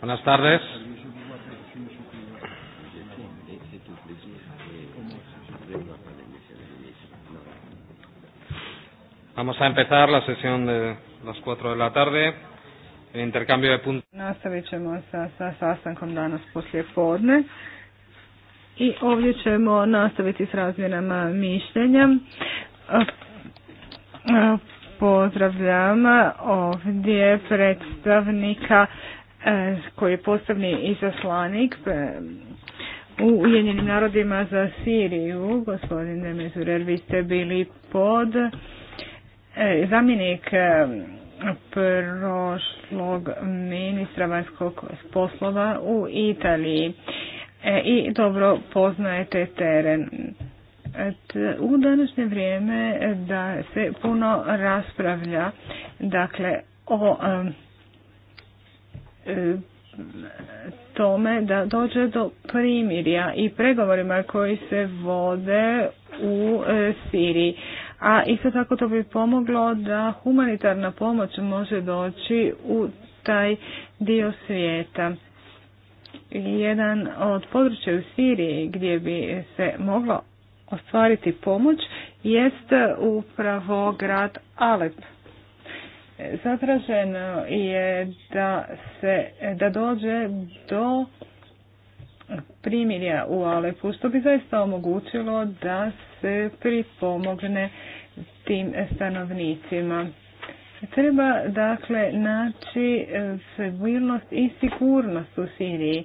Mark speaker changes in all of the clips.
Speaker 1: Buenas tardes.
Speaker 2: Vamos a empezar la sesión de las 4 de la tarde. El intercambio de puntos.
Speaker 3: Nastavit ćemo sa, sa sastankom danas poslije podne. I ovdje ćemo nastaviti s razmjenama mišljenja. Pozdravljam ovdje predstavnika E, koji je posebni izaslanik e, u Ujedinjenim narodima za Siriju, gospodine Mezurer, vi ste bili pod e, zamjenik prošlog ministra vanjskog poslova u Italiji i dobro poznajete teren. U današnje vrijeme da se puno raspravlja dakle o E, tome da dođe do primirja i pregovorima koji se vode u e, Siriji. A isto tako to bi pomoglo da humanitarna pomoć može doći u taj dio svijeta. Jedan od područja u Siriji gdje bi se moglo ostvariti pomoć jest upravo grad Alep. Zatraženo je da se da dođe do primirja u Alepu, što bi zaista omogućilo da se pripomogne tim stanovnicima. Treba dakle naći e, stabilnost i sigurnost u Siriji.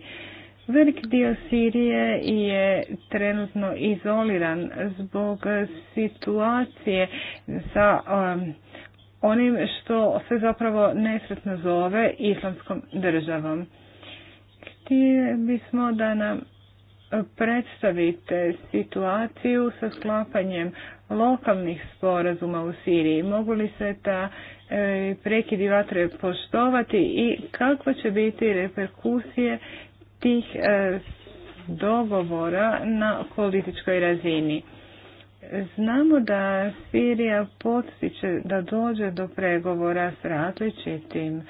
Speaker 3: Velik dio Sirije je trenutno izoliran zbog situacije sa um, onim što se zapravo nesretno zove islamskom državom. Htije bismo da nam predstavite situaciju sa sklapanjem lokalnih sporazuma u Siriji. Mogu li se ta e, prekidi vatre poštovati i kakva će biti reperkusije tih e, dogovora na političkoj razini? Znamo da Sirija potiče da dođe do pregovora s različitim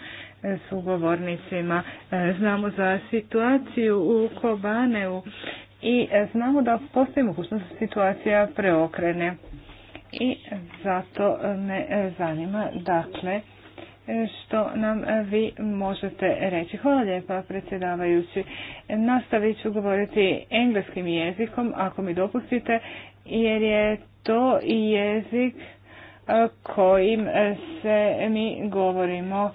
Speaker 3: e, sugovornicima. E, znamo za situaciju u Kobaneu i e, znamo da postoji mogućnost da situacija preokrene. I zato me zanima, dakle, što nam e, vi možete reći. Hvala lijepa predsjedavajući. Nastavit ću govoriti engleskim jezikom ako mi dopustite jer je to jezik e, kojim e, se mi govorimo.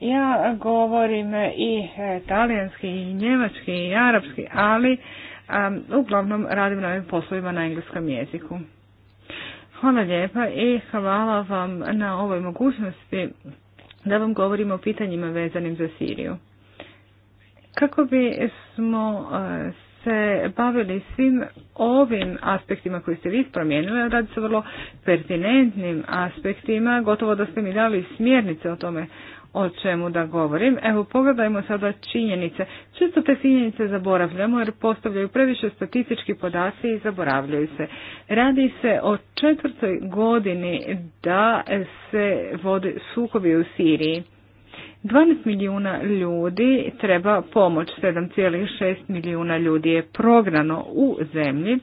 Speaker 3: Ja govorim i talijanski, i njemački, i arapski, ali uglavnom radim na ovim poslovima na engleskom jeziku. Hvala lijepa i hvala vam na ovoj mogućnosti da vam govorimo o pitanjima vezanim za Siriju. Kako bi smo e, se bavili svim ovim aspektima koji ste vi promijenili, radi se vrlo pertinentnim aspektima, gotovo da ste mi dali smjernice o tome o čemu da govorim. Evo pogledajmo sada činjenice. Često te činjenice zaboravljamo jer postavljaju previše statistički podaci i zaboravljaju se. Radi se o četvrtoj godini da se vode sukovi u Siriji. 12 milijuna ljudi treba pomoć, 7,6 milijuna ljudi je prognano u zemlji,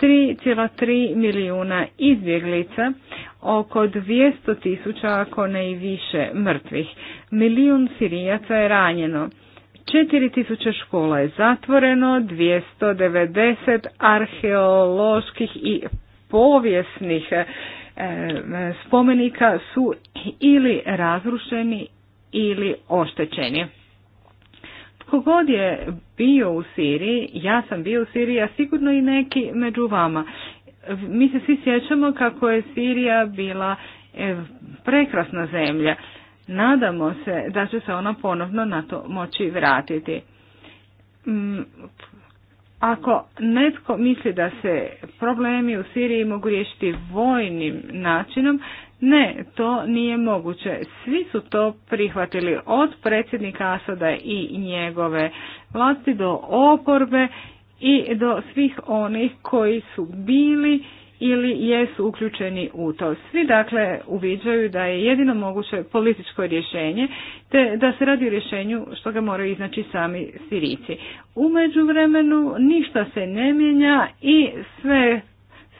Speaker 3: 3,3 milijuna izbjeglica, oko 200 tisuća, ako ne i više, mrtvih. Milijun Sirijaca je ranjeno. 4000 škola je zatvoreno, 290 arheoloških i povijesnih e, spomenika su ili razrušeni ili oštećeni. Tko god je bio u Siriji, ja sam bio u Siriji, a sigurno i neki među vama. Mi se svi sjećamo kako je Sirija bila e, prekrasna zemlja. Nadamo se da će se ona ponovno na to moći vratiti. Mm, ako netko misli da se problemi u Siriji mogu riješiti vojnim načinom, ne, to nije moguće. Svi su to prihvatili od predsjednika Asada i njegove vlasti do oporbe i do svih onih koji su bili ili jesu uključeni u to. Svi dakle uviđaju da je jedino moguće političko rješenje te da se radi o rješenju što ga moraju iznaći sami Sirici. U međuvremenu ništa se ne mijenja i sve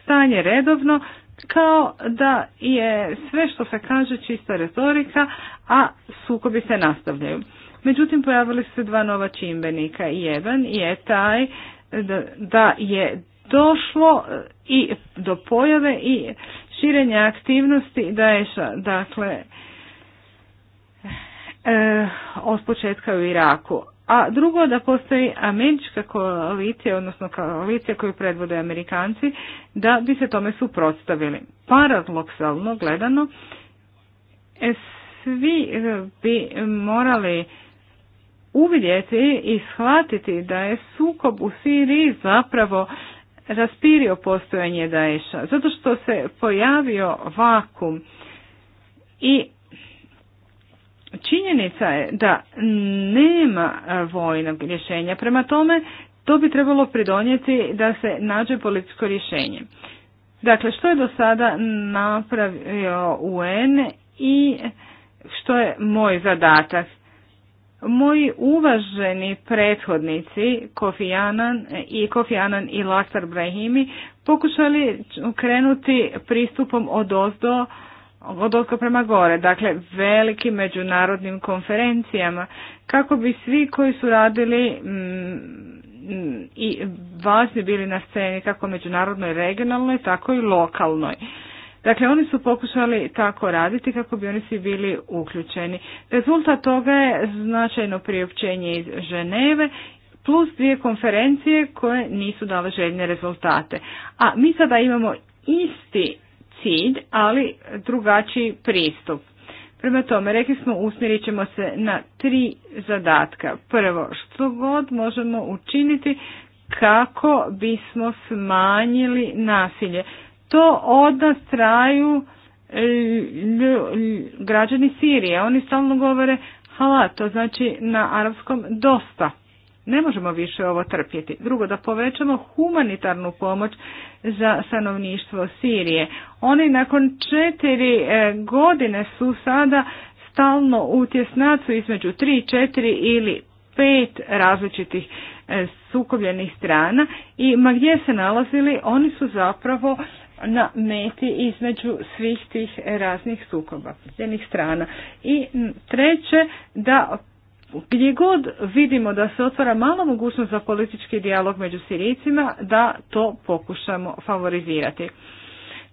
Speaker 3: stanje redovno kao da je sve što se kaže čista retorika, a sukobi se nastavljaju. Međutim, pojavili su se dva nova čimbenika. Jedan je taj da je došlo e, i do pojave i širenja aktivnosti Daesha, dakle e, od početka u Iraku. A drugo da postoji američka koalicija, odnosno koalicija koju predvode Amerikanci, da bi se tome suprotstavili. Paradoksalno gledano, e, svi bi morali uvidjeti i shvatiti da je sukob u Siriji zapravo raspirio postojanje Daesha, zato što se pojavio vakum i činjenica je da nema vojnog rješenja. Prema tome, to bi trebalo pridonijeti da se nađe političko rješenje. Dakle, što je do sada napravio UN i što je moj zadatak? Moji uvaženi prethodnici Kofijanan i Annan i Laktar Brahimi pokušali krenuti pristupom od ozdo od prema gore, dakle velikim međunarodnim konferencijama, kako bi svi koji su radili mm, i važni bili na sceni kako međunarodnoj, regionalnoj, tako i lokalnoj. Dakle, oni su pokušali tako raditi kako bi oni svi bili uključeni. Rezultat toga je značajno priopćenje iz Ženeve plus dvije konferencije koje nisu dale željne rezultate. A mi sada imamo isti cilj, ali drugačiji pristup. Prema tome, rekli smo, usmjerit ćemo se na tri zadatka. Prvo, što god možemo učiniti kako bismo smanjili nasilje to od traju e, građani Sirije. Oni stalno govore hala, to znači na arapskom dosta. Ne možemo više ovo trpjeti. Drugo, da povećamo humanitarnu pomoć za stanovništvo Sirije. Oni nakon četiri e, godine su sada stalno u tjesnacu između tri, četiri ili pet različitih e, sukobljenih strana i ma gdje se nalazili oni su zapravo na meti između svih tih raznih sukoba, jednih strana. I treće, da gdje god vidimo da se otvara malo mogućnost za politički dijalog među Sirijcima, da to pokušamo favorizirati.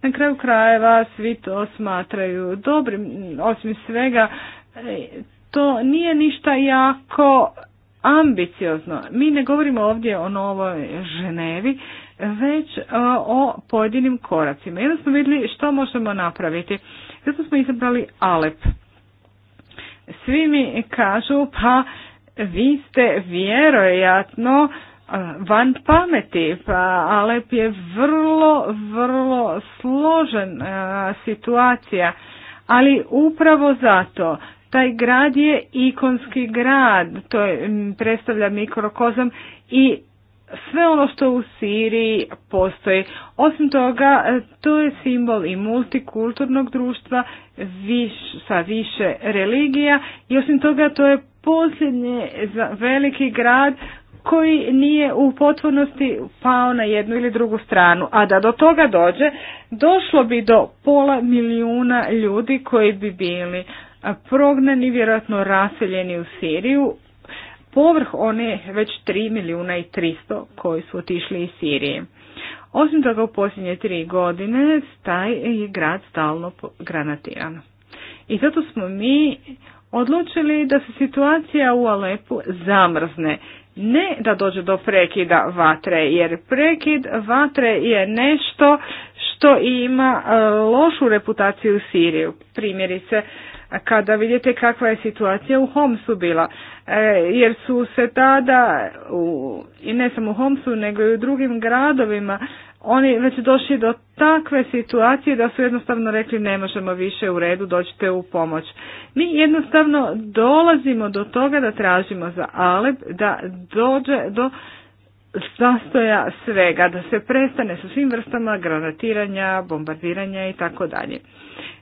Speaker 3: Na kraju krajeva svi to smatraju dobrim, osim svega e, to nije ništa jako ambiciozno. Mi ne govorimo ovdje o novoj Ženevi, već e, o pojedinim koracima. Jedno smo vidjeli što možemo napraviti. Zato smo izabrali Alep. Svi mi kažu pa vi ste vjerojatno e, van pameti, pa Alep je vrlo, vrlo složen e, situacija, ali upravo zato taj grad je ikonski grad, to je, predstavlja mikrokozam i sve ono što u Siriji postoji. Osim toga, e, to je simbol i multikulturnog društva viš, sa više religija i osim toga to je posljednji veliki grad koji nije u potpunosti pao na jednu ili drugu stranu. A da do toga dođe, došlo bi do pola milijuna ljudi koji bi bili prognani, vjerojatno raseljeni u Siriju, povrh one već 3 milijuna i 300 koji su otišli iz Sirije. Osim toga u posljednje tri godine taj je grad stalno granatiran. I zato smo mi odlučili da se situacija u Alepu zamrzne. Ne da dođe do prekida vatre, jer prekid vatre je nešto što ima e, lošu reputaciju u Siriju. Primjerice, kada vidite kakva je situacija u Homsu bila, E, jer su se tada u, i ne samo u Homsu nego i u drugim gradovima oni već došli do takve situacije da su jednostavno rekli ne možemo više u redu, dođite u pomoć. Mi jednostavno dolazimo do toga da tražimo za Aleb da dođe do sastoja svega, da se prestane sa svim vrstama granatiranja, bombardiranja i tako dalje.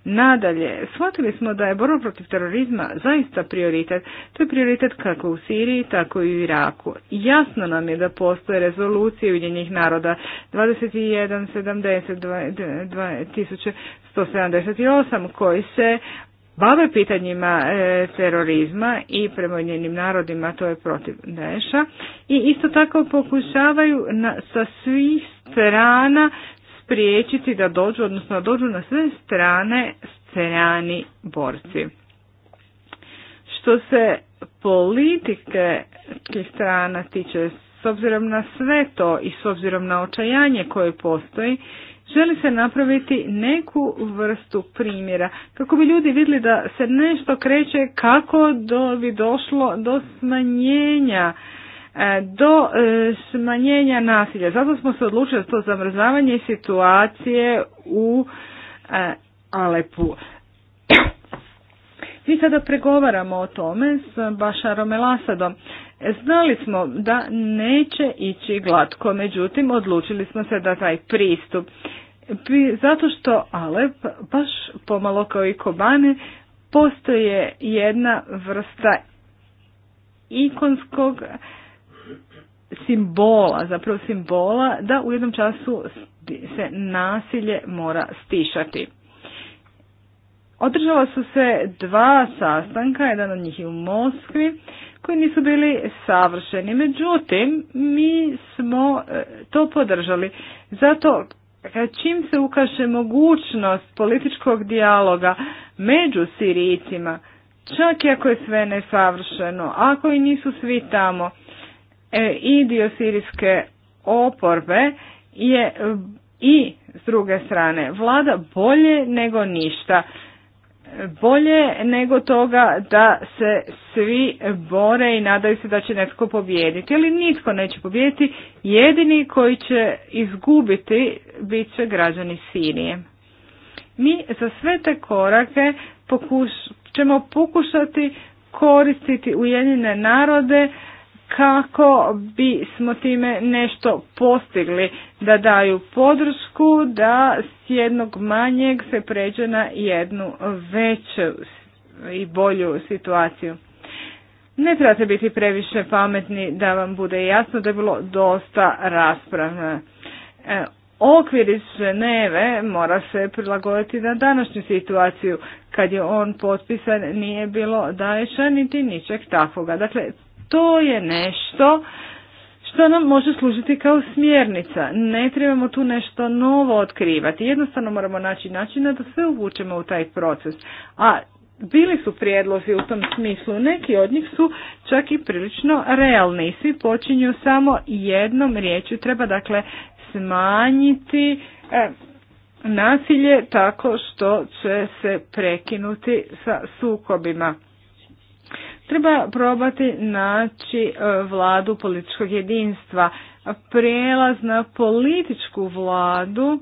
Speaker 3: Nadalje, shvatili smo da je borba protiv terorizma zaista prioritet. To je prioritet kako u Siriji, tako i u Iraku. Jasno nam je da postoje rezolucije Ujedinjenih naroda 2170 2178 koji se bave pitanjima e, terorizma i prema njenim narodima, to je protiv Neša i isto tako pokušavaju na, sa svih strana spriječiti da dođu, odnosno da dođu na sve strane strani borci. Što se politike strana tiče, s obzirom na sve to i s obzirom na očajanje koje postoji, želi se napraviti neku vrstu primjera kako bi ljudi vidjeli da se nešto kreće kako do, bi došlo do smanjenja e, do e, smanjenja nasilja. Zato smo se odlučili za to zamrzavanje situacije u e, Alepu. Mi sada pregovaramo o tome s Bašarom Elasadom. Znali smo da neće ići glatko, međutim odlučili smo se da taj pristup, zato što Alep baš pomalo kao i Kobane postoje jedna vrsta ikonskog simbola, zapravo simbola da u jednom času se nasilje mora stišati. Održala su se dva sastanka, jedan od njih je u Moskvi, koji nisu bili savršeni. Međutim, mi smo e, to podržali. Zato e, čim se ukaže mogućnost političkog dijaloga među Sirijcima, čak i ako je sve nesavršeno, ako i nisu svi tamo, e, i dio sirijske oporbe je i s druge strane vlada bolje nego ništa bolje nego toga da se svi bore i nadaju se da će netko pobijediti. Ali nitko neće pobijediti, jedini koji će izgubiti bit će građani Sirije. Mi za sve te korake ćemo pokušati koristiti Ujedinjene narode kako bi smo time nešto postigli, da daju podršku, da s jednog manjeg se pređe na jednu veću i bolju situaciju. Ne trebate biti previše pametni da vam bude jasno da je bilo dosta rasprava. E, okvir iz Ženeve mora se prilagoditi na današnju situaciju. Kad je on potpisan nije bilo daješa niti ničeg takvoga. Dakle, to je nešto što nam može služiti kao smjernica. Ne trebamo tu nešto novo otkrivati. Jednostavno moramo naći načina da sve uvučemo u taj proces. A bili su prijedlozi u tom smislu, neki od njih su čak i prilično realni. Svi počinju samo jednom riječju. Treba dakle smanjiti e, nasilje tako što će se prekinuti sa sukobima. Treba probati naći e, vladu političkog jedinstva, prijelaz na političku vladu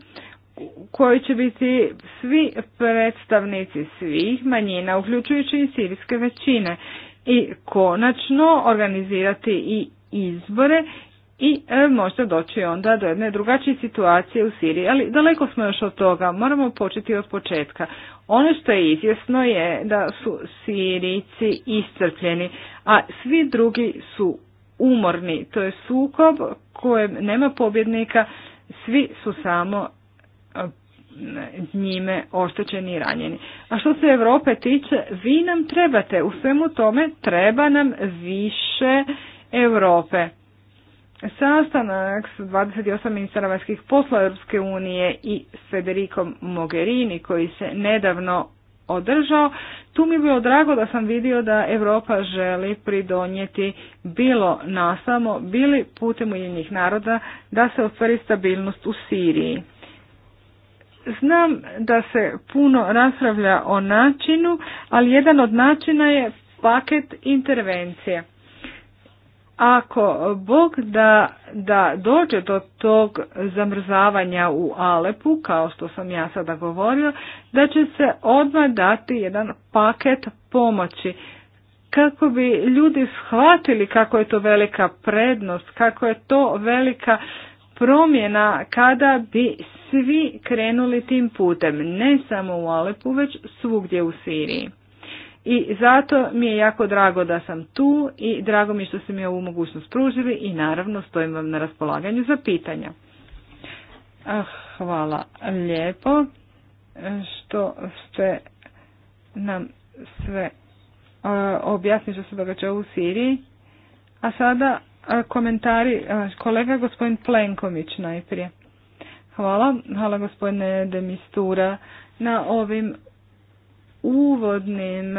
Speaker 3: koji će biti svi predstavnici svih manjina, uključujući i sirijske većine. I konačno organizirati i izbore i e, možda doći onda do jedne drugačije situacije u Siriji, ali daleko smo još od toga, moramo početi od početka. Ono što je izvjesno je da su Sirici iscrpljeni, a svi drugi su umorni. To je sukob kojem nema pobjednika, svi su samo e, njime oštećeni i ranjeni. A što se Europe tiče, vi nam trebate, u svemu tome treba nam više Europe. Sastanak s 28 ministara vanjskih posla Europske unije i s Federikom Mogherini koji se nedavno održao, tu mi je bilo drago da sam vidio da Europa želi pridonijeti bilo nasamo, bili putem Ujedinjenih naroda da se ostvari stabilnost u Siriji. Znam da se puno raspravlja o načinu, ali jedan od načina je paket intervencije. Ako Bog da, da dođe do tog zamrzavanja u Alepu, kao što sam ja sada govorio, da će se odmah dati jedan paket pomoći kako bi ljudi shvatili kako je to velika prednost, kako je to velika promjena kada bi svi krenuli tim putem, ne samo u Alepu, već svugdje u Siriji. I zato mi je jako drago da sam tu i drago mi što ste mi ovu mogućnost pružili i naravno stojim vam na raspolaganju za pitanja. Ah, hvala lijepo što ste nam sve objasnili što se događa u Siriji. A sada komentari kolega gospodin Plenković najprije. Hvala, hvala gospodine Demistura na ovim uvodnim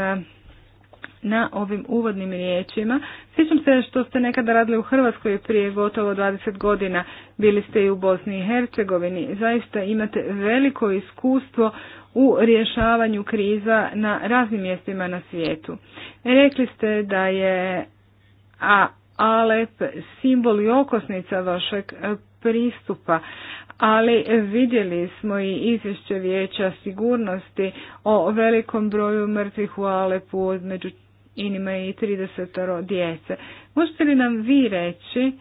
Speaker 3: na ovim uvodnim riječima. Sjećam se što ste nekada radili u Hrvatskoj prije gotovo 20 godina. Bili ste i u Bosni i Hercegovini. Zaista imate veliko iskustvo u rješavanju kriza na raznim mjestima na svijetu. Rekli ste da je a Alep simbol i okosnica vašeg pristupa ali vidjeli smo i izvješće vijeća sigurnosti o velikom broju mrtvih u Alepu među inima i 30 djece. Možete li nam vi reći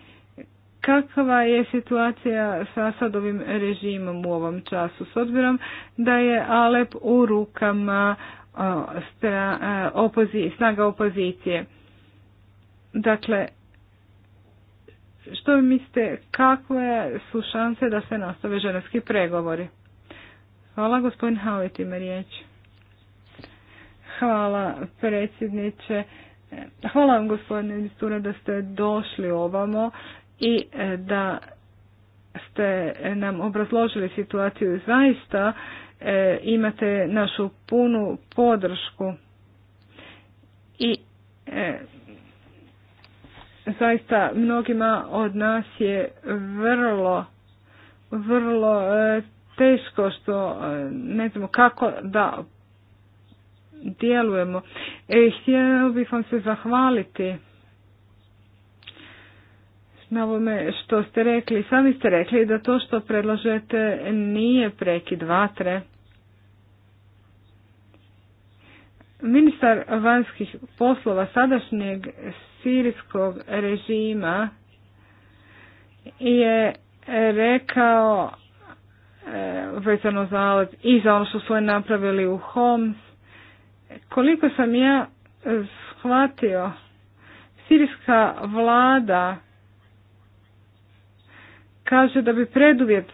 Speaker 3: kakva je situacija sa Asadovim režimom u ovom času, s obzirom da je Alep u rukama snaga opozicije? Dakle, što mislite, kakve su šanse da se nastave ženski pregovori? Hvala, gospodin Havet ima riječ. Hvala, predsjedniče. Hvala vam, gospodine ministure, da ste došli ovamo i e, da ste nam obrazložili situaciju. Zaista e, imate našu punu podršku i e, zaista mnogima od nas je vrlo, vrlo e, teško što e, ne znamo kako da djelujemo. E, htjela bih vam se zahvaliti na ovome što ste rekli. Sami ste rekli da to što predlažete nije prekid vatre. Ministar vanjskih poslova sadašnjeg sirijskog režima je rekao e, vezano za i za ono što su oni napravili u Homs. Koliko sam ja shvatio, sirijska vlada kaže da bi preduvjet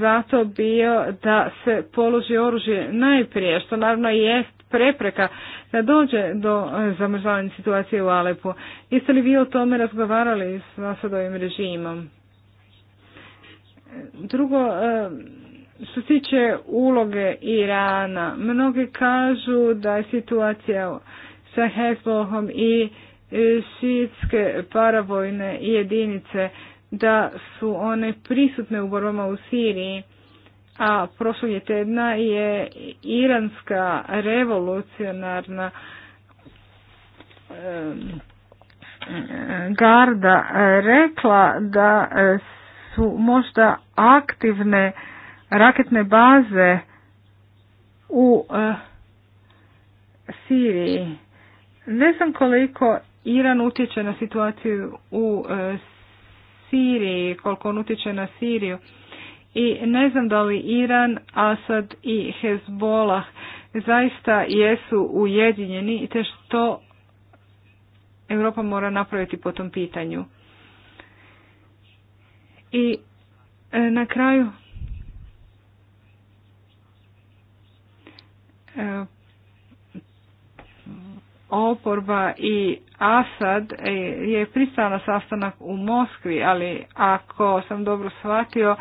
Speaker 3: za to bio da se položi oružje najprije, što naravno jest prepreka da dođe do e, zamrzavanja situacije u Alepu. Jeste li vi o tome razgovarali s Asadovim režimom? E, drugo, e, što se tiče uloge Irana, mnogi kažu da je situacija sa Hezbohom i šitske paravojne jedinice da su one prisutne u borbama u Siriji a prošlog tjedna je iranska revolucionarna garda rekla da su možda aktivne raketne baze u eh, Siriji. Ne znam koliko Iran utječe na situaciju u eh, Siriji, koliko on utječe na Siriju i ne znam da li Iran, Asad i Hezbollah zaista jesu ujedinjeni i te što Europa mora napraviti po tom pitanju. I e, na kraju e, oporba i Asad e, je pristala na sastanak u Moskvi, ali ako sam dobro shvatio,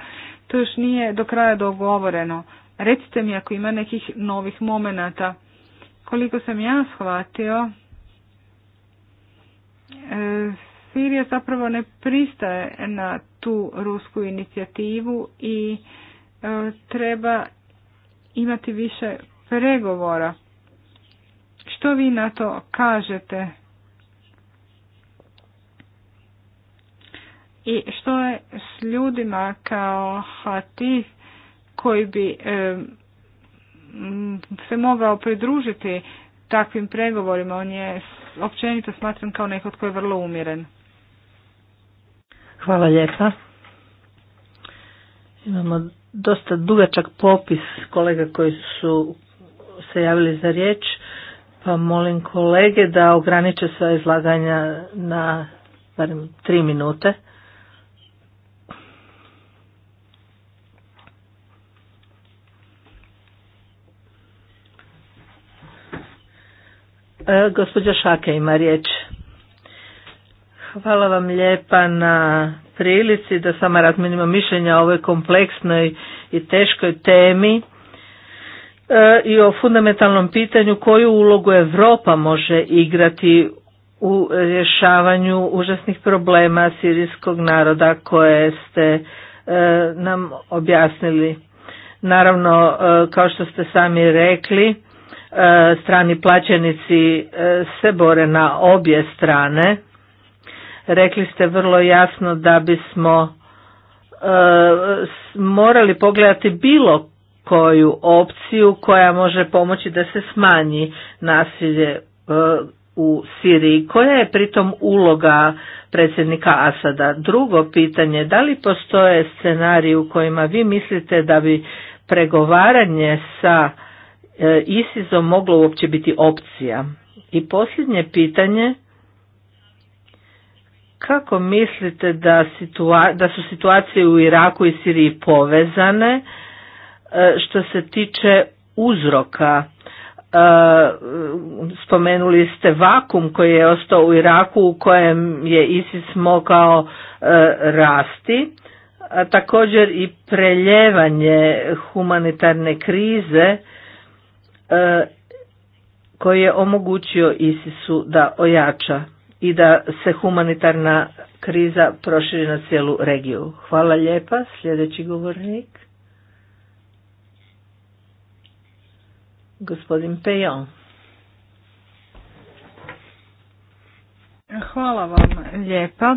Speaker 3: to još nije do kraja dogovoreno. Recite mi ako ima nekih novih momenata. Koliko sam ja shvatio, e, Sirija zapravo ne pristaje na tu rusku inicijativu i e, treba imati više pregovora. Što vi na to kažete? i što je s ljudima kao Hati koji bi se mogao pridružiti takvim pregovorima. On je općenito smatram kao nekod koji je vrlo umjeren.
Speaker 4: Hvala lijepa. Imamo dosta dugačak popis kolega koji su se javili za riječ, pa molim kolege da ograniče sva izlaganja na barem tri minute. E, gospođa Šake ima riječ. Hvala vam lijepa na prilici da sama razminimo mišljenja o ovoj kompleksnoj i teškoj temi e, i o fundamentalnom pitanju koju ulogu Europa može igrati u rješavanju užasnih problema sirijskog naroda koje ste e, nam objasnili. Naravno, kao što ste sami rekli, E, strani plaćenici e, se bore na obje strane. Rekli ste vrlo jasno da bismo e, morali pogledati bilo koju opciju koja može pomoći da se smanji nasilje u Siriji. Koja je pritom uloga predsjednika Asada? Drugo pitanje, da li postoje scenariji u kojima vi mislite da bi pregovaranje sa E, isis moglo uopće biti opcija? I posljednje pitanje, kako mislite da, situa da su situacije u Iraku i Siriji povezane e, što se tiče uzroka? E, spomenuli ste vakum koji je ostao u Iraku u kojem je ISIS mogao rasti, a također i preljevanje humanitarne krize E, koji je omogućio ISIS-u da ojača i da se humanitarna kriza proširi na cijelu regiju. Hvala lijepa. Sljedeći govornik. Gospodin Pejon.
Speaker 3: Hvala vam lijepa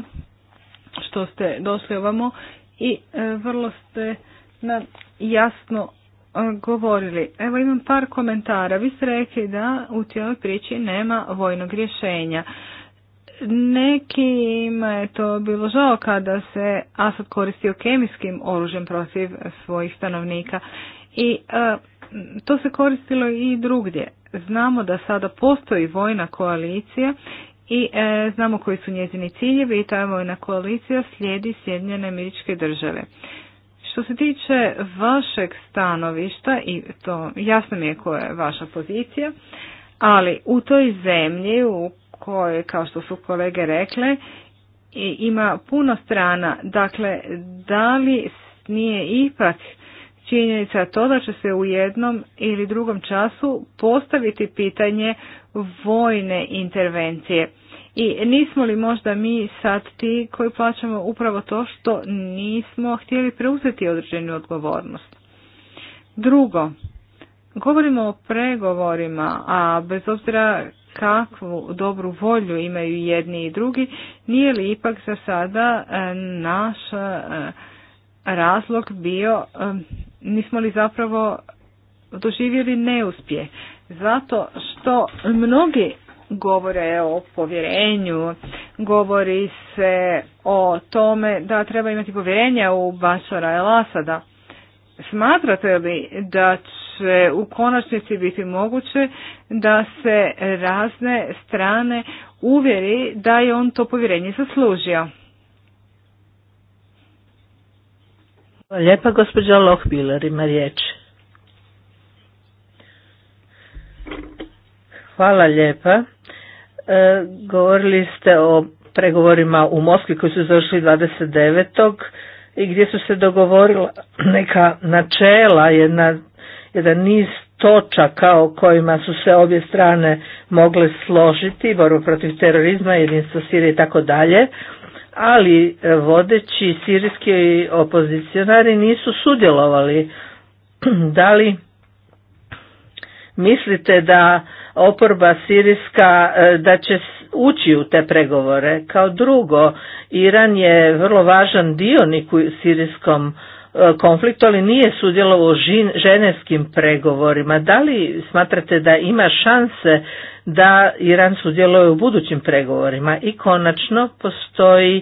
Speaker 3: što ste došli ovamo i e, vrlo ste nam jasno E, govorili. Evo imam par komentara. Vi ste rekli da u cijeloj priči nema vojnog rješenja. Nekima je to bilo žao kada se Asad koristio kemijskim oružjem protiv svojih stanovnika i e, to se koristilo i drugdje. Znamo da sada postoji vojna koalicija i e, znamo koji su njezini ciljevi i ta vojna koalicija slijedi Sjedinjene američke države. Što se tiče vašeg stanovišta, i to jasno mi je koja je vaša pozicija, ali u toj zemlji u kojoj, kao što su kolege rekle, ima puno strana, dakle, da li nije ipak činjenica to da će se u jednom ili drugom času postaviti pitanje vojne intervencije. I nismo li možda mi sad ti koji plaćamo upravo to što nismo htjeli preuzeti određenu odgovornost? Drugo, govorimo o pregovorima, a bez obzira kakvu dobru volju imaju jedni i drugi, nije li ipak za sada e, naš e, razlog bio, e, nismo li zapravo doživjeli neuspjeh? Zato što mnogi govore o povjerenju, govori se o tome da treba imati povjerenja u Bašara El Asada. Smatrate li da će u konačnici biti moguće da se razne strane uvjeri da je on to povjerenje zaslužio?
Speaker 4: Lijepa gospođa Lohbiler ima riječ. Hvala lijepa. E, govorili ste o pregovorima u Moskvi koji su završili 29. i gdje su se dogovorila neka načela, jedna, jedan niz točaka o kojima su se obje strane mogle složiti, borbu protiv terorizma, jedinstvo Sirije i tako dalje, ali vodeći sirijski opozicionari nisu sudjelovali. Da li mislite da oporba sirijska e, da će ući u te pregovore. Kao drugo, Iran je vrlo važan dionik u sirijskom e, konfliktu, ali nije sudjelovao u ženevskim pregovorima. Da li smatrate da ima šanse da Iran sudjeluje u budućim pregovorima? I konačno postoji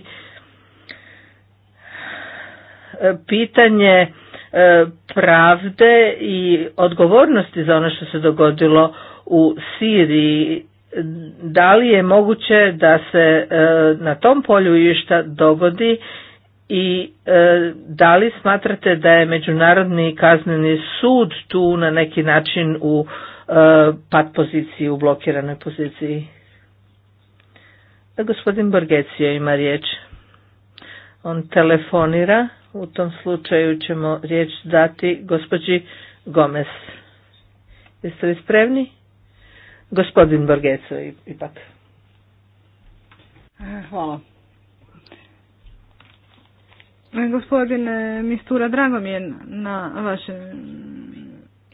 Speaker 4: e, pitanje pravde i odgovornosti za ono što se dogodilo u Siriji, da li je moguće da se e, na tom polju išta dogodi i e, da li smatrate da je Međunarodni kazneni sud tu na neki način u e, pat poziciji, u blokiranoj poziciji? Da, Gospodin Borgecio ima riječ. On telefonira, u tom slučaju ćemo riječ dati gospođi Gomez. Jeste li spremni? Gospodin Borgeco ipak. E, hvala. E,
Speaker 3: gospodine Mistura, drago mi je na vaše,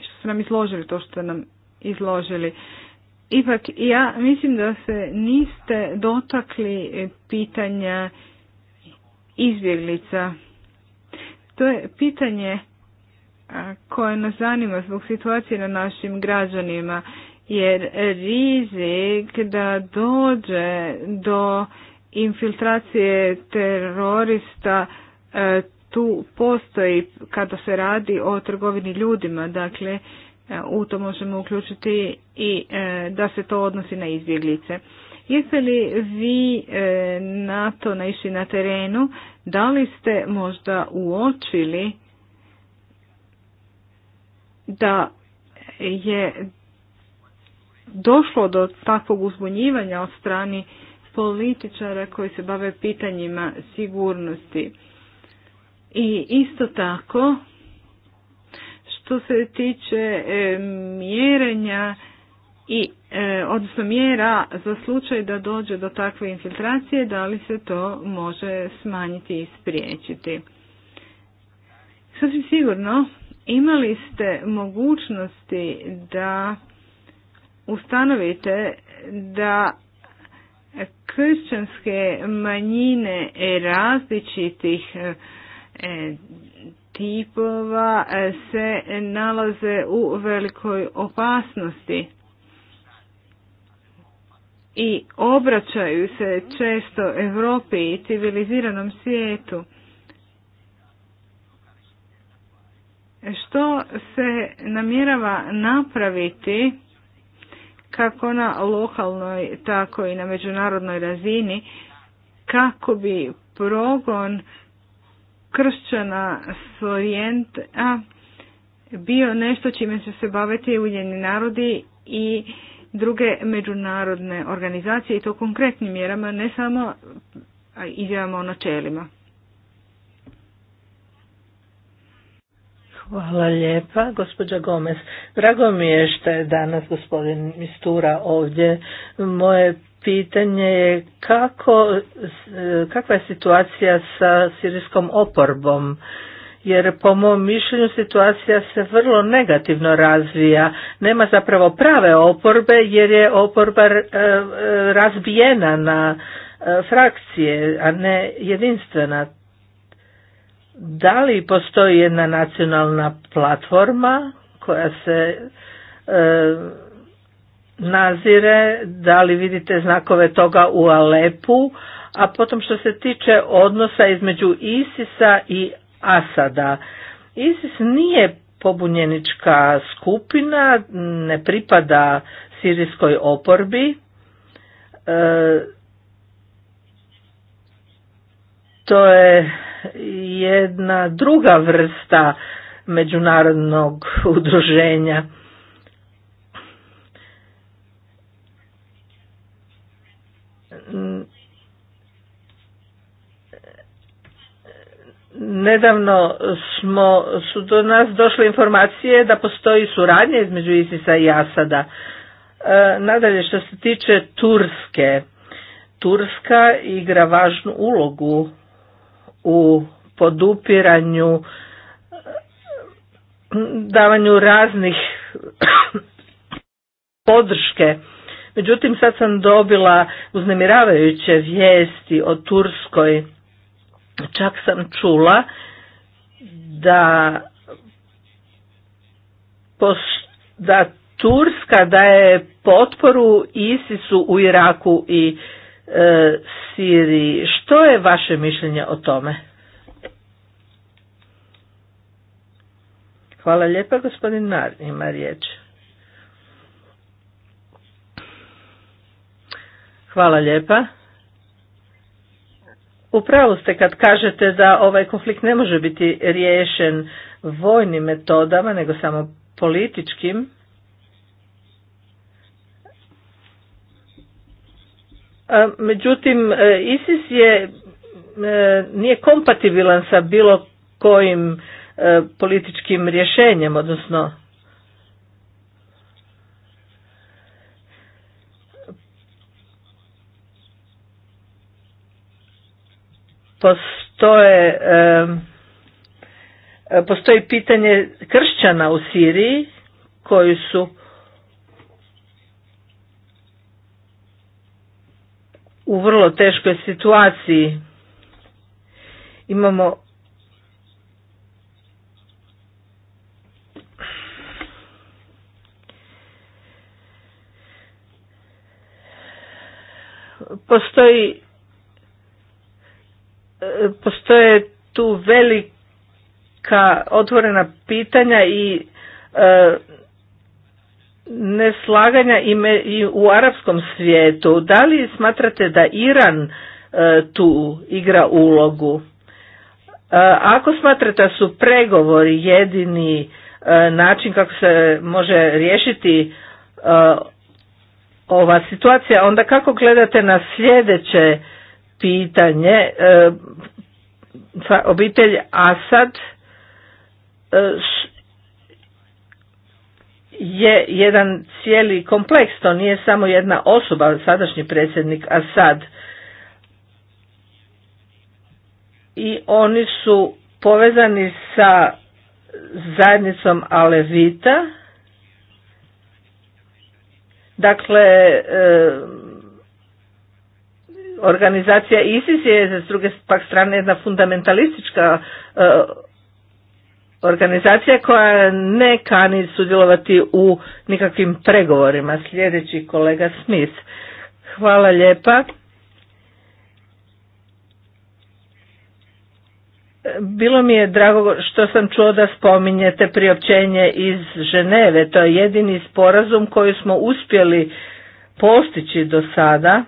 Speaker 3: što ste nam izložili to što ste nam izložili. Ipak ja mislim da se niste dotakli pitanja izbjeglica. To je pitanje koje nas zanima zbog situacije na našim građanima jer rizik da dođe do infiltracije terorista e, tu postoji kada se radi o trgovini ljudima, dakle e, u to možemo uključiti i e, da se to odnosi na izbjeglice. Jeste li vi na to naišli na terenu? Da li ste možda uočili da je došlo do takvog uzbunjivanja od strani političara koji se bave pitanjima sigurnosti. I isto tako, što se tiče e, mjerenja i e, odnosno mjera za slučaj da dođe do takve infiltracije, da li se to može smanjiti i spriječiti. Sasvim sigurno, imali ste mogućnosti da ustanovite da kršćanske manjine različitih e, e, tipova e, se nalaze u velikoj opasnosti i obraćaju se često Europi i civiliziranom svijetu. Što se namjerava napraviti kako na lokalnoj, tako i na međunarodnoj razini, kako bi progon kršćana s bio nešto čime će se baviti Ujedinjeni narodi i druge međunarodne organizacije i to konkretnim mjerama, ne samo izjavama o načelima.
Speaker 4: Hvala lijepa, gospođa Gomez. Drago mi je što je danas gospodin Mistura ovdje. Moje pitanje je kako, kakva je situacija sa sirijskom oporbom? Jer po mom mišljenju situacija se vrlo negativno razvija. Nema zapravo prave oporbe jer je oporba e, e, razbijena na e, frakcije, a ne jedinstvena da li postoji jedna nacionalna platforma koja se e, nazire, da li vidite znakove toga u Alepu, a potom što se tiče odnosa između Isisa i Asada. Isis nije pobunjenička skupina, ne pripada sirijskoj oporbi. E, to je jedna druga vrsta međunarodnog udruženja. Nedavno smo, su do nas došle informacije da postoji suradnja između Isisa i Asada. E, nadalje što se tiče Turske, Turska igra važnu ulogu u podupiranju davanju raznih podrške. Međutim, sad sam dobila uznemiravajuće vijesti o Turskoj. Čak sam čula da da Turska daje potporu ISIS-u u Iraku i E, Siriji. Što je vaše mišljenje o tome? Hvala lijepa, gospodin Mar ima riječ. Hvala lijepa. Upravo ste kad kažete da ovaj konflikt ne može biti riješen vojnim metodama, nego samo političkim. Međutim, e, ISIS je, e, nije kompatibilan sa bilo kojim e, političkim rješenjem, odnosno postoje postoji pitanje kršćana u Siriji koji su u vrlo teškoj situaciji. Imamo postoji postoje tu velika otvorena pitanja i e, neslaganja i u arapskom svijetu. Da li smatrate da Iran e, tu igra ulogu? E, ako smatrate da su pregovori jedini e, način kako se može riješiti ova situacija, onda kako gledate na sljedeće pitanje obitelj Asad je jedan cijeli kompleks, to nije samo jedna osoba, sadašnji predsjednik sad I oni su povezani sa zajednicom Alevita, dakle, e, organizacija ISIS je s druge pak strane jedna fundamentalistička e, organizacija koja ne kani sudjelovati u nikakvim pregovorima. Sljedeći kolega Smith. Hvala lijepa. Bilo mi je drago što sam čuo da spominjete priopćenje iz Ženeve. To je jedini sporazum koji smo uspjeli postići do sada.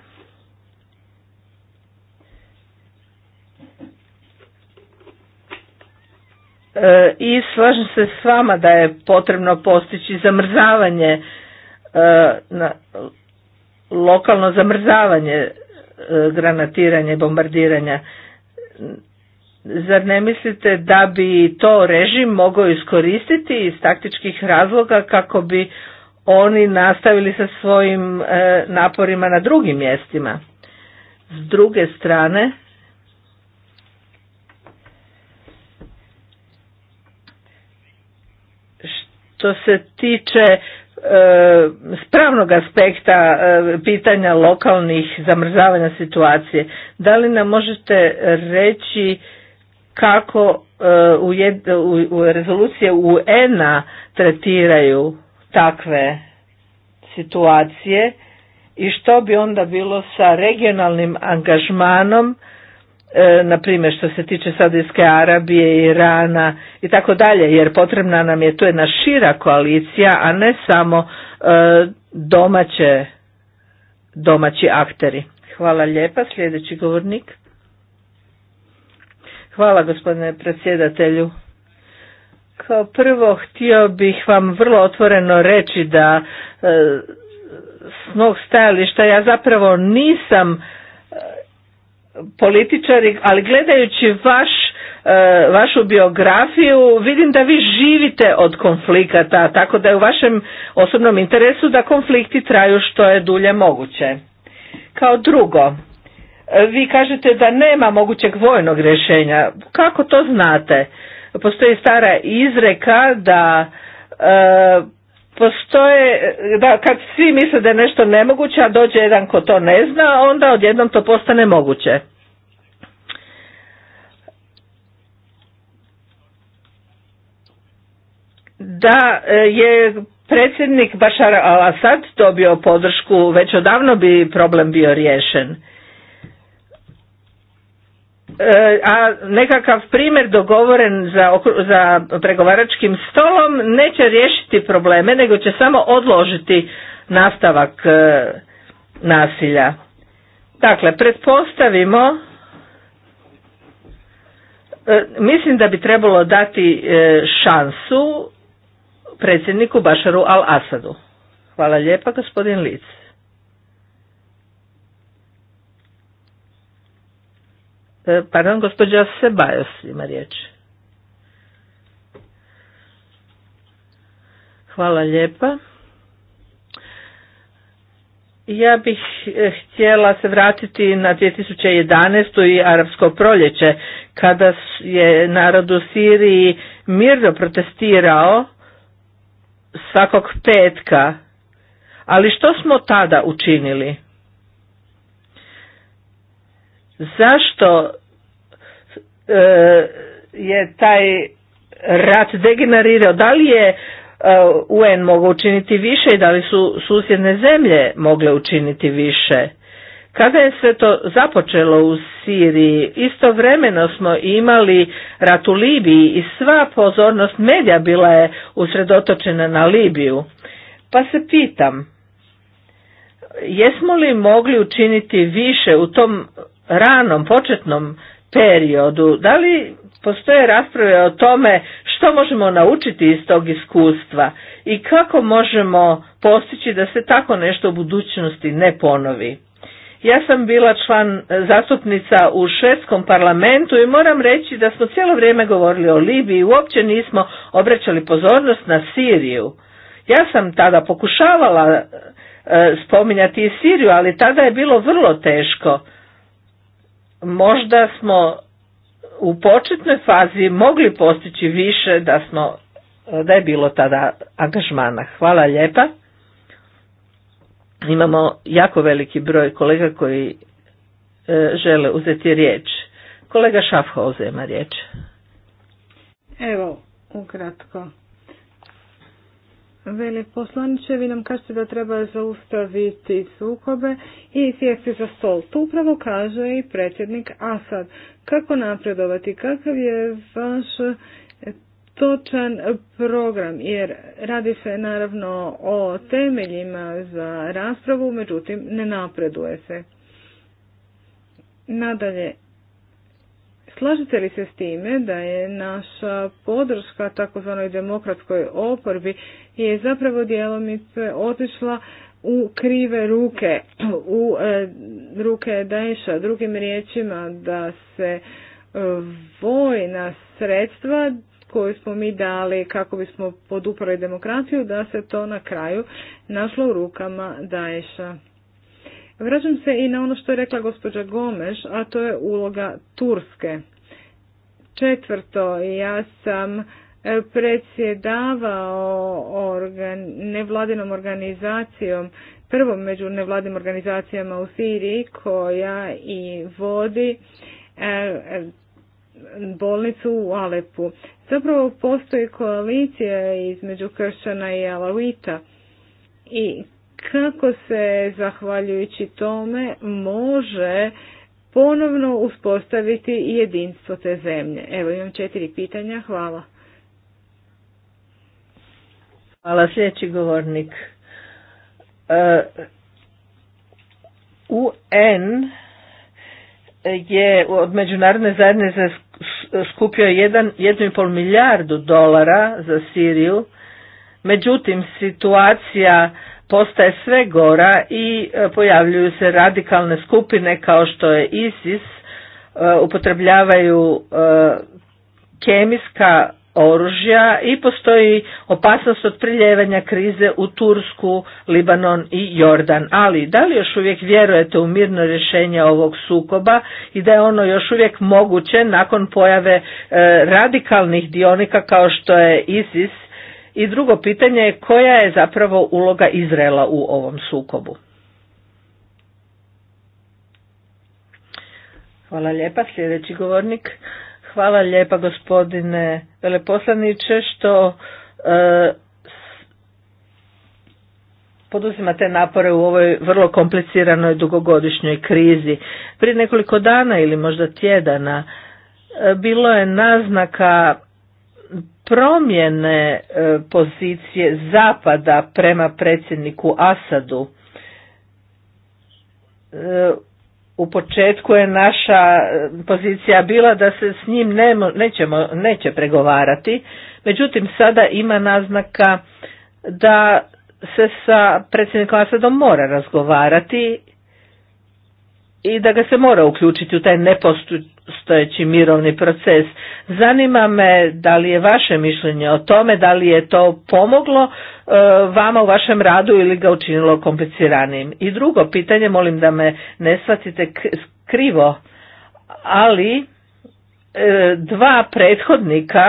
Speaker 4: E, i slažem se s vama da je potrebno postići zamrzavanje e, na lokalno zamrzavanje e, granatiranje, bombardiranja zar ne mislite da bi to režim mogao iskoristiti iz taktičkih razloga kako bi oni nastavili sa svojim naporima na drugim mjestima s druge strane što se tiče e, spravnog aspekta e, pitanja lokalnih zamrzavanja situacije. Da li nam možete reći kako e, u rezolucije UN-a tretiraju takve situacije i što bi onda bilo sa regionalnim angažmanom e, na primjer što se tiče Saudijske Arabije, Irana i tako dalje, jer potrebna nam je tu jedna šira koalicija, a ne samo e, domaće, domaći akteri. Hvala lijepa, sljedeći govornik. Hvala gospodine predsjedatelju. Kao prvo htio bih vam vrlo otvoreno reći da e, s mog stajališta ja zapravo nisam političari, ali gledajući vaš, e, vašu biografiju vidim da vi živite od konflikata, tako da je u vašem osobnom interesu da konflikti traju što je dulje moguće. Kao drugo, e, vi kažete da nema mogućeg vojnog rješenja. Kako to znate? Postoji stara izreka da e, postoje, da kad svi misle da je nešto nemoguće, a dođe jedan ko to ne zna, onda odjednom to postane moguće. Da e, je predsjednik Bashar al-Assad dobio podršku, već odavno bi problem bio riješen. E, a nekakav primjer dogovoren za, za pregovaračkim stolom neće riješiti probleme nego će samo odložiti nastavak e, nasilja. Dakle, pretpostavimo, e, mislim da bi trebalo dati šansu predsjedniku Bašaru Al-Asadu. Hvala lijepa, gospodin Lic. E, pardon, gospođa Sebajos ima riječ. Hvala lijepa. Ja bih e, htjela se vratiti na 2011. i arapsko proljeće, kada je narod u Siriji mirno protestirao svakog petka. Ali što smo tada učinili? zašto e, je taj rat degenerirao, da li je e, UN mogao učiniti više i da li su susjedne zemlje mogle učiniti više. Kada je sve to započelo u Siriji, istovremeno smo imali rat u Libiji i sva pozornost medija bila je usredotočena na Libiju. Pa se pitam, jesmo li mogli učiniti više u tom ranom, početnom periodu, da li postoje rasprave o tome što možemo naučiti iz tog iskustva i kako možemo postići da se tako nešto u budućnosti ne ponovi. Ja sam bila član e, zastupnica u švedskom parlamentu i moram reći da smo cijelo vrijeme govorili o Libiji i uopće nismo obraćali pozornost na Siriju. Ja sam tada pokušavala e, spominjati i Siriju, ali tada je bilo vrlo teško možda smo u početnoj fazi mogli postići više da smo da je bilo tada angažmana. Hvala lijepa. Imamo jako veliki broj kolega koji e, žele uzeti riječ. Kolega Šafho ima riječ.
Speaker 3: Evo, ukratko poslaniče, vi nam kažete da treba zaustaviti sukobe i sjesti za stol. To upravo kaže i predsjednik Asad. Kako napredovati? Kakav je vaš e, točan program? Jer radi se naravno o temeljima za raspravu, međutim ne napreduje se. Nadalje, Slažete li se s time da je naša podrška takozvanoj demokratskoj oporbi je zapravo djelomice otišla u krive ruke, u e, ruke Daesha. Drugim riječima da se e, vojna sredstva koju smo mi dali kako bismo poduprali demokraciju, da se to na kraju našlo u rukama Daesha. Vraćam se i na ono što je rekla gospođa Gomeš, a to je uloga Turske. Četvrto, ja sam E, predsjedavao organ, nevladinom organizacijom, prvom među nevladim organizacijama u Siriji koja i vodi e, bolnicu u Alepu. Zapravo postoji koalicija između kršćana i alavita i kako se zahvaljujući tome može ponovno uspostaviti jedinstvo te zemlje. Evo imam četiri pitanja, hvala.
Speaker 4: Hvala sljedeći govornik. E, UN je od međunarodne zajednice skupio 1,5 milijardu dolara za Siriju. Međutim, situacija postaje sve gora i e, pojavljuju se radikalne skupine kao što je ISIS, e, upotrebljavaju kemijska oružja i postoji opasnost od priljevanja krize u Tursku, Libanon i Jordan. Ali da li još uvijek vjerujete u mirno rješenje ovog sukoba i da je ono još uvijek moguće nakon pojave e, radikalnih dionika kao što je ISIS? I drugo pitanje je koja je zapravo uloga Izraela u ovom sukobu? Hvala lijepa, sljedeći govornik. Hvala lijepa gospodine veleposlaniče što e, poduzimate napore u ovoj vrlo kompliciranoj dugogodišnjoj krizi. Prije nekoliko dana ili možda tjedana e, bilo je naznaka promjene e, pozicije Zapada prema predsjedniku Asadu e, u početku je naša e, pozicija bila da se s njim nećemo, neće pregovarati, međutim sada ima naznaka da se sa predsjednikom Asadom mora razgovarati i da ga se mora uključiti u taj stojeći mirovni proces. Zanima me da li je vaše mišljenje o tome, da li je to pomoglo e, vama u vašem radu ili ga učinilo kompliciranijim. I drugo pitanje, molim da me ne shvatite krivo, ali e, dva prethodnika,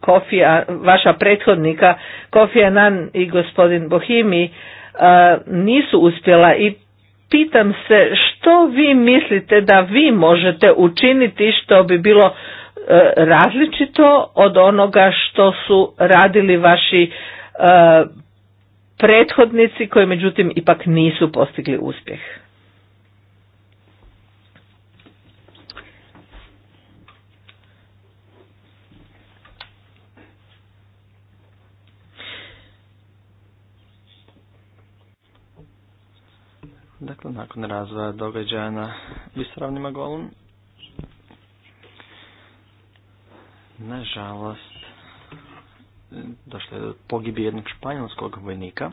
Speaker 4: Kofija, vaša prethodnika, Kofi Anan i gospodin Bohimi, e, nisu uspjela i pitam se što vi mislite da vi možete učiniti što bi bilo e, različito od onoga što su radili vaši e, prethodnici koji međutim ipak nisu postigli uspjeh.
Speaker 2: Dakle, nakon razvoja događaja na Visravnima golom, nažalost, došlo je do pogibi jednog španjolskog vojnika.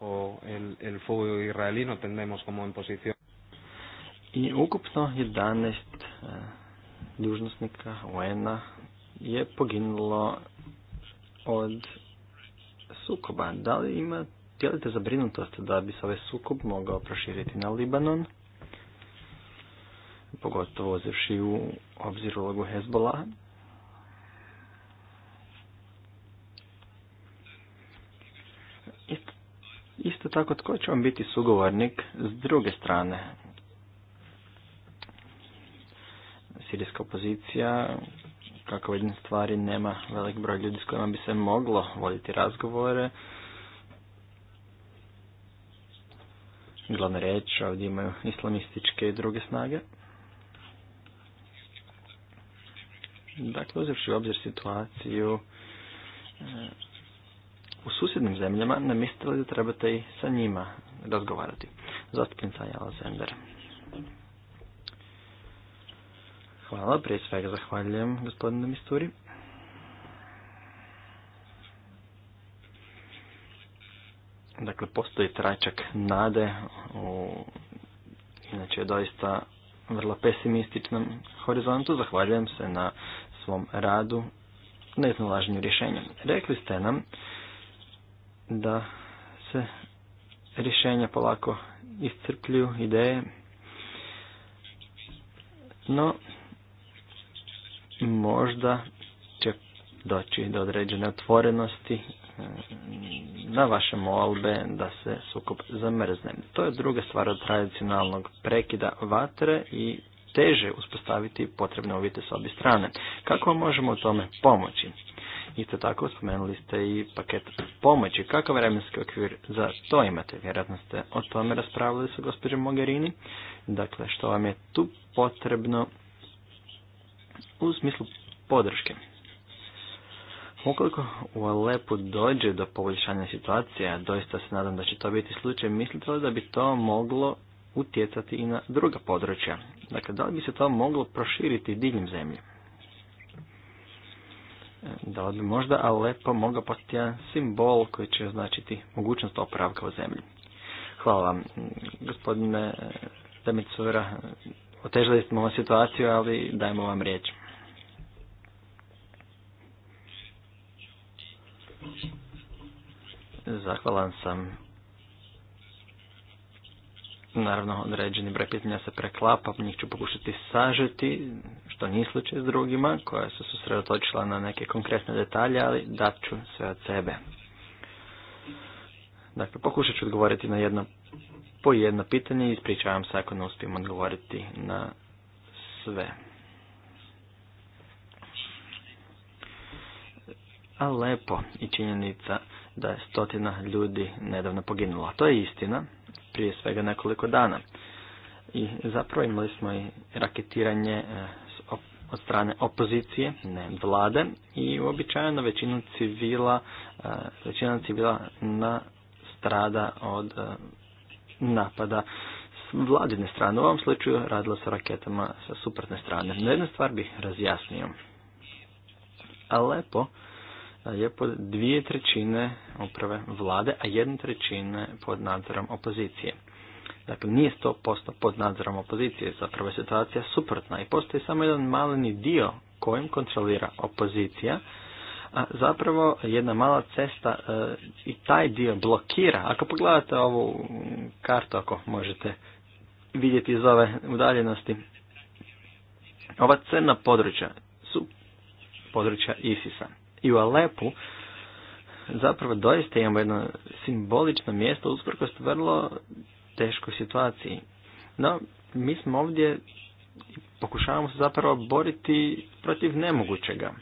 Speaker 2: O el, el fuego israelino tendemos como en posición. I ukupno 11 e, dužnosnika UN-a je poginulo od sukoba. Da li ima, dijelite zabrinutost da bi se ovaj sukob mogao proširiti na Libanon? Pogotovo uzevši u obzir ulogu Hezbollah. Isto, isto tako, tko će vam biti sugovornik s druge strane? Sirijska opozicija kako vidim stvari nema velik broj ljudi s kojima bi se moglo voditi razgovore. Glavna riječ ovdje imaju islamističke i druge snage. Dakle, uzevši u obzir situaciju e, u susjednim zemljama, li da trebate i sa njima razgovarati. Zastupnica Jala Zender. Hvala, prije svega zahvaljujem gospodinu Misturi. Dakle, postoji tračak nade u, inače je doista vrlo pesimističnom horizontu. Zahvaljujem se na svom radu, na iznalaženju rješenja. Rekli ste nam da se rješenja polako iscrpljuju ideje, no možda će doći do određene otvorenosti e, na vaše molbe da se sukob zamrzne. To je druga stvar od tradicionalnog prekida vatre i teže uspostaviti potrebne uvjete s obje strane. Kako možemo u tome pomoći? Isto tako spomenuli ste i paket pomoći. Kakav vremenski okvir za to imate? Vjerojatno ste o tome raspravili sa gospođom Mogherini. Dakle, što vam je tu potrebno u smislu podrške. Ukoliko u Alepu dođe do poboljšanja situacije, a doista se nadam da će to biti slučaj, mislite li da bi to moglo utjecati i na druga područja? Dakle, da li bi se to moglo proširiti diljem zemlje? Da li bi možda Alepo mogao postati jedan simbol koji će označiti mogućnost opravka u zemlji? Hvala vam, mm, gospodine e, Demicura. Otežali smo ovu situaciju, ali dajmo vam riječ. Zahvalan sam. Naravno, određeni broj pitanja se preklapa, njih ću pokušati sažeti, što nije slučaj s drugima, koja su sredotočila na neke konkretne detalje, ali dat ću sve od sebe. Dakle, pokušat ću odgovoriti na jedno po jedno pitanje i ispričavam se ako ne uspijem odgovoriti na sve. lepo i činjenica da je stotina ljudi nedavno poginula. To je istina, prije svega nekoliko dana. I zapravo imali smo i raketiranje e, od strane opozicije, ne vlade, i uobičajeno većina civila, e, većina civila na strada od e, napada s vladine strane. U ovom slučaju radilo se raketama sa suprotne strane. Na jednu stvar bih razjasnio. Alepo je pod dvije trećine uprave vlade, a jedne trećine pod nadzorom opozicije. Dakle, nije 100% pod nadzorom opozicije, zapravo je situacija suprotna i postoji samo jedan maleni dio kojim kontrolira opozicija, a zapravo jedna mala cesta e, i taj dio blokira. Ako pogledate ovu kartu, ako možete vidjeti iz ove udaljenosti, ova crna područja su područja Isisa. I u Alepu zapravo doista imamo jedno simbolično mjesto usprkos vrlo teškoj situaciji. No, mi smo ovdje pokušavamo se zapravo boriti protiv nemogućega.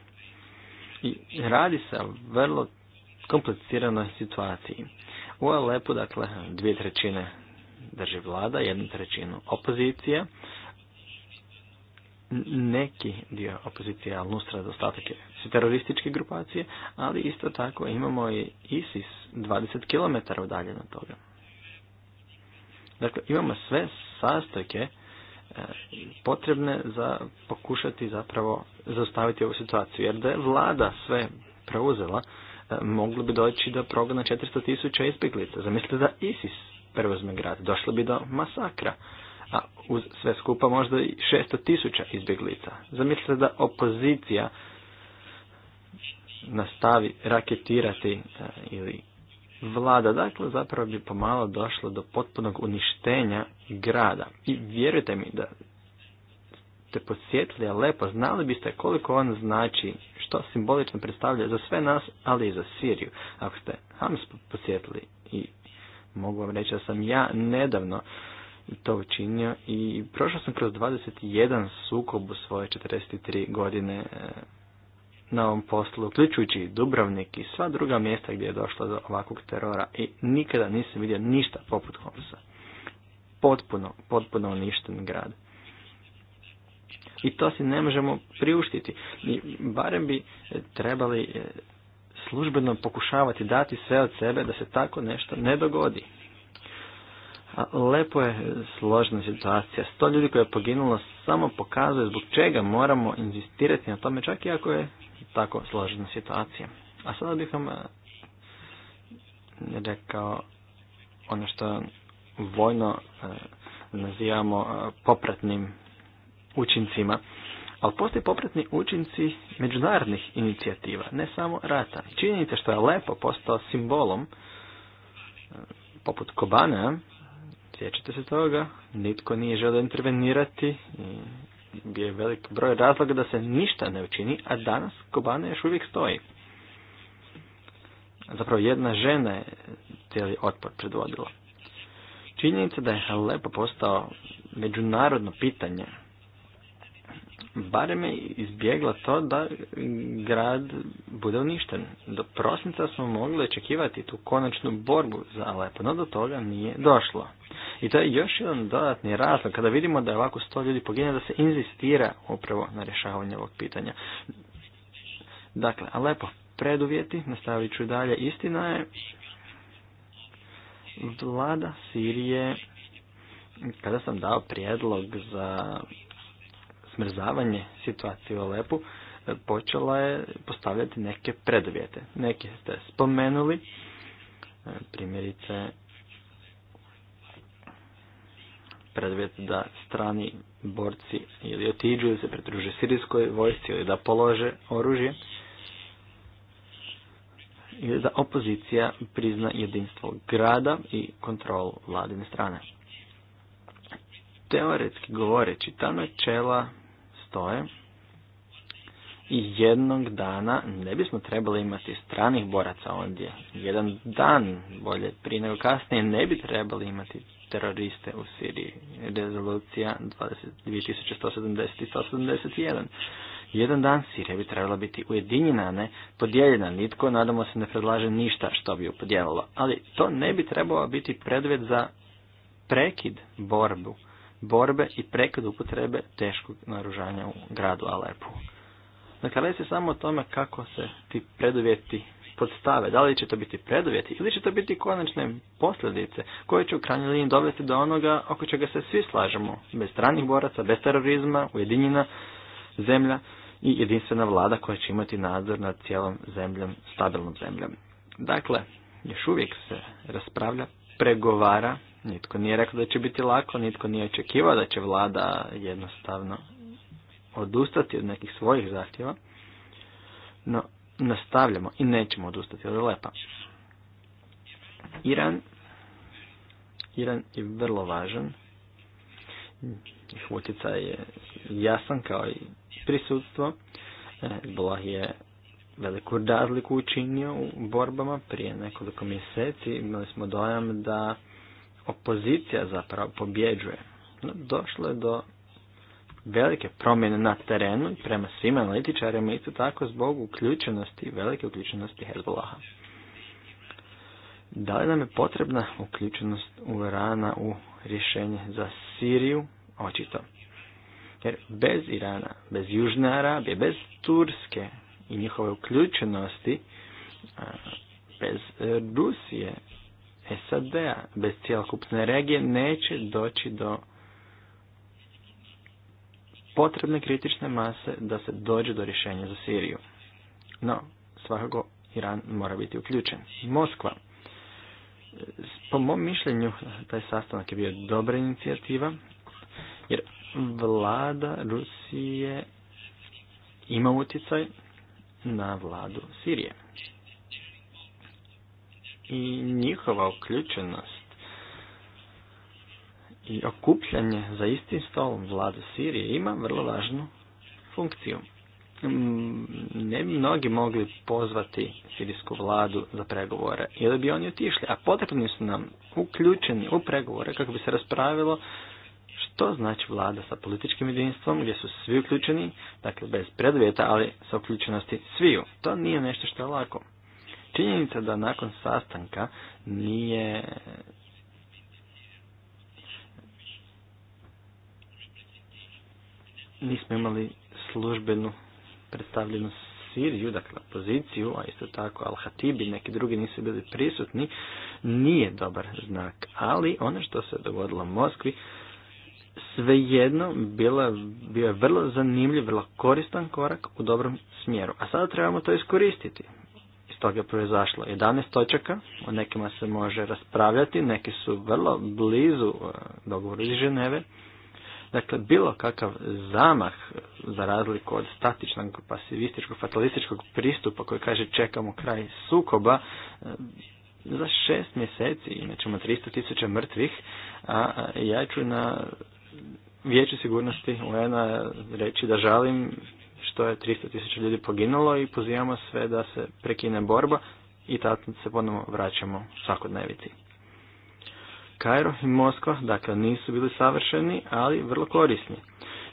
Speaker 2: I radi se o vrlo kompliciranoj situaciji. U Alepu, dakle, dvije trećine drži vlada, jednu trećinu opozicija. Neki dio opozicije Al-Nusra je su terorističke grupacije, ali isto tako imamo i ISIS 20 km udaljen od toga. Dakle, imamo sve sastojke potrebne za pokušati zapravo zaustaviti ovu situaciju. Jer da je vlada sve preuzela, e, moglo bi doći do progona 400 tisuća izbjeglica. Zamislite da ISIS preuzme grad, došlo bi do masakra. A uz sve skupa možda i 600 tisuća izbjeglica. Zamislite da opozicija nastavi raketirati e, ili vlada. Dakle, zapravo bi pomalo došlo do potpunog uništenja grada. I vjerujte mi da ste posjetili lepo znali biste koliko on znači, što simbolično predstavlja za sve nas, ali i za Siriju. Ako ste Hams posjetili i mogu vam reći da sam ja nedavno to učinio i prošao sam kroz 21 sukob u svoje 43 godine e, na ovom poslu, uključujući Dubrovnik i sva druga mjesta gdje je došlo do ovakvog terora i nikada nisam vidio ništa poput Homsa. Potpuno, potpuno uništen grad. I to si ne možemo priuštiti. I barem bi e, trebali e, službeno pokušavati dati sve od sebe da se tako nešto ne dogodi. Lepo je e, složna situacija. Sto ljudi koje je poginulo samo pokazuje zbog čega moramo inzistirati na tome čak i ako je tako složena situacija. A sada bih vam e, rekao ono što vojno e, nazivamo e, popratnim učincima, ali postoji popratni učinci međunarodnih inicijativa, ne samo rata. Činjenica što je Lepo postao simbolom poput Kobane, sjećate se toga, nitko nije želio intervenirati i je velik broj razloga da se ništa ne učini, a danas Kobane još uvijek stoji. Zapravo jedna žena je cijeli otpor predvodila. Činjenica da je Halepo postao međunarodno pitanje barem je izbjegla to da grad bude uništen. Do prosinca smo mogli očekivati tu konačnu borbu za Alepo, no do toga nije došlo. I to je još jedan dodatni razlog kada vidimo da je ovako sto ljudi pogine da se inzistira upravo na rješavanje ovog pitanja. Dakle, Alepo, preduvjeti, nastavit ću dalje, istina je vlada Sirije kada sam dao prijedlog za smrzavanje situacije u Alepu e, počela je postavljati neke preduvjete. Neke ste spomenuli, e, primjerice preduvjet da strani borci ili otiđu ili se pridruže sirijskoj vojsci ili da polože oružje ili da opozicija prizna jedinstvo grada i kontrolu vladine strane. Teoretski govoreći, ta načela je, i jednog dana ne bismo trebali imati stranih boraca ondje. Jedan dan, bolje prije nego kasnije, ne bi trebali imati teroriste u Siriji. Rezolucija 2170 i 171. Jedan dan Sirija bi trebala biti ujedinjena, ne podijeljena. Nitko, nadamo se, ne predlaže ništa što bi ju podijelilo. Ali to ne bi trebalo biti predved za prekid borbu borbe i prekid upotrebe teškog naružanja u gradu Alepu. Dakle, radi se samo o tome kako se ti preduvjeti podstave. Da li će to biti preduvjeti ili će to biti konačne posljedice koje će u krajnjoj liniji dovesti do onoga oko čega se svi slažemo. Bez stranih boraca, bez terorizma, ujedinjena zemlja i jedinstvena vlada koja će imati nadzor nad cijelom zemljom, stabilnom zemljom. Dakle, još uvijek se raspravlja, pregovara Nitko nije rekao da će biti lako, nitko nije očekivao da će vlada jednostavno odustati od nekih svojih zahtjeva, no nastavljamo i nećemo odustati od lepa. Iran, Iran je vrlo važan,
Speaker 1: njih
Speaker 2: je jasan kao i prisutstvo, e, Bola je veliku razliku učinio u borbama prije nekoliko mjeseci, imali smo dojam da opozicija zapravo pobjeđuje. No, došlo je do velike promjene na terenu i prema svim analitičarima isto tako zbog uključenosti, velike uključenosti Hezbollaha. Da li nam je potrebna uključenost u Irana u rješenje za Siriju? Očito. Jer bez Irana, bez Južne Arabije, bez Turske i njihove uključenosti, bez Rusije SAD-a. Bez cijelokupne regije neće doći do potrebne kritične mase da se dođe do rješenja za Siriju. No, svakako Iran mora biti uključen. Moskva. Po mom mišljenju, taj sastanak je bio dobra inicijativa, jer vlada Rusije ima utjecaj na vladu Sirije i njihova uključenost i okupljanje za istim stolom vlade Sirije ima vrlo važnu funkciju. Mm, ne bi mnogi mogli pozvati sirijsku vladu za pregovore ili bi oni otišli, a potrebni su nam uključeni u pregovore kako bi se raspravilo što znači vlada sa političkim jedinstvom gdje su svi uključeni, dakle bez predvjeta, ali sa uključenosti sviju. To nije nešto što je lako činjenica da nakon sastanka nije nismo imali službenu predstavljenu Siriju, dakle poziciju, a isto tako al hatibi i neki drugi nisu bili prisutni, nije dobar znak. Ali ono što se dogodilo u Moskvi, svejedno bila, bio je vrlo zanimljiv, vrlo koristan korak u dobrom smjeru. A sada trebamo to iskoristiti iz toga proizašlo 11 točaka, o nekima se može raspravljati, neki su vrlo blizu e, dogovoru iz Ženeve. Dakle, bilo kakav zamah, za razliku od statičnog, pasivističkog, fatalističkog pristupa koji kaže čekamo kraj sukoba, e, za šest mjeseci imat ćemo 300 tisuća mrtvih, a ja ću na vijeću sigurnosti un reći da žalim što je 300.000 ljudi poginulo i pozivamo sve da se prekine borba i tad se ponovno vraćamo svakodnevici. Kairo i Moskva, dakle, nisu bili savršeni, ali vrlo korisni.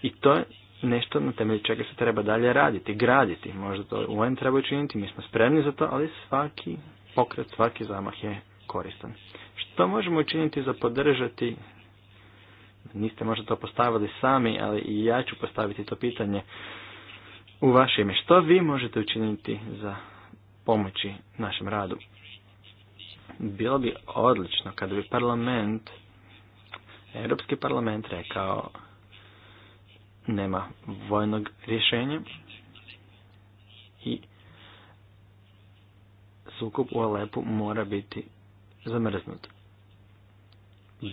Speaker 2: I to je nešto na temelju čega se treba dalje raditi, graditi. Možda to UN treba učiniti, mi smo spremni za to, ali svaki pokret, svaki zamah je koristan. Što možemo učiniti za podržati, niste možda to postavili sami, ali i ja ću postaviti to pitanje, u vaše ime što vi možete učiniti za pomoći našem radu. Bilo bi odlično kada bi parlament, Europski parlament rekao nema vojnog rješenja i sukup u Alepu mora biti zamrznut.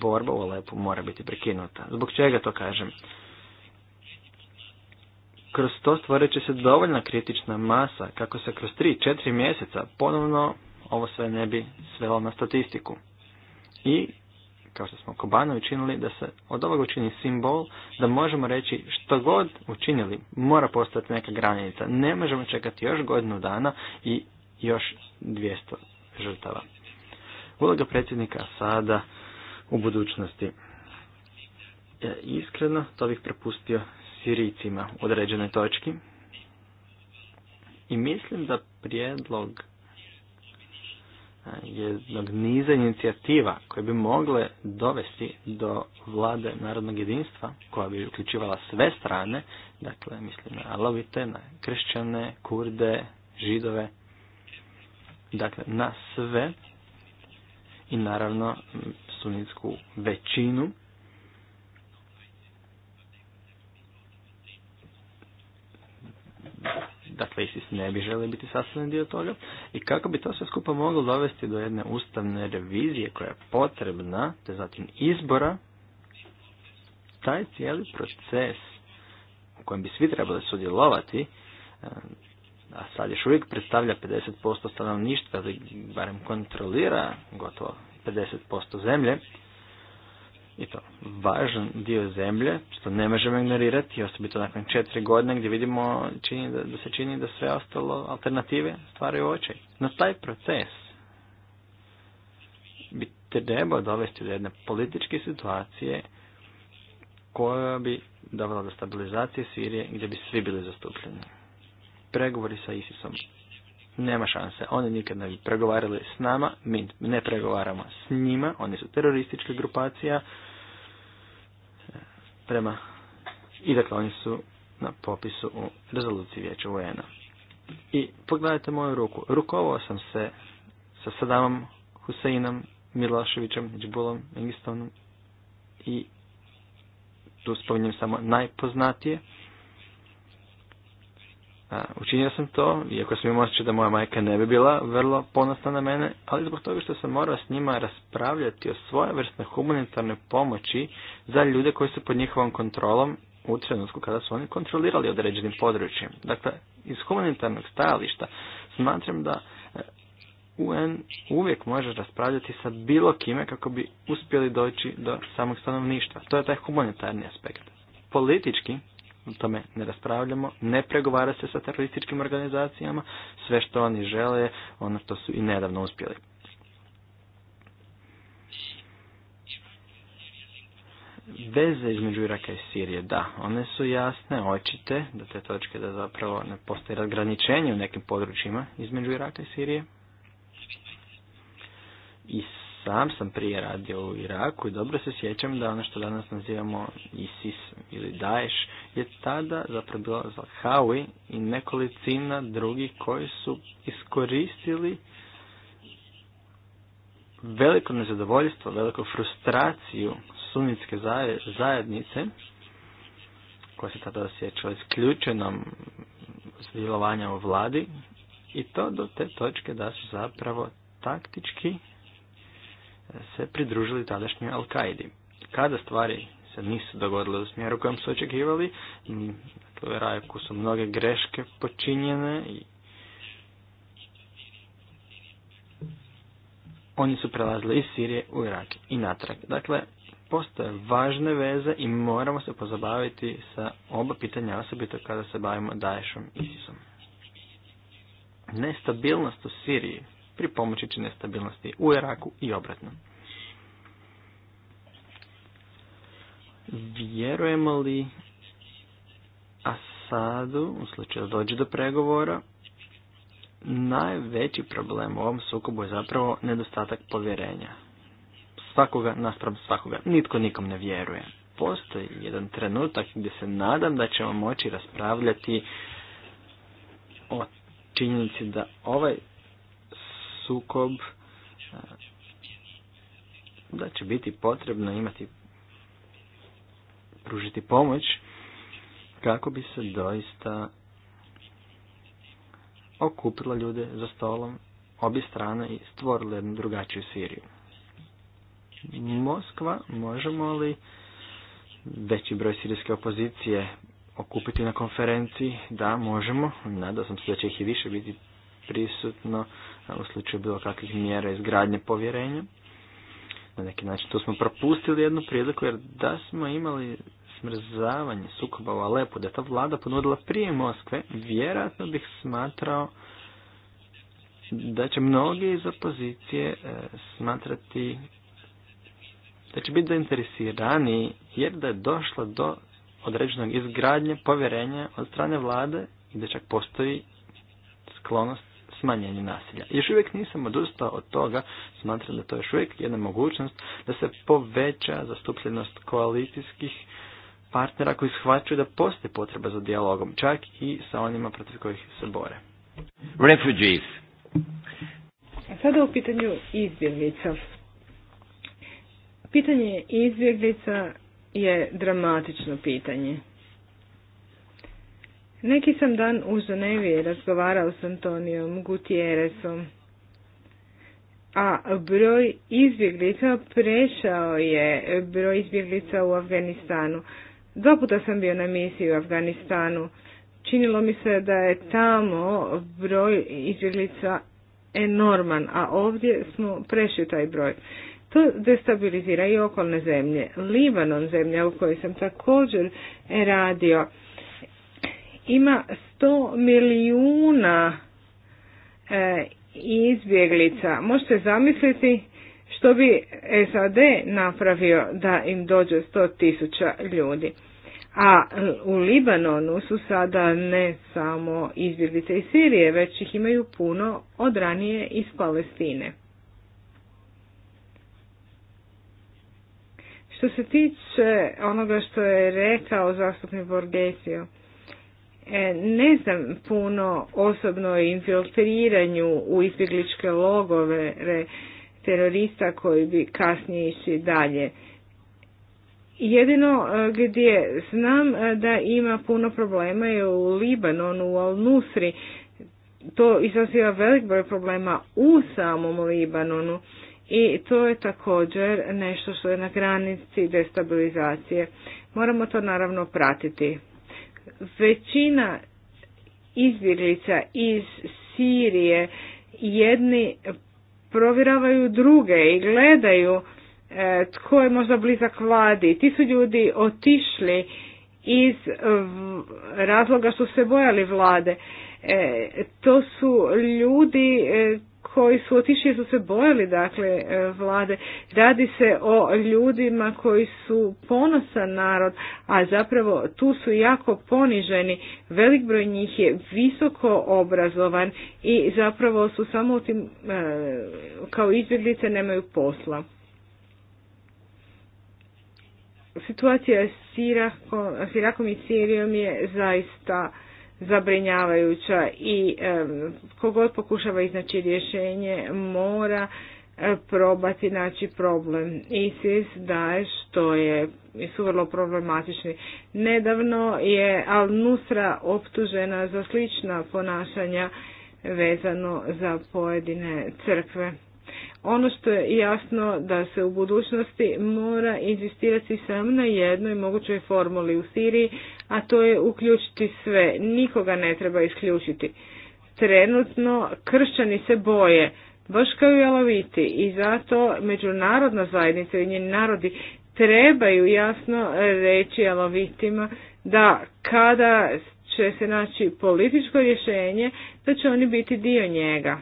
Speaker 2: Borba u Alepu mora biti prekinuta. Zbog čega to kažem? kroz to stvorit će se dovoljna kritična masa kako se kroz 3-4 mjeseca ponovno ovo sve ne bi svelo na statistiku. I, kao što smo Kobano učinili, da se od ovoga učini simbol, da možemo reći što god učinili, mora postati neka granica. Ne možemo čekati još godinu dana i još 200 žrtava. Uloga predsjednika sada u budućnosti. E, iskreno, to bih prepustio Sirijcima u određenoj točki. I mislim da prijedlog e, jednog niza inicijativa koje bi mogle dovesti do vlade narodnog jedinstva koja bi uključivala sve strane, dakle mislim na alovite, na kršćane, kurde, židove, dakle na sve i naravno sunitsku većinu dakle ISIS ne bi želi biti sastavni dio toga i kako bi to sve skupa moglo dovesti do jedne ustavne revizije koja je potrebna, te zatim izbora, taj cijeli proces u kojem bi svi trebali sudjelovati, eh, a sad još uvijek predstavlja 50% stanovništva, ili barem kontrolira gotovo 50% zemlje, i to važan dio zemlje, što ne možemo ignorirati, osobito nakon četiri godine gdje vidimo čini da, da se čini da sve ostalo alternative stvaraju očaj. Na taj proces bi trebao dovesti do jedne političke situacije koja bi dovela do stabilizacije Sirije gdje bi svi bili zastupljeni. Pregovori sa ISISom. Nema šanse. Oni nikad ne bi pregovarali s nama, mi ne pregovaramo s njima, oni su teroristička grupacija, prema i dakle oni su na popisu u rezoluciji vijeća vojena. I pogledajte moju ruku. Rukovao sam se sa Sadamom Huseinom, Miloševićem, Džbulom, Engistonom i tu spominjem samo najpoznatije Učinio sam to, iako sam imao osjećaj da moja majka ne bi bila vrlo ponosna na mene, ali zbog toga što sam morao s njima raspravljati o vrste humanitarne pomoći za ljude koji su pod njihovom kontrolom u trenutku kada su oni kontrolirali određenim područjem. Dakle, iz humanitarnog stajališta smatram da e, UN uvijek može raspravljati sa bilo kime kako bi uspjeli doći do samog stanovništva. To je taj humanitarni aspekt. Politički o tome ne raspravljamo, ne pregovara se sa terorističkim organizacijama, sve što oni žele ono što su i nedavno uspjeli. Veze između Iraka i Sirije, da, one su jasne, očite, da te točke da zapravo ne postoji razgraničenje u nekim područjima između Iraka i Sirije. I sam sam prije radio u Iraku i dobro se sjećam da ono što danas nazivamo ISIS ili Daesh je tada zapravo za Hawi i nekolicina drugih koji su iskoristili veliko nezadovoljstvo, veliku frustraciju sunitske zajednice koja se tada osjećala isključenom sudjelovanja u vladi i to do te točke da su zapravo taktički se pridružili tadašnjoj Al-Kaidi. Kada stvari se nisu dogodile u smjeru kojem su očekivali, u Iraku su mnoge greške počinjene i oni su prelazili iz Sirije u Irak i natrag. Dakle, postoje važne veze i moramo se pozabaviti sa oba pitanja, osobito kada se bavimo Daeshom i Isisom. Nestabilnost u Siriji pripomoći čine nestabilnosti u Iraku i obratno. Vjerujemo li Asadu, u slučaju da dođe do pregovora, najveći problem u ovom sukobu je zapravo nedostatak povjerenja. Svakoga naspram svakoga. Nitko nikom ne vjeruje. Postoji jedan trenutak gdje se nadam da ćemo moći raspravljati o činjenici da ovaj sukob, e, da će biti potrebno imati pružiti pomoć kako bi se doista okupila ljude za stolom obje strane i stvorila jednu drugačiju Siriju. Moskva, možemo li veći broj sirijske opozicije okupiti na konferenciji? Da, možemo. Nadao sam se da će ih i više biti prisutno u slučaju bilo kakvih mjera izgradnje povjerenja. Na neki način tu smo propustili jednu priliku jer da smo imali smrzavanje sukoba u Alepu, da je ta vlada ponudila prije Moskve, vjerojatno bih smatrao da će mnogi iz opozicije e, smatrati da će biti zainteresirani jer da je došlo do određenog izgradnje povjerenja od strane vlade i da čak postoji sklonost smanjenje nasilja. Još uvijek nisam odustao od toga, smatram da to je još uvijek jedna mogućnost da se poveća zastupljenost koalicijskih partnera koji shvaćaju da postoji potreba za dijalogom, čak i sa onima protiv kojih se bore. Refugees.
Speaker 3: Sada u pitanju izbjeglica. Pitanje izbjeglica je dramatično pitanje. Neki sam dan u Ženevi razgovarao s Antonijom Gutierrezom, a broj izbjeglica prešao je broj izbjeglica u Afganistanu. Dva puta sam bio na misiji u Afganistanu. Činilo mi se da je tamo broj izbjeglica enorman, a ovdje smo prešli taj broj. To destabilizira i okolne zemlje. Libanon, zemlja u kojoj sam također radio, ima 100 milijuna e, izbjeglica. Možete zamisliti što bi SAD napravio da im dođe 100 tisuća ljudi. A u Libanonu su sada ne samo izbjeglice iz Sirije, već ih imaju puno od ranije iz Palestine. Što se tiče onoga što je rekao zastupnik Borgesio, E, ne znam puno osobno infiltriranju u izbjegličke logove terorista koji bi kasnije išli dalje. Jedino e, gdje znam e, da ima puno problema je u Libanonu, u Al-Nusri. To izaziva velik broj problema u samom Libanonu i to je također nešto što je na granici destabilizacije. Moramo to naravno pratiti većina izbjeglica iz Sirije jedni provjeravaju druge i gledaju e, tko je možda blizak vladi. Ti su ljudi otišli iz razloga što se bojali vlade. E, to su ljudi e, koji su otišli su se bojali dakle e, vlade. Radi se o ljudima koji su ponosan narod, a zapravo tu su jako poniženi. Velik broj njih je visoko obrazovan i zapravo su samo u tim e, kao izbjeglice nemaju posla. Situacija s s Irakom i Sirijom je zaista zabrinjavajuća i kogod pokušava iznaći rješenje mora e, probati naći problem. ISIS daje što je, su vrlo problematični. Nedavno je Al-Nusra optužena za slična ponašanja vezano za pojedine crkve. Ono što je jasno da se u budućnosti mora inzistirati samo na jednoj mogućoj formuli u Siriji, a to je uključiti sve. Nikoga ne treba isključiti. Trenutno kršćani se boje, baš kao i aloviti i zato međunarodna zajednica i njeni narodi trebaju jasno reći alovitima da kada će se naći političko rješenje, da će oni biti dio njega.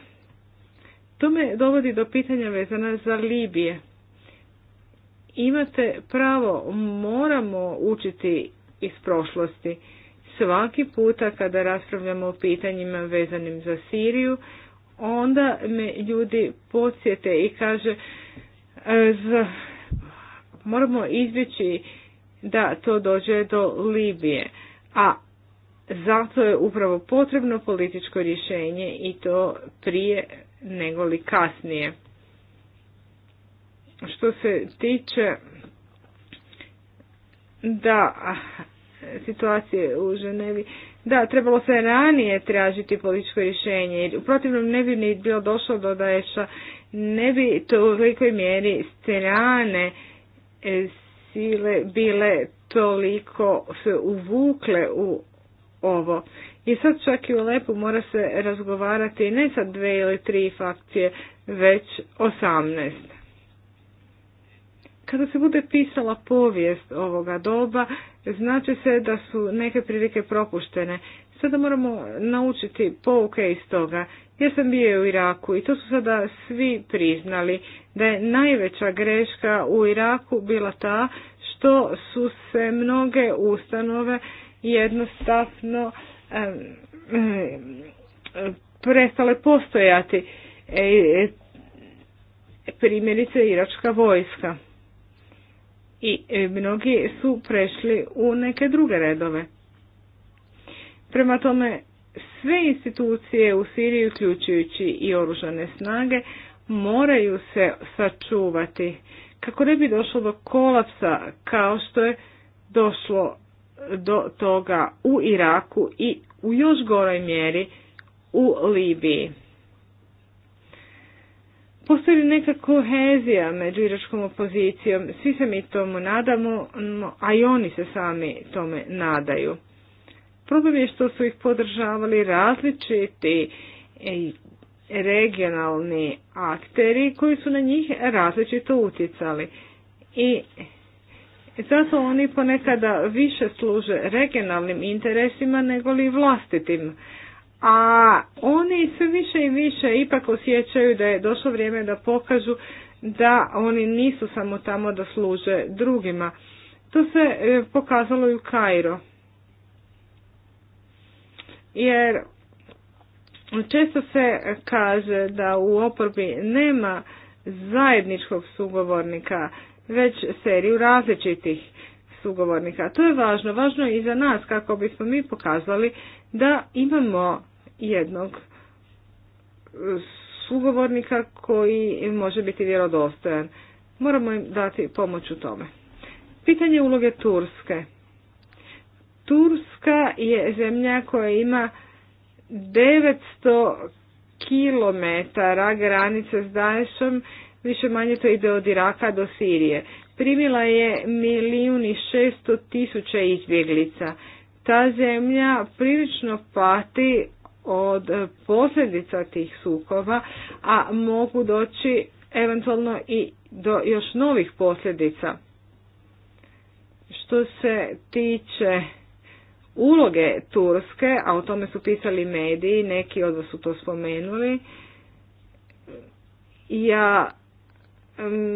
Speaker 3: To me dovodi do pitanja vezana za Libije. Imate pravo, moramo učiti iz prošlosti. Svaki puta kada raspravljamo o pitanjima vezanim za Siriju, onda me ljudi podsjete i kaže e, moramo izbjeći da to dođe do Libije, a zato je upravo potrebno političko rješenje i to prije nego li kasnije. Što se tiče da ah, situacije u Ženevi, da, trebalo se ranije tražiti političko rješenje, jer u protivnom ne bi ni bilo došlo do daješa ne bi to u velikoj mjeri strane e, sile bile toliko se uvukle u ovo. I sad čak i u Lepu mora se razgovarati ne sa dve ili tri fakcije, već osamnaest. Kada se bude pisala povijest ovoga doba, znači se da su neke prilike propuštene. Sada moramo naučiti pouke iz toga. Ja sam bio u Iraku i to su sada svi priznali da je najveća greška u Iraku bila ta što su se mnoge ustanove jednostavno prestale postojati e, primjerice iračka vojska i e, mnogi su prešli u neke druge redove. Prema tome, sve institucije u Siriji, uključujući i oružane snage, moraju se sačuvati kako ne bi došlo do kolapsa kao što je došlo do toga u Iraku i u još goroj mjeri u Libiji. Postoji neka kohezija među iračkom opozicijom, svi se mi tomu nadamo, a i oni se sami tome nadaju. Problem je što su ih podržavali različiti regionalni akteri koji su na njih različito utjecali. I zato oni ponekada više služe regionalnim interesima nego li vlastitim. A oni sve više i više ipak osjećaju da je došlo vrijeme da pokažu da oni nisu samo tamo da služe drugima. To se e, pokazalo i u Kairo. Jer često se kaže da u oporbi nema zajedničkog sugovornika, već seriju različitih sugovornika. To je važno, važno je i za nas kako bismo mi pokazali da imamo jednog e, sugovornika koji može biti vjerodostojan. Moramo im dati pomoć u tome. Pitanje uloge Turske. Turska je zemlja koja ima 900 kilometara granice s Daješom više manje to ide od Iraka do Sirije. Primila je milijun i šesto tisuća izbjeglica. Ta zemlja prilično pati od posljedica tih sukova, a mogu doći eventualno i do još novih posljedica. Što se tiče uloge Turske, a o tome su pisali mediji, neki od vas su to spomenuli, ja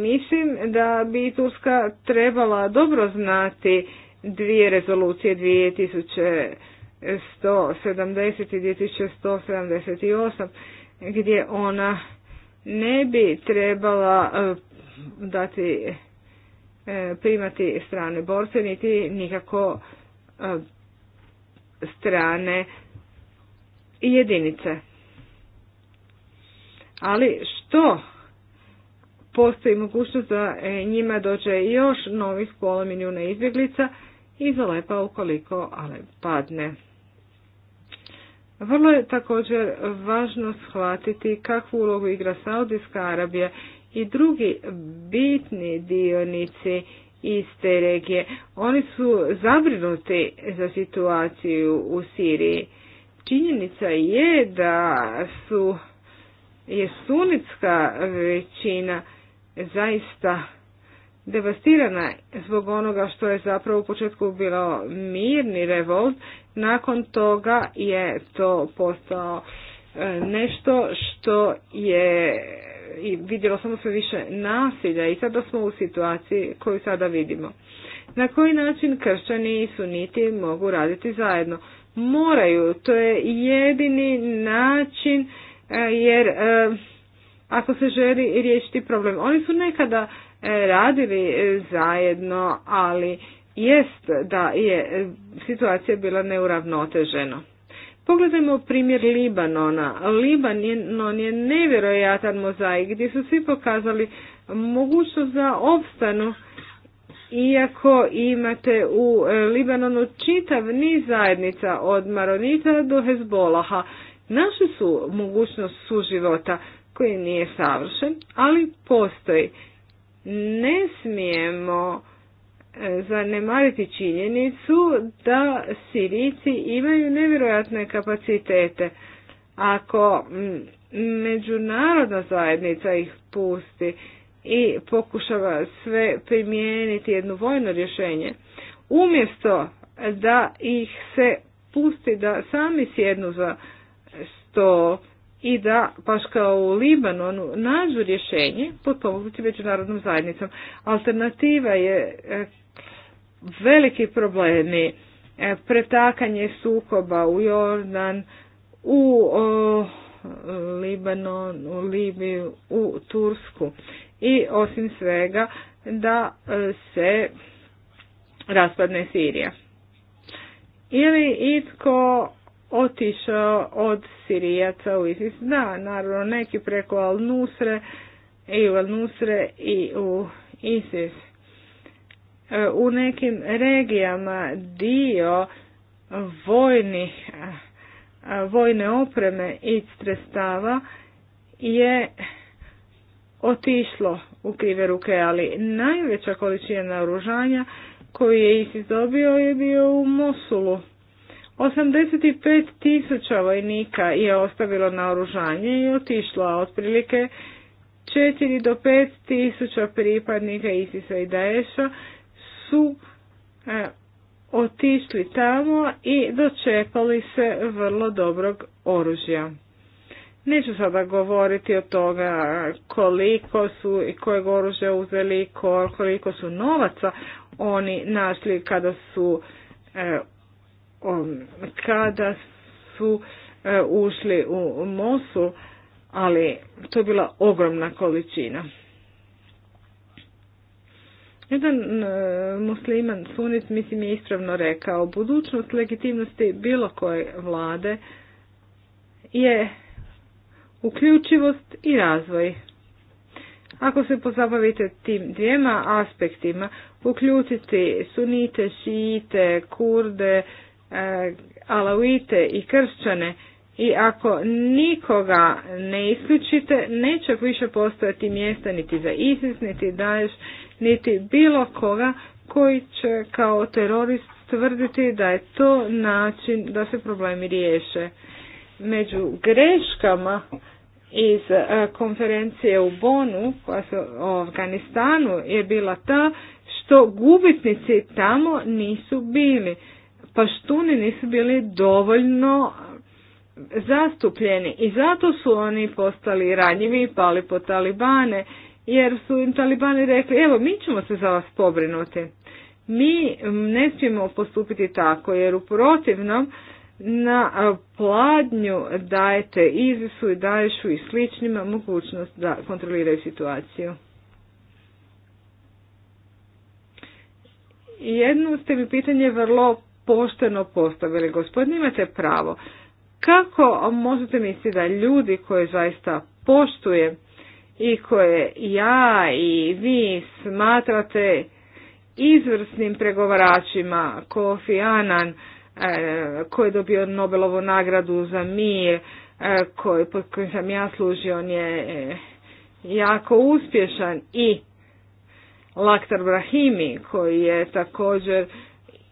Speaker 3: Mislim da bi Turska trebala dobro znati dvije rezolucije 2170 i 2178 gdje ona ne bi trebala e, dati e, primati strane borce niti nikako e, strane jedinice. Ali što postoji mogućnost da e, njima dođe još novih pola milijuna izbjeglica i zalepa ukoliko ali padne. Vrlo je također važno shvatiti kakvu ulogu igra Saudijska Arabija i drugi bitni dionici iz te regije. Oni su zabrinuti za situaciju u Siriji. Činjenica je da su je sunitska većina zaista devastirana zbog onoga što je zapravo u početku bilo mirni revolt, nakon toga je to postao e, nešto što je i vidjelo samo sve više nasilja i sada smo u situaciji koju sada vidimo. Na koji način kršćani i suniti mogu raditi zajedno? Moraju, to je jedini način e, jer e, ako se želi riješiti problem. Oni su nekada e, radili e, zajedno, ali jest da je e, situacija bila neuravnotežena. Pogledajmo primjer Libanona. Libanon je nevjerojatan mozaik gdje su svi pokazali mogućnost za opstanu iako imate u Libanonu čitav niz zajednica od Maronita do Hezbolaha. našli su mogućnost suživota koji nije savršen, ali postoji. Ne smijemo e, zanemariti činjenicu da Sirici imaju nevjerojatne kapacitete. Ako međunarodna zajednica ih pusti i pokušava sve primijeniti jedno vojno rješenje, umjesto da ih se pusti da sami sjednu za sto i da, paš kao u Libanonu, nađu rješenje pod pomoći međunarodnom zajednicom. Alternativa je e, veliki problemi, e, pretakanje sukoba u Jordan, u Libanon, u Libiju, u Tursku i osim svega da e, se raspadne Sirija. Ili itko otišao od Sirijaca u ISIS. Da, naravno, neki preko Al-Nusre i u Al-Nusre i u ISIS. E, u nekim regijama dio vojnih, vojne opreme i sredstava je otišlo u krive ruke, ali najveća količina oružanja koju je ISIS dobio je bio u Mosulu 85 tisuća vojnika je ostavilo na oružanje i otišlo, a otprilike 4 do 5 tisuća pripadnika Isisa i Daesha su e, otišli tamo i dočepali se vrlo dobrog oružja. Neću sada govoriti o toga koliko su i kojeg oružja uzeli, koliko su novaca oni našli kada su e, Um, kada su e, ušli u Mosu, ali to je bila ogromna količina. Jedan e, musliman sunit mislim je ispravno rekao, budućnost legitimnosti bilo koje vlade je uključivost i razvoj. Ako se pozabavite tim dvijema aspektima, uključiti sunite, šijite, kurde, E, alauite i kršćane i ako nikoga ne isključite, neće više postojati mjesta niti za ISIS, niti daješ, niti bilo koga koji će kao terorist tvrditi da je to način da se problemi riješe. Među greškama iz e, konferencije u Bonu koja se o Afganistanu je bila ta što gubitnici tamo nisu bili paštuni nisu bili dovoljno zastupljeni i zato su oni postali ranjivi i pali po talibane jer su im talibani rekli evo mi ćemo se za vas pobrinuti. Mi ne smijemo postupiti tako jer u protivnom na pladnju dajete Izisu i Daješu i sličnima mogućnost da kontroliraju situaciju. Jedno ste mi pitanje vrlo pošteno postavili. Gospodin, imate pravo. Kako možete misliti da ljudi koje zaista poštuje i koje ja i vi smatrate izvrsnim pregovaračima Kofi Annan, e, koji je dobio Nobelovu nagradu za mir, e, koji, pod kojim sam ja služio, on je e, jako uspješan i Laktar Brahimi koji je također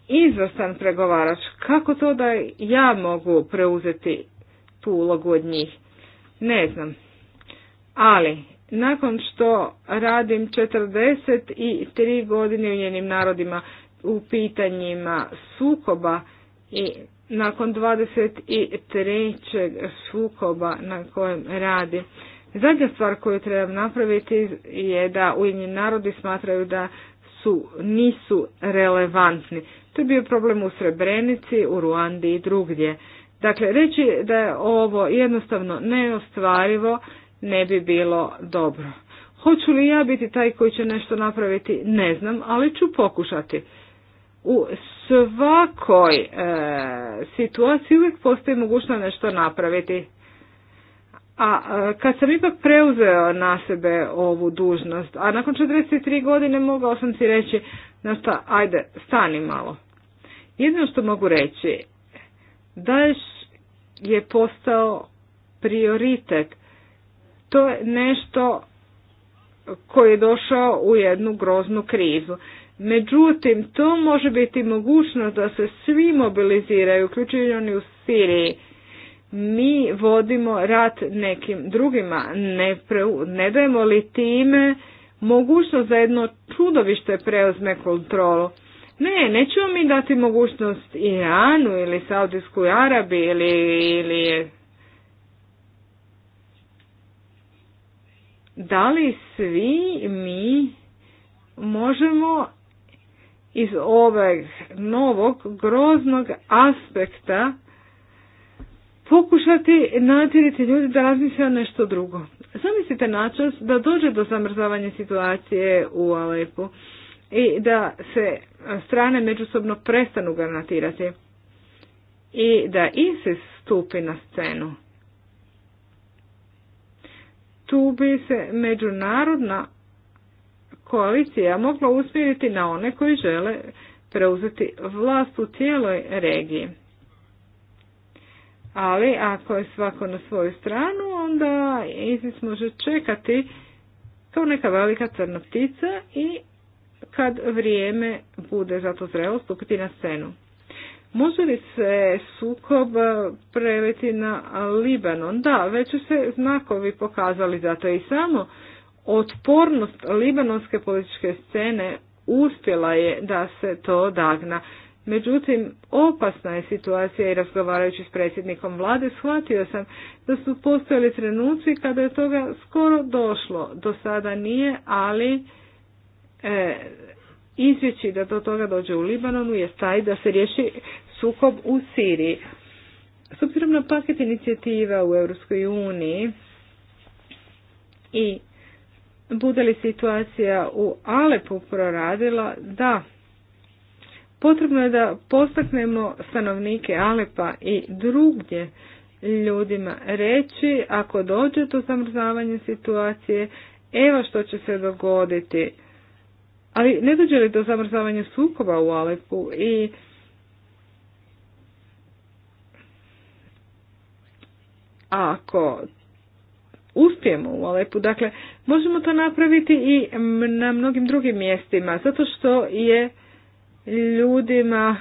Speaker 3: izvrstan pregovarač. Kako to da ja mogu preuzeti tu ulogu od njih? Ne znam. Ali, nakon što radim 43 godine u njenim narodima u pitanjima sukoba i nakon 23. sukoba na kojem radim, zadnja stvar koju trebam napraviti je da njenim narodi smatraju da su nisu relevantni. To je bio problem u Srebrenici, u Ruandi i drugdje. Dakle, reći da je ovo jednostavno neostvarivo ne bi bilo dobro. Hoću li ja biti taj koji će nešto napraviti, ne znam, ali ću pokušati. U svakoj e, situaciji uvijek postoji mogućnost nešto napraviti. A e, kad sam ipak preuzeo na sebe ovu dužnost, a nakon 43 godine mogao sam si reći, znaš ajde, stani malo. Jedino što mogu reći, Daješ je postao prioritet. To je nešto koji je došao u jednu groznu krizu. Međutim, to može biti mogućnost da se svi mobiliziraju, uključujući oni u Siriji. Mi vodimo rat nekim drugima, ne, ne dajemo li time mogućnost da jedno čudovište preuzme kontrolu. Ne, nećemo mi dati mogućnost Iranu ili Saudijskoj Arabi ili, ili da li svi mi možemo iz ovog novog groznog aspekta pokušati natjeriti ljudi da razmisle o nešto drugo. Zamislite načas da dođe do zamrzavanja situacije u Alepu i da se strane međusobno prestanu garantirati i da ISIS stupi na scenu. Tu bi se međunarodna koalicija mogla usmjeriti na one koji žele preuzeti vlast u cijeloj regiji. Ali ako je svako na svoju stranu, onda ISIS može čekati kao neka velika crna ptica i kad vrijeme bude za to zrelo stupiti na scenu. Može li se sukob e, preliti na Libanon? Da, već su se znakovi pokazali za to i samo otpornost libanonske političke scene uspjela je da se to odagna. Međutim, opasna je situacija i razgovarajući s predsjednikom vlade shvatio sam da su postojali trenuci kada je toga skoro došlo. Do sada nije, ali E, izvjeći da do toga dođe u Libanonu je taj da se riješi sukob u Siriji. S obzirom na paket inicijativa u Europskoj uniji i bude li situacija u Alepu proradila, da, potrebno je da postaknemo stanovnike Alepa i drugdje ljudima reći ako dođe do zamrzavanja situacije, evo što će se dogoditi. Ali ne dođe li do zamrzavanja sukoba u Alepu i ako uspijemo u Alepu, dakle, možemo to napraviti i na mnogim drugim mjestima, zato što je ljudima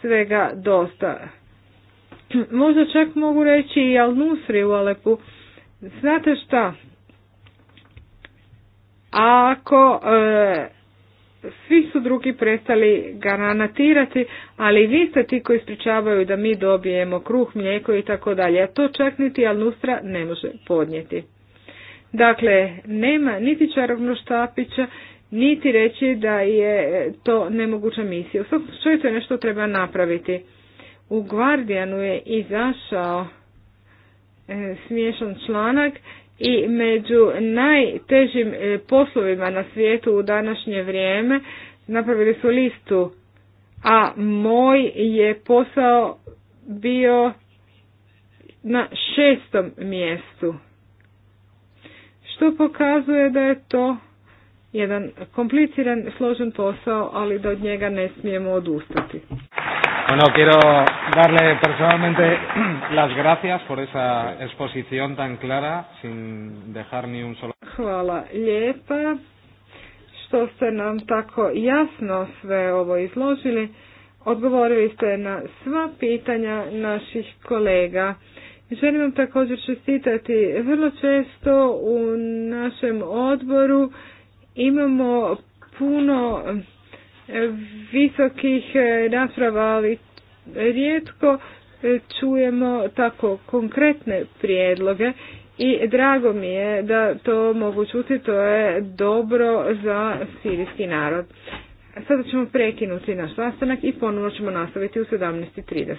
Speaker 3: svega dosta. Možda čak mogu reći i Al-Nusri u Alepu. Znate šta, ako e, svi su drugi prestali garantirati, ali vi ste ti koji spričavaju da mi dobijemo kruh, mlijeko i tako dalje, a to čak niti Alnustra ne može podnijeti. Dakle, nema niti čarobno štapića, niti reći da je to nemoguća misija. U svakom slučaju to nešto treba napraviti. U Guardianu je izašao e, smiješan članak i među najtežim e, poslovima na svijetu u današnje vrijeme napravili su listu, a moj je posao bio na šestom mjestu. Što pokazuje da je to jedan kompliciran, složen posao, ali da od njega ne smijemo odustati.
Speaker 1: Bueno, quiero darle personalmente
Speaker 2: las gracias por esa exposición tan clara, sin dejar ni un solo.
Speaker 3: Hvala lijepa što ste nam tako jasno sve ovo izložili. Odgovorili ste na sva pitanja naših kolega. Želim vam također čestitati. Vrlo često u našem odboru imamo puno visokih rasprava, e, ali rijetko e, čujemo tako konkretne prijedloge i drago mi je da to mogu čuti, to je dobro za sirijski narod. Sada ćemo prekinuti naš sastanak i ponovno ćemo nastaviti u 17.30.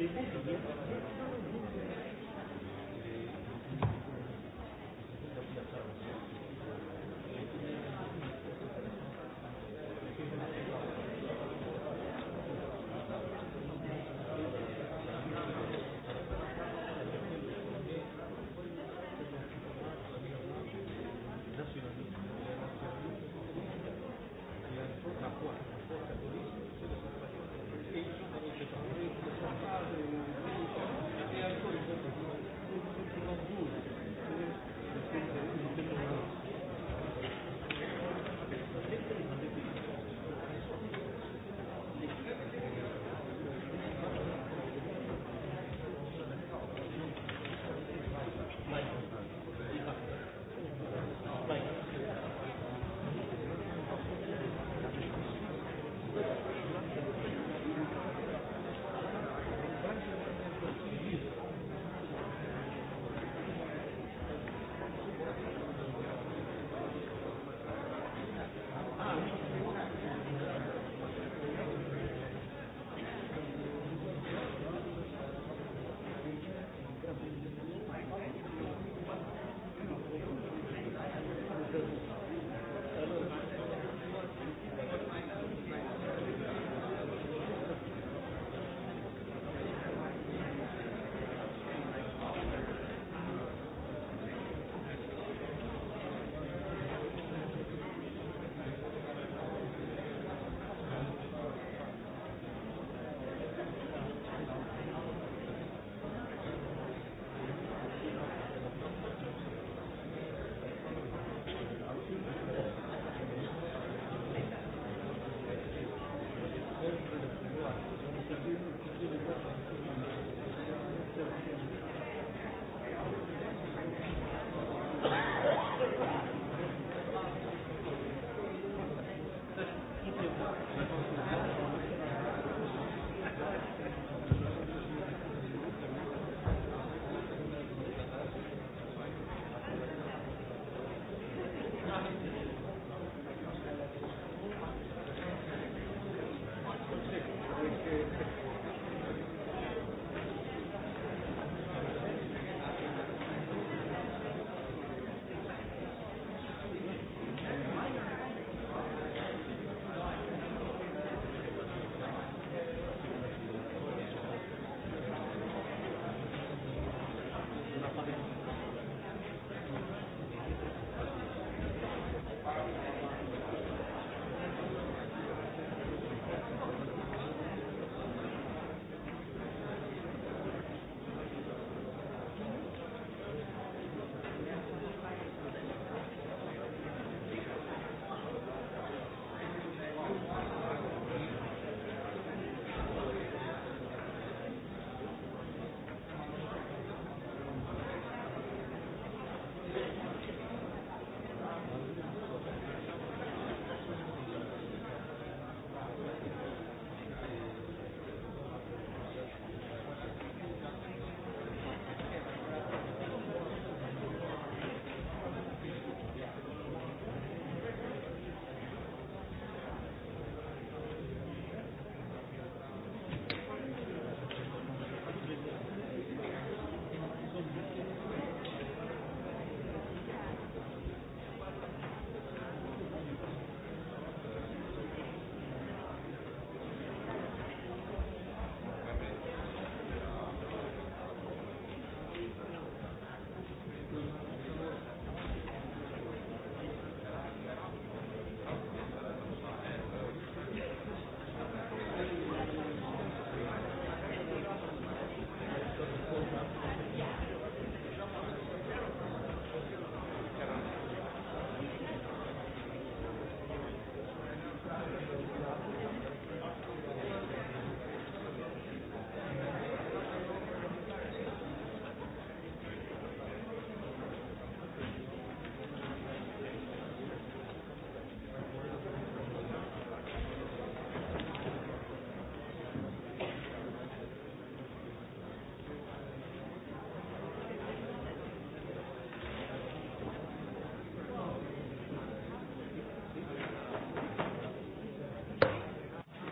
Speaker 1: i to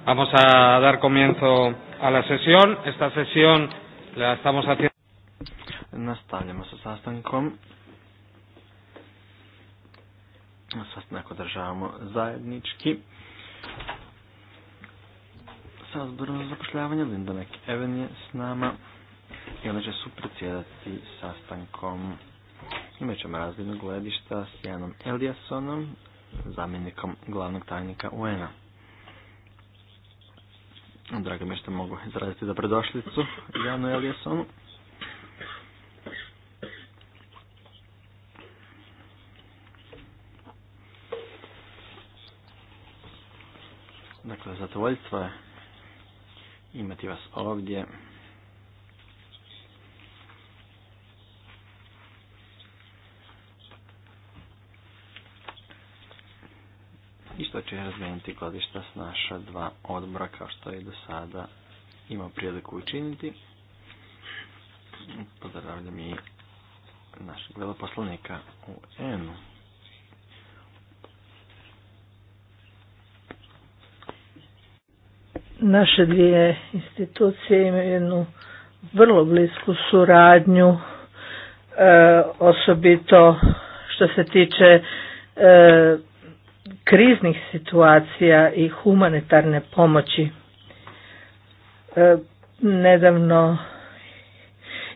Speaker 2: Vamos a dar comienzo a la sesión. Esta sesión la estamos haciendo. Nastavljamo sa sastankom. Sastanak održavamo zajednički. Sa odborom za zapošljavanje Linda McEwen je s nama i ona će su predsjedati sastankom. Imat ćemo razljeno gledišta s Janom Eliassonom, zamjenikom glavnog tajnika un Drago mi je što mogu izraziti predošlicu Janu Eliasonu. Dakle, zadovoljstvo je imati vas ovdje. će razmijeniti godišta s naša dva odbora kao što je do sada imao priliku učiniti. Pozdravljam i našeg veloposlovnika u Enu.
Speaker 4: Naše dvije institucije imaju jednu vrlo blisku suradnju, e, osobito što se tiče e, kriznih situacija i humanitarne pomoći. E, nedavno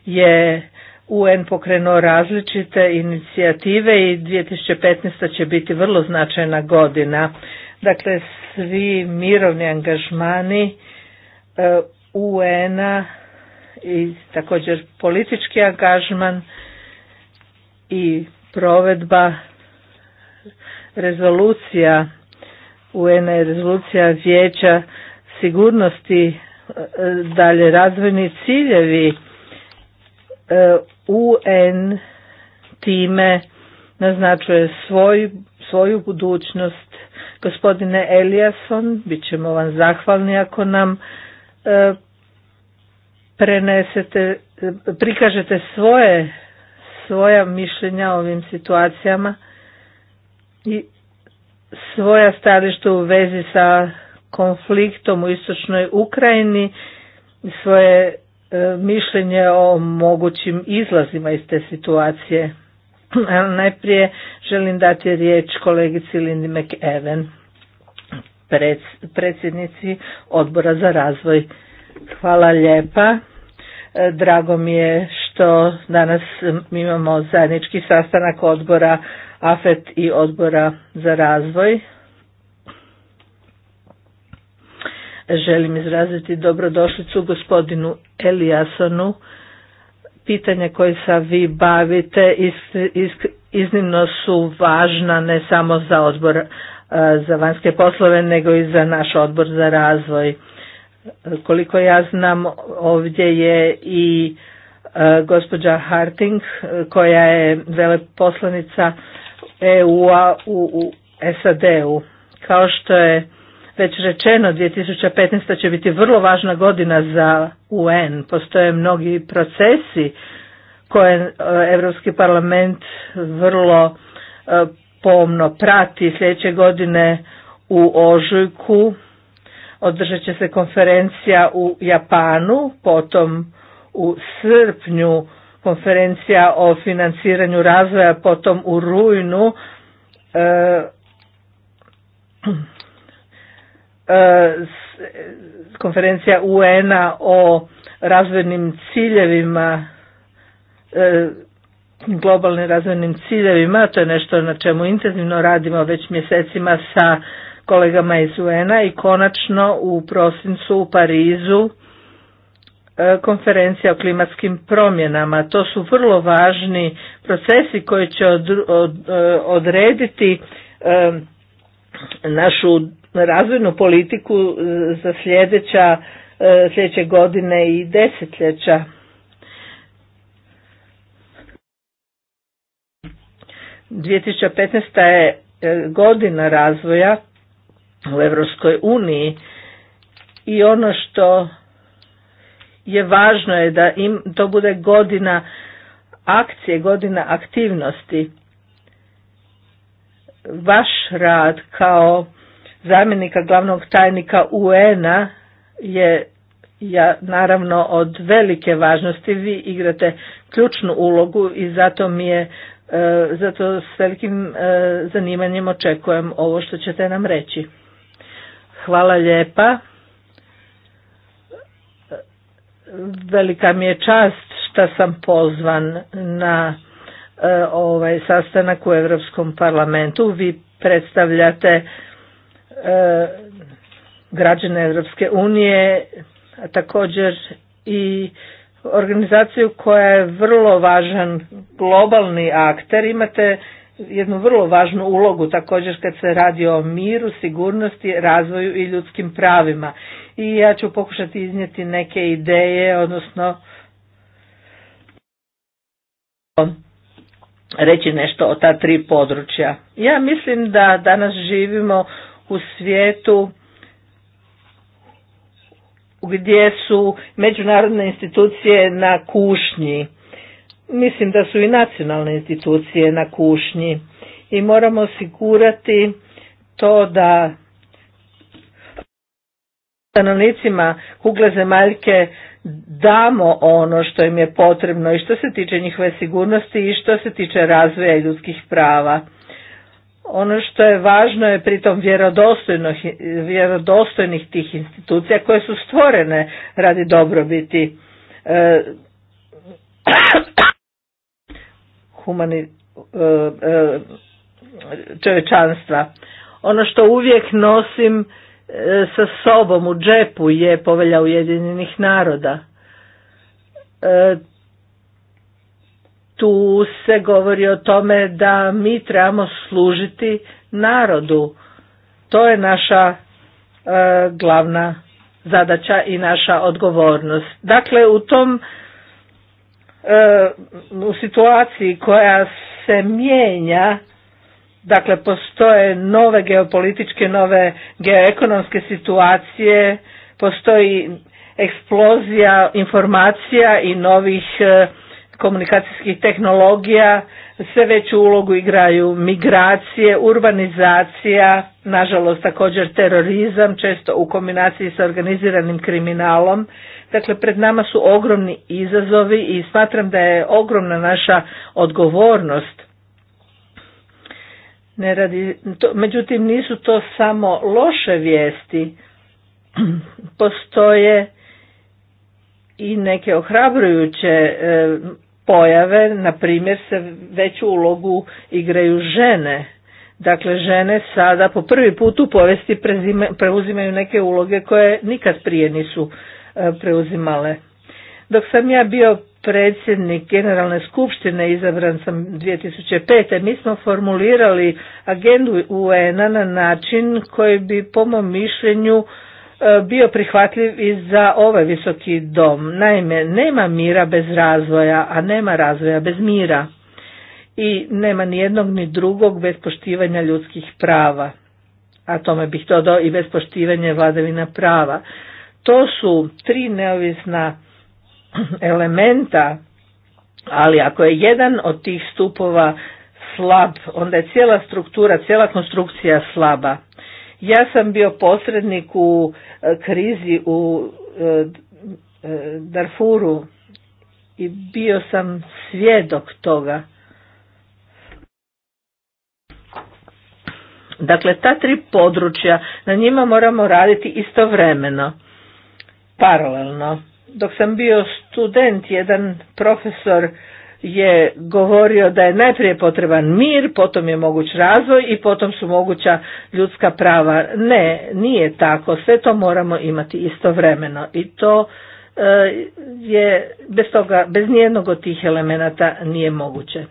Speaker 4: je UN pokrenuo različite inicijative i 2015. će biti vrlo značajna godina. Dakle, svi mirovni angažmani e, UN-a i također politički angažman i provedba rezolucija UN rezolucija vijeća sigurnosti e, dalje razvojni ciljevi e, UN time naznačuje svoj, svoju budućnost. Gospodine Eliasson, bit ćemo vam zahvalni ako nam e, prenesete, prikažete svoje, svoja mišljenja o ovim situacijama i svoja stajališta u vezi sa konfliktom u istočnoj Ukrajini i svoje e, mišljenje o mogućim izlazima iz te situacije. Najprije želim dati riječ kolegici Lindy McEwen, predsjednici odbora za razvoj. Hvala lijepa. E, drago mi je što danas imamo zajednički sastanak odbora AFET i odbora za razvoj. Želim izraziti dobrodošlicu gospodinu Eliasonu. Pitanje koje sa vi bavite iznimno su važna ne samo za odbor e, za vanjske poslove nego i za naš odbor za razvoj. Koliko ja znam ovdje je i e, gospođa Harting e, koja je veleposlanica EU-a u SAD-u. Kao što je već rečeno, 2015. će biti vrlo važna godina za UN. Postoje mnogi procesi koje Europski parlament vrlo e, pomno prati. Sljedeće godine u Ožujku održat će se konferencija u Japanu, potom u srpnju konferencija o financiranju razvoja potom u rujnu e, e, konferencija UN-a o razvojnim ciljevima e, globalnim razvojnim ciljevima, to je nešto na čemu intenzivno radimo već mjesecima sa kolegama iz UN-a i konačno u prosincu u Parizu E, konferencija o klimatskim promjenama. To su vrlo važni procesi koji će e, odrediti e, našu razvojnu politiku za sljedeća, sljedeće godine i desetljeća. tisuće 2015. je godina razvoja u Europskoj uniji i ono što je važno je da im to bude godina akcije, godina aktivnosti. Vaš rad kao zamjenika glavnog tajnika UN-a je ja, naravno od velike važnosti. Vi igrate ključnu ulogu i zato mi je e, zato s velikim e, zanimanjem očekujem ovo što ćete nam reći. Hvala lijepa. Velika mi je čast što sam pozvan na e, ovaj sastanak u Europskom parlamentu. Vi predstavljate e, građane Europske unije, a također i organizaciju koja je vrlo važan globalni akter. Imate jednu vrlo važnu ulogu također kad se radi o miru, sigurnosti, razvoju i ljudskim pravima i ja ću pokušati iznijeti neke ideje, odnosno reći nešto o ta tri područja. Ja mislim da danas živimo u svijetu gdje su međunarodne institucije na kušnji. Mislim da su i nacionalne institucije na kušnji i moramo osigurati to da stanovnicima kugle zemaljke damo ono što im je potrebno i što se tiče njihove sigurnosti i što se tiče razvoja ljudskih prava. Ono što je važno je pritom vjerodostojnih tih institucija koje su stvorene radi dobrobiti e, humani, e, e, čovečanstva. Ono što uvijek nosim sa sobom u džepu je povelja Ujedinjenih naroda. E, tu se govori o tome da mi trebamo služiti narodu. To je naša e, glavna zadaća i naša odgovornost. Dakle, u tom e, u situaciji koja se mijenja Dakle, postoje nove geopolitičke, nove geoekonomske situacije, postoji eksplozija informacija i novih e, komunikacijskih tehnologija, sve veću ulogu igraju migracije, urbanizacija, nažalost također terorizam, često u kombinaciji sa organiziranim kriminalom. Dakle, pred nama su ogromni izazovi i smatram da je ogromna naša odgovornost ne radi, to, međutim, nisu to samo loše vijesti. Postoje i neke ohrabrujuće e, pojave, na primjer se veću ulogu igraju žene. Dakle, žene sada po prvi put u povesti preuzimaju neke uloge koje nikad prije nisu e, preuzimale. Dok sam ja bio predsjednik Generalne skupštine, izabran sam 2005. Mi smo formulirali agendu UN-a na način koji bi po mom mišljenju e, bio prihvatljiv i za ovaj visoki dom. Naime, nema mira bez razvoja, a nema razvoja bez mira. I nema ni jednog ni drugog bez poštivanja ljudskih prava. A tome bih dodao i bez poštivanja vladavina prava. To su tri neovisna elementa, ali ako je jedan od tih stupova slab, onda je cijela struktura, cijela konstrukcija slaba. Ja sam bio posrednik u e, krizi u e, e, Darfuru i bio sam svjedok toga. Dakle, ta tri područja, na njima moramo raditi istovremeno, paralelno dok sam bio student, jedan profesor je govorio da je najprije potreban mir, potom je moguć razvoj i potom su moguća ljudska prava. Ne, nije tako, sve to moramo imati istovremeno i to e, je bez toga, bez nijednog od tih elemenata nije moguće.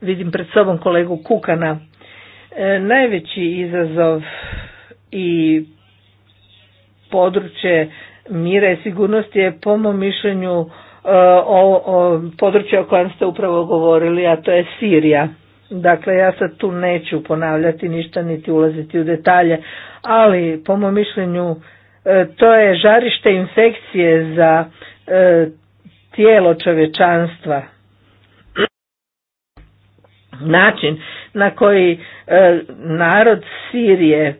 Speaker 4: Vidim pred sobom kolegu Kukana. E, najveći izazov i područje mira i sigurnosti je po mom mišljenju e, o, o području o kojem ste upravo govorili, a to je Sirija. Dakle, ja sad tu neću ponavljati ništa niti ulaziti u detalje, ali po mom mišljenju e, to je žarište infekcije za e, tijelo čovječanstva. Način na koji narod Sirije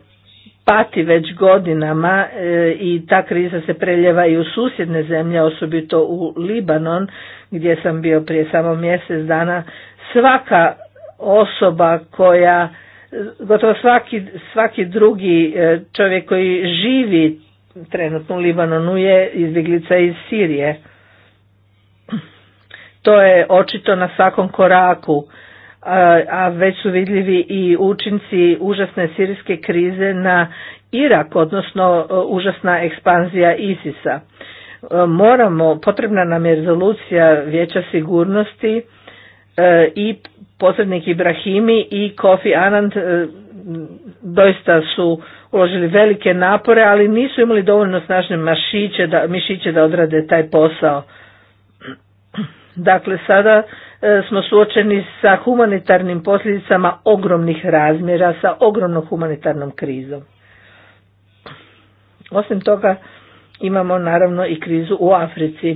Speaker 4: pati već godinama e, i ta kriza se preljeva i u susjedne zemlje, osobito u Libanon gdje sam bio prije samo mjesec dana. Svaka osoba koja, gotovo svaki, svaki drugi e, čovjek koji živi trenutno u Libanonu je izbjeglica iz Sirije. To je očito na svakom koraku a već su vidljivi i učinci užasne sirijske krize na Irak, odnosno e, užasna ekspanzija ISIS-a. E, moramo, potrebna nam je rezolucija Vijeća sigurnosti e, i posrednik Ibrahimi i Kofi Anand doista su uložili velike napore, ali nisu imali dovoljno snažne mašiće mišiće da odrade taj posao. Dakle, sada E, smo suočeni sa humanitarnim posljedicama ogromnih razmjera, sa ogromnom humanitarnom krizom. Osim toga imamo naravno i krizu u Africi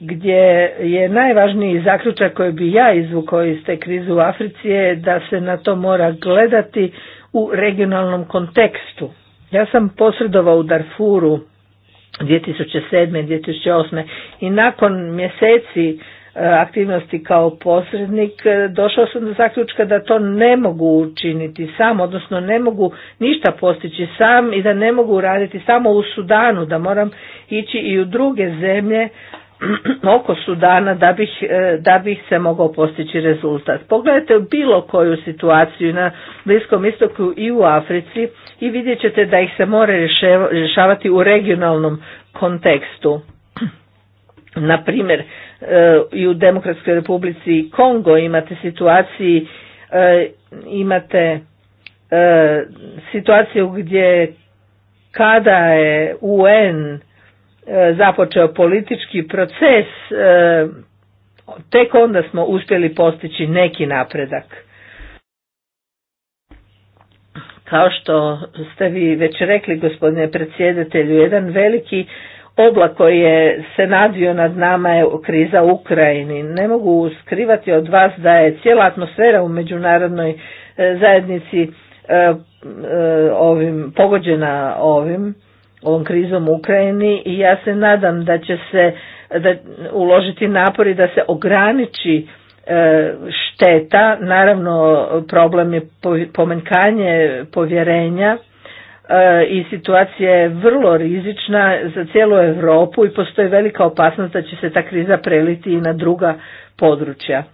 Speaker 4: gdje je najvažniji zaključak koji bi ja izvukao iz te krize u Africi je da se na to mora gledati u regionalnom kontekstu. Ja sam posredovao u Darfuru 2007. 2008. i nakon mjeseci E, aktivnosti kao posrednik, e, došao sam do zaključka da to ne mogu učiniti sam, odnosno ne mogu ništa postići sam i da ne mogu raditi samo u Sudanu, da moram ići i u druge zemlje oko Sudana da bih, e, da bih se mogao postići rezultat. Pogledajte bilo koju situaciju na Bliskom istoku i u Africi i vidjet ćete da ih se mora rješavati u regionalnom kontekstu. Na primjer, e, i u Demokratskoj republici Kongo imate situaciji, e, imate e, situaciju gdje kada je UN započeo politički proces, tek onda smo uspjeli postići neki napredak. Kao što ste vi već rekli, gospodine predsjedatelju, jedan veliki oblak koji je se nadvio nad nama je kriza u Ukrajini. Ne mogu skrivati od vas da je cijela atmosfera u međunarodnoj e, zajednici e, e, ovim pogođena ovim ovom krizom u Ukrajini i ja se nadam da će se da uložiti napori da se ograniči šteta, naravno problem je pomenkanje povjerenja E, i situacija je vrlo rizična za cijelu Europu i postoji velika opasnost da će se ta kriza preliti i na druga područja e,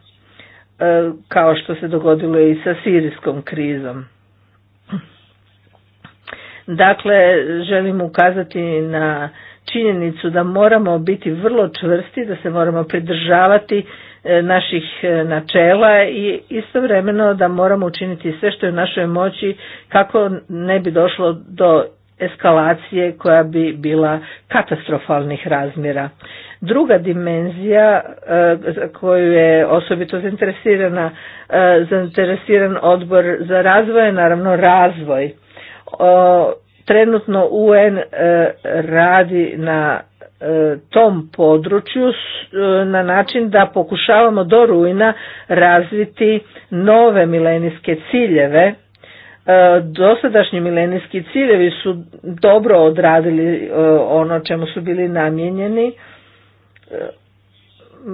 Speaker 4: kao što se dogodilo i sa sirijskom krizom. Dakle, želim ukazati na činjenicu da moramo biti vrlo čvrsti, da se moramo pridržavati E, naših e, načela i istovremeno da moramo učiniti sve što je u našoj moći kako ne bi došlo do eskalacije koja bi bila katastrofalnih razmjera. Druga dimenzija e, za koju je osobito zainteresirana, zainteresiran odbor za razvoj je naravno razvoj. Trenutno UN radi na E, tom području e, na način da pokušavamo do rujna razviti nove milenijske ciljeve. E, dosadašnji milenijski ciljevi su dobro odradili ono čemu su bili namijenjeni,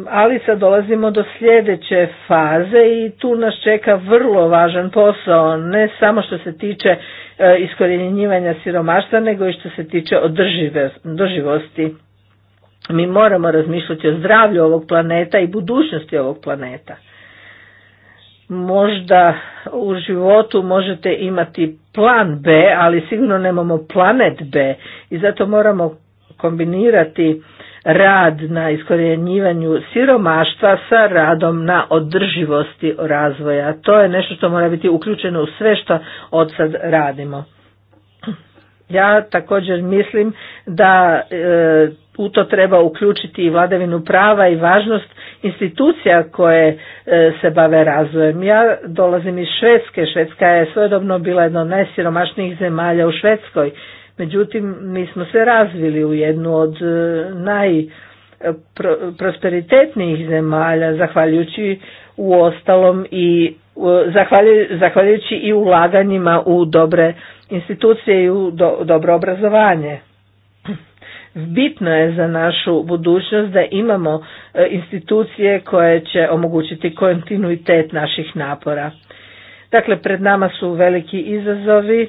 Speaker 4: ali sad dolazimo do sljedeće faze i tu nas čeka vrlo važan posao, ne samo što se tiče iskorjenjivanja siromaštva, nego i što se tiče održivosti. Mi moramo razmišljati o zdravlju ovog planeta i budućnosti ovog planeta. Možda u životu možete imati plan B, ali sigurno nemamo planet B i zato moramo kombinirati rad na iskorjenjivanju siromaštva sa radom na održivosti razvoja. To je nešto što mora biti uključeno u sve što od sad radimo. Ja također mislim da e, u to treba uključiti i vladavinu prava i važnost institucija koje e, se bave razvojem. Ja dolazim iz Švedske, Švedska je svojedobno bila jedna od najsiromašnijih zemalja u Švedskoj, međutim mi smo se razvili u jednu od e, najprosperitetnijih e, zemalja, zahvaljujući u ostalom i zahvaljujući i ulaganjima u dobre institucije i u do, dobro obrazovanje. Bitno je za našu budućnost da imamo e, institucije koje će omogućiti kontinuitet naših napora. Dakle, pred nama su veliki izazovi,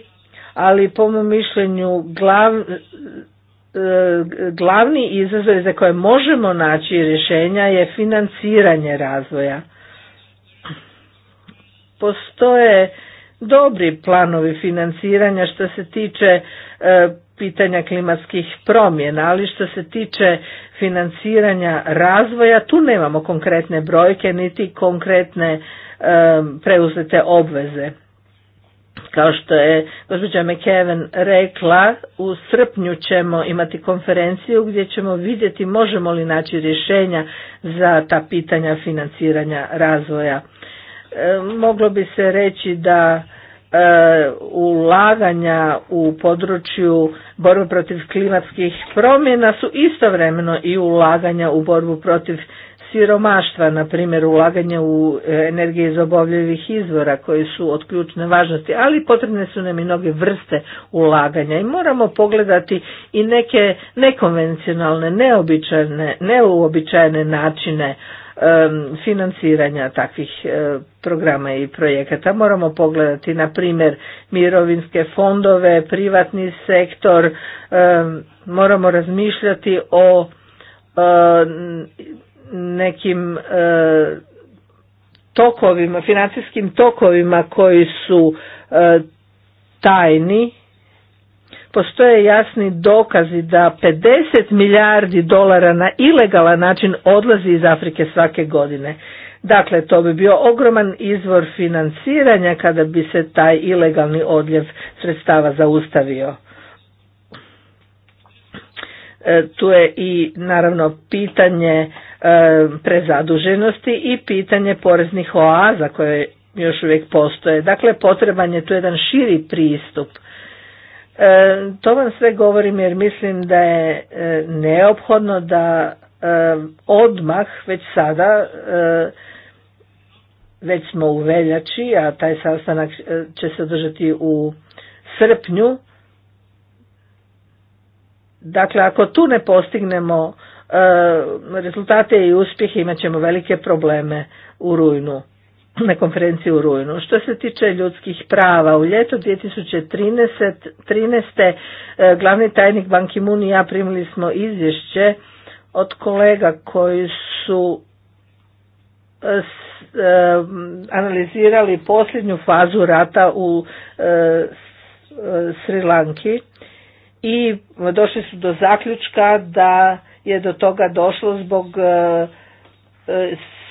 Speaker 4: ali po mom mišljenju glav, e, glavni izazov za koje možemo naći rješenja je financiranje razvoja. Postoje dobri planovi financiranja što se tiče e, pitanja klimatskih promjena, ali što se tiče financiranja razvoja, tu nemamo konkretne brojke niti konkretne e, preuzete obveze. Kao što je gospođa McKeven rekla, u srpnju ćemo imati konferenciju gdje ćemo vidjeti možemo li naći rješenja za ta pitanja financiranja razvoja moglo bi se reći da e, ulaganja u području borbe protiv klimatskih promjena su istovremeno i ulaganja u borbu protiv siromaštva, na primjer ulaganja u e, energije iz obavljivih izvora koji su od ključne važnosti, ali potrebne su nam i mnoge vrste ulaganja i moramo pogledati i neke nekonvencionalne, neobičajne, neuobičajene načine financiranja takvih e, programa i projekata. Moramo pogledati na primjer mirovinske fondove, privatni sektor, moramo razmišljati o nekim e, tokovima, financijskim tokovima koji su e, tajni postoje jasni dokazi da 50 milijardi dolara na ilegalan način odlazi iz Afrike svake godine. Dakle, to bi bio ogroman izvor financiranja kada bi se taj ilegalni odljev sredstava zaustavio. E, tu je i naravno pitanje e, prezaduženosti i pitanje poreznih oaza koje još uvijek postoje. Dakle, potreban je tu jedan širi pristup. E, to vam sve govorim jer mislim da je e, neophodno da e, odmah već sada već smo u veljači, a taj sastanak će se održati u srpnju. Dakle, ako tu ne postignemo rezultate i uspjehe, imat ćemo velike probleme u rujnu na konferenciji u Rujnu. Što se tiče ljudskih prava, u ljetu 2013. E, glavni tajnik Banki ki i ja primili smo izvješće od kolega koji su e, e, analizirali posljednju fazu rata u Sri Lanki i došli su do zaključka da je do toga došlo zbog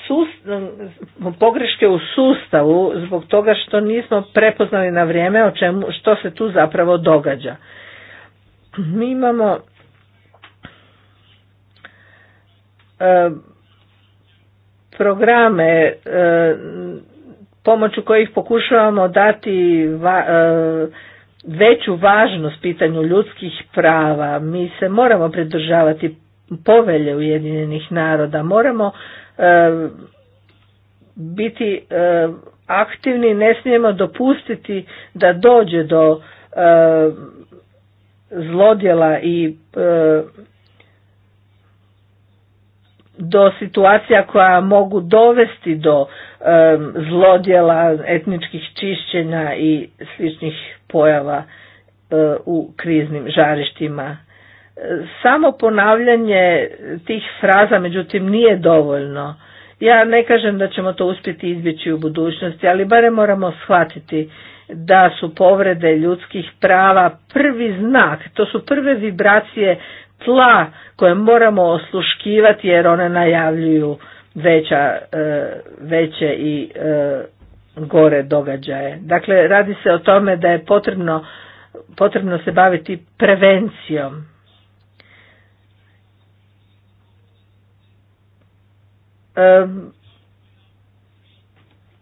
Speaker 4: sus, pogreške u sustavu zbog toga što nismo prepoznali na vrijeme o čemu, što se tu zapravo događa. Mi imamo e, programe e, pomoću kojih pokušavamo dati va, e, veću važnost pitanju ljudskih prava. Mi se moramo pridržavati povelje Ujedinjenih naroda. Moramo biti aktivni, ne smijemo dopustiti da dođe do zlodjela i do situacija koja mogu dovesti do zlodjela etničkih čišćenja i sličnih pojava u kriznim žarištima samo ponavljanje tih fraza međutim nije dovoljno. Ja ne kažem da ćemo to uspjeti izbjeći u budućnosti, ali barem moramo shvatiti da su povrede ljudskih prava prvi znak, to su prve vibracije tla koje moramo osluškivati jer one najavljuju veća, e, veće i e, gore događaje. Dakle, radi se o tome da je potrebno, potrebno se baviti prevencijom.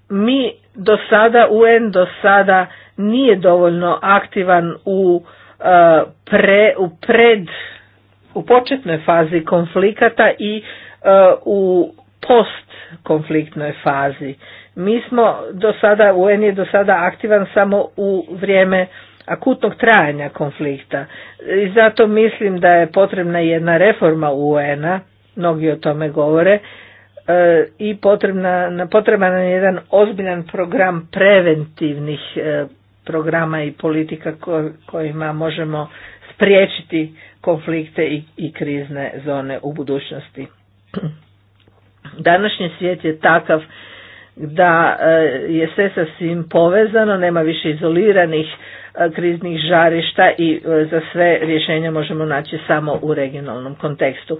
Speaker 4: mi do sada, UN do sada nije dovoljno aktivan u, e, pre, u pred u početnoj fazi konflikata i e, u postkonfliktnoj fazi. Mi smo do sada, UN je do sada aktivan samo u vrijeme akutnog trajanja konflikta. I zato mislim da je potrebna jedna reforma UN-a, mnogi o tome govore, E, i potrebna, potreban je jedan ozbiljan program preventivnih e, programa i politika kojima možemo spriječiti konflikte i krizne zone u budućnosti. Današnji svijet je takav da e, je sve sa svim povezano, nema više izoliranih E, kriznih žarišta i e, za sve rješenja možemo naći samo u regionalnom kontekstu.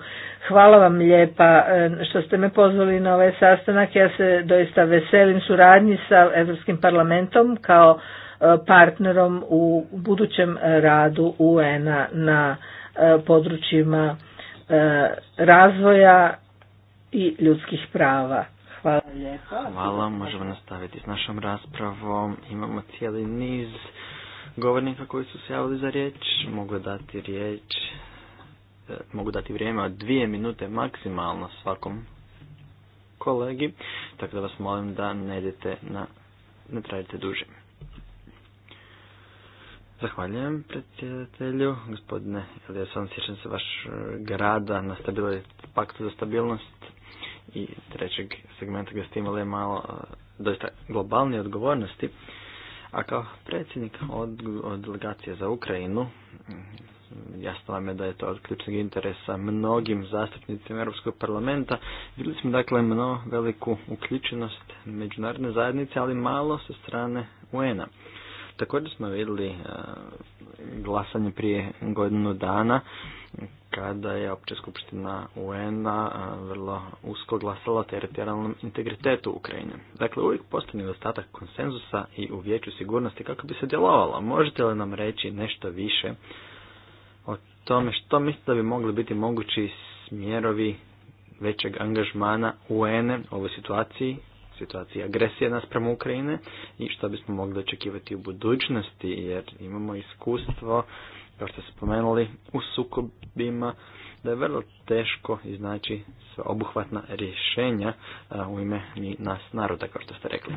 Speaker 4: Hvala vam lijepa e, što ste me pozvali na ovaj sastanak. Ja se doista veselim suradnji sa Europskim parlamentom kao partnerom u budućem radu UN-a na područjima razvoja i ljudskih prava. Hvala lijepa.
Speaker 2: Hvala, možemo nastaviti s našom raspravom. Imamo cijeli niz govornika koji su se javili za riječ. Mogu dati riječ, e, mogu dati vrijeme od dvije minute maksimalno svakom kolegi, tako da vas molim da ne idete na, ne trajite duže. Zahvaljujem predsjedatelju, gospodine sam sjećam se vaš grada na stabilnost, paktu za stabilnost i trećeg segmenta gdje ste imali malo e, doista globalne odgovornosti. A kao predsjednik od, od delegacije za Ukrajinu, jasno vam je da je to od ključnog interesa mnogim zastupnicima Europskog parlamenta. Vidjeli smo dakle mno veliku uključenost međunarodne zajednice, ali malo sa strane UN-a. Također smo vidjeli glasanje prije godinu dana kada je opća skupština UN-a vrlo usko glasala o teritorijalnom integritetu Ukrajine. Dakle, uvijek postoji nedostatak konsenzusa i u vijeću sigurnosti kako bi se djelovalo. Možete li nam reći nešto više o tome što mislite da bi mogli biti mogući smjerovi većeg angažmana UN-e u ovoj situaciji, situaciji agresije naspram Ukrajine i što bismo mogli očekivati u budućnosti jer imamo iskustvo kao što ste spomenuli, u sukobima, da je vrlo teško iznaći obuhvatna rješenja u ime nas naroda, kao što ste rekli.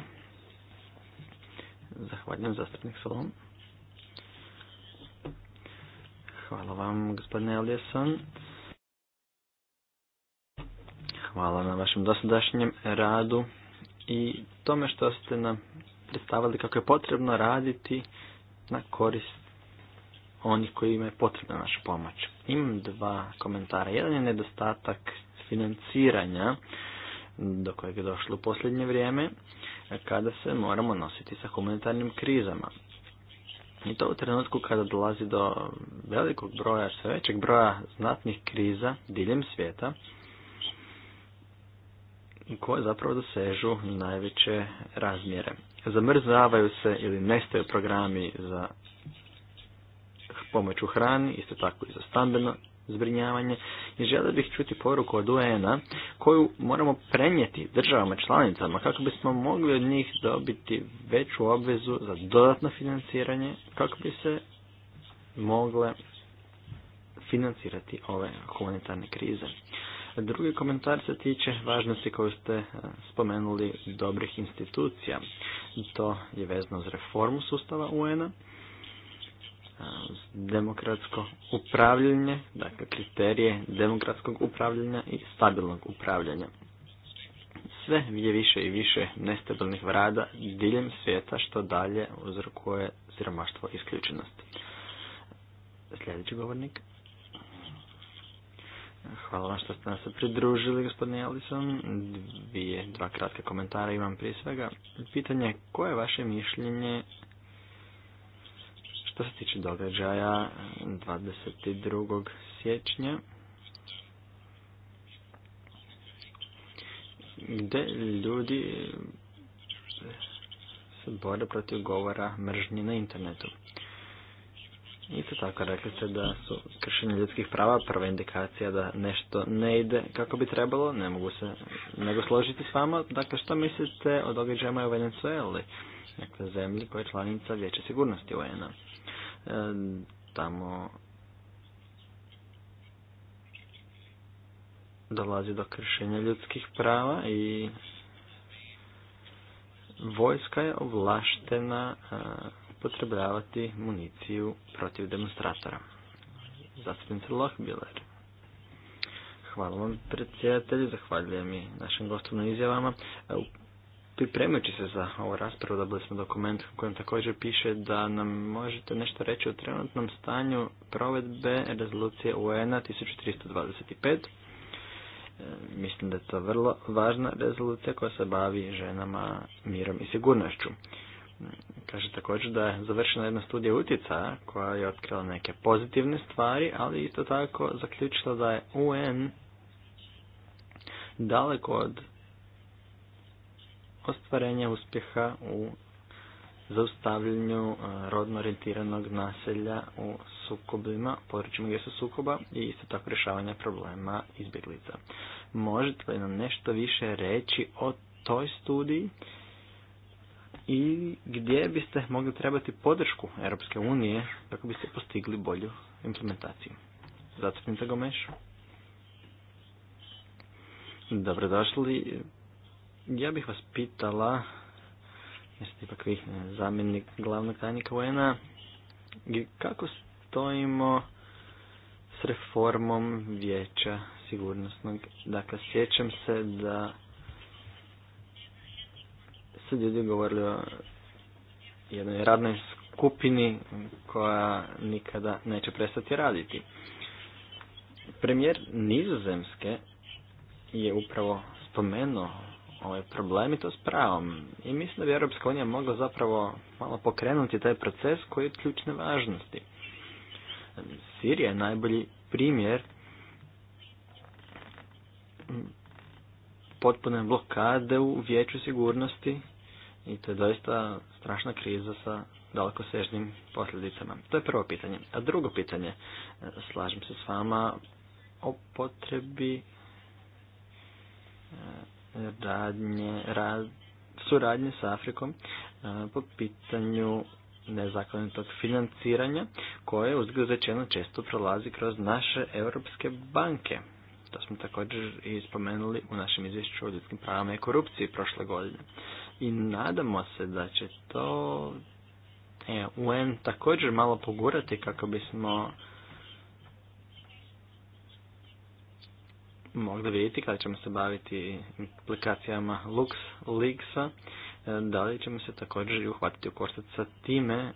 Speaker 2: Zahvaljujem, zastupnik salom. Hvala vam, gospodine Eliasson. Hvala na vašem dosadašnjem radu i tome što ste nam predstavili kako je potrebno raditi na korist onih koji je potrebna naša pomoć. Imam dva komentara. Jedan je nedostatak financiranja do kojeg je došlo u posljednje vrijeme kada se moramo nositi sa humanitarnim krizama. I to u trenutku kada dolazi do velikog broja, sve većeg broja znatnih kriza diljem svijeta koje zapravo dosežu najveće razmjere. Zamrzavaju se ili nestaju programi za pomoć u hrani, isto tako i za stambeno zbrinjavanje i želio bih čuti poruku od UN-a koju moramo prenijeti državama članicama kako bismo mogli od njih dobiti veću obvezu za dodatno financiranje kako bi se mogle financirati ove humanitarne krize. Drugi komentar se tiče važnosti koju ste e, spomenuli dobrih institucija. To je vezano za reformu sustava UN-a demokratsko upravljanje, dakle kriterije demokratskog upravljanja i stabilnog upravljanja. Sve je više i više nestabilnih vrada diljem svijeta što dalje uzrokuje siromaštvo isključenosti isključenost. Sljedeći govornik. Hvala vam što ste nas pridružili, gospodine Jellison. Dvije, dva kratke komentara imam prije svega. Pitanje koje je vaše mišljenje što se tiče događaja 22. Eh, siječnja, gdje ljudi eh, se bore protiv govora mržnje na internetu. Isto tako rekli ste da su kršenje ljudskih prava prva indikacija da nešto ne ide kako bi trebalo, ne mogu se nego složiti s vama. Dakle, što mislite o događajima u Venezueli? Dakle, zemlji koja je članica Vijeća sigurnosti un tamo dolazi do kršenja ljudskih prava i vojska je ovlaštena e, upotrebljavati municiju protiv demonstratora. Loh Lohbiler. Hvala vam predsjedatelji, zahvaljujem i našim gostom na izjavama. E, Pripremajući se za ovu raspravu dobili smo dokument u kojem također piše da nam možete nešto reći o trenutnom stanju provedbe rezolucije UN-a 1325. E, mislim da je to vrlo važna rezolucija koja se bavi ženama, mirom i sigurnošću. E, kaže također da je završena jedna studija utjecaja koja je otkrila neke pozitivne stvari, ali isto tako zaključila da je UN daleko od ostvarenja uspjeha u zaustavljanju e, rodno orijentiranog naselja u sukobima, područjima gdje su sukoba i isto tako rješavanja problema izbjeglica. Možete li nam nešto više reći o toj studiji i gdje biste mogli trebati podršku Europske unije kako biste postigli bolju implementaciju? Zastupnica Gomeš. Dobrodošli ja bih vas pitala, jeste ipak vi e, zamjenik glavnog tajnika un kako stojimo s reformom vijeća sigurnosnog. Dakle, sjećam se da su ljudi govorili o jednoj radnoj skupini koja nikada neće prestati raditi. Premijer Nizozemske je upravo spomenuo ovaj problem i to s pravom. I mislim da bi Europska unija mogla zapravo malo pokrenuti taj proces koji je od ključne važnosti. Sirija je najbolji primjer potpune blokade u vijeću sigurnosti i to je doista strašna kriza sa sežnim posljedicama. To je prvo pitanje. A drugo pitanje, e, slažem se s vama o potrebi e, radnje, rad, suradnje s Afrikom e, po pitanju nezakonitog financiranja koje uzgled često prolazi kroz naše europske banke. To smo također i spomenuli u našem izvješću o ljudskim pravama i korupciji prošle godine. I nadamo se da će to e, UN također malo pogurati kako bismo mogli vidjeti kada ćemo se baviti implikacijama Lux Leaksa, e, da li ćemo se također i uhvatiti u koštac sa time e,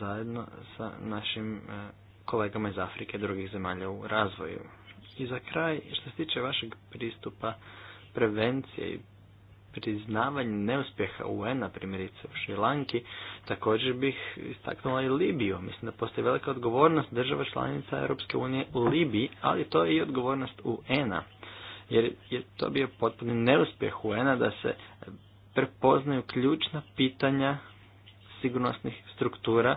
Speaker 2: zajedno sa našim e, kolegama iz Afrike i drugih zemalja u razvoju. I za kraj, što se tiče vašeg pristupa prevencije i priznavanje neuspjeha UN-a, primjerice u Šrilanki, također bih istaknula i Libiju. Mislim da postoji velika odgovornost država članica Europske unije u Libiji, ali to je i odgovornost UN-a jer je to bio potpuni neuspjeh UN-a da se prepoznaju ključna pitanja sigurnosnih struktura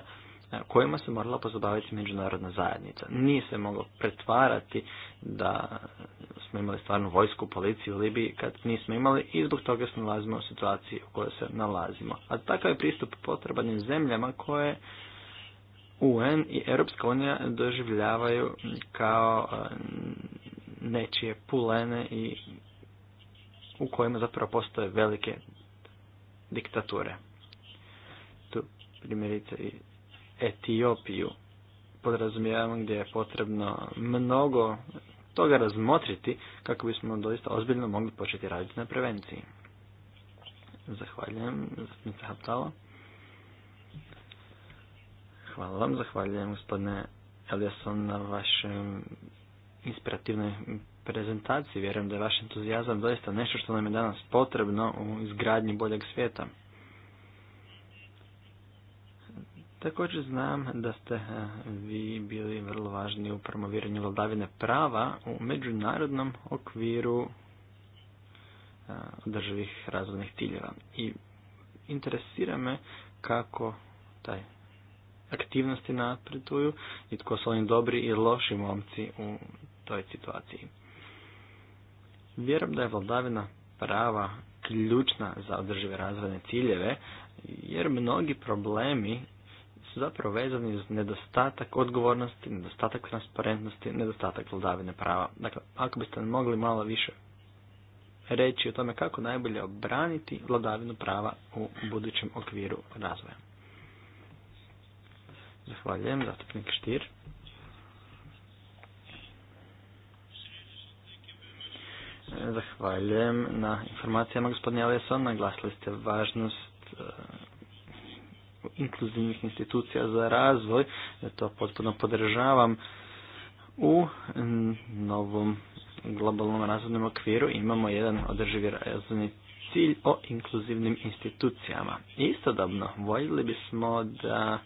Speaker 2: kojima se morala pozabaviti međunarodna zajednica. Nije se moglo pretvarati da smo imali stvarno vojsku, policiju u Libiji kad nismo imali i zbog toga se nalazimo u situaciji u kojoj se nalazimo. A takav je pristup potreban zemljama koje UN i Europska unija doživljavaju kao nečije pulene i u kojima zapravo postoje velike diktature. Tu primjerice i Etiopiju Podrazumijevamo gdje je potrebno mnogo toga razmotriti kako bismo doista ozbiljno mogli početi raditi na prevenciji. Zahvaljujem, zastupnica Haptala. Hvala vam, zahvaljujem gospodine Eliasson na vašem inspirativne prezentaciji. Vjerujem da je vaš entuzijazam doista nešto što nam je danas potrebno u izgradnji boljeg svijeta. Također znam da ste eh, vi bili vrlo važni u promoviranju vladavine prava u međunarodnom okviru eh, održivih razvojnih ciljeva. I interesira me kako taj aktivnosti napreduju i tko su oni dobri i loši momci u toj situaciji. Vjerujem da je vladavina prava ključna za održive razvojne ciljeve, jer mnogi problemi su zapravo vezani uz nedostatak odgovornosti, nedostatak transparentnosti, nedostatak vladavine prava. Dakle, ako biste mogli malo više reći o tome kako najbolje obraniti vladavinu prava u budućem okviru razvoja. Zahvaljujem, zastupnik Štir. Zahvaljujem na informacijama gospodine Alesson. Naglasili ste važnost e, inkluzivnih institucija za razvoj. To potpuno podržavam. U novom globalnom razvojnom okviru imamo jedan održivi razvojni cilj o inkluzivnim institucijama. Istodobno, voljeli bismo da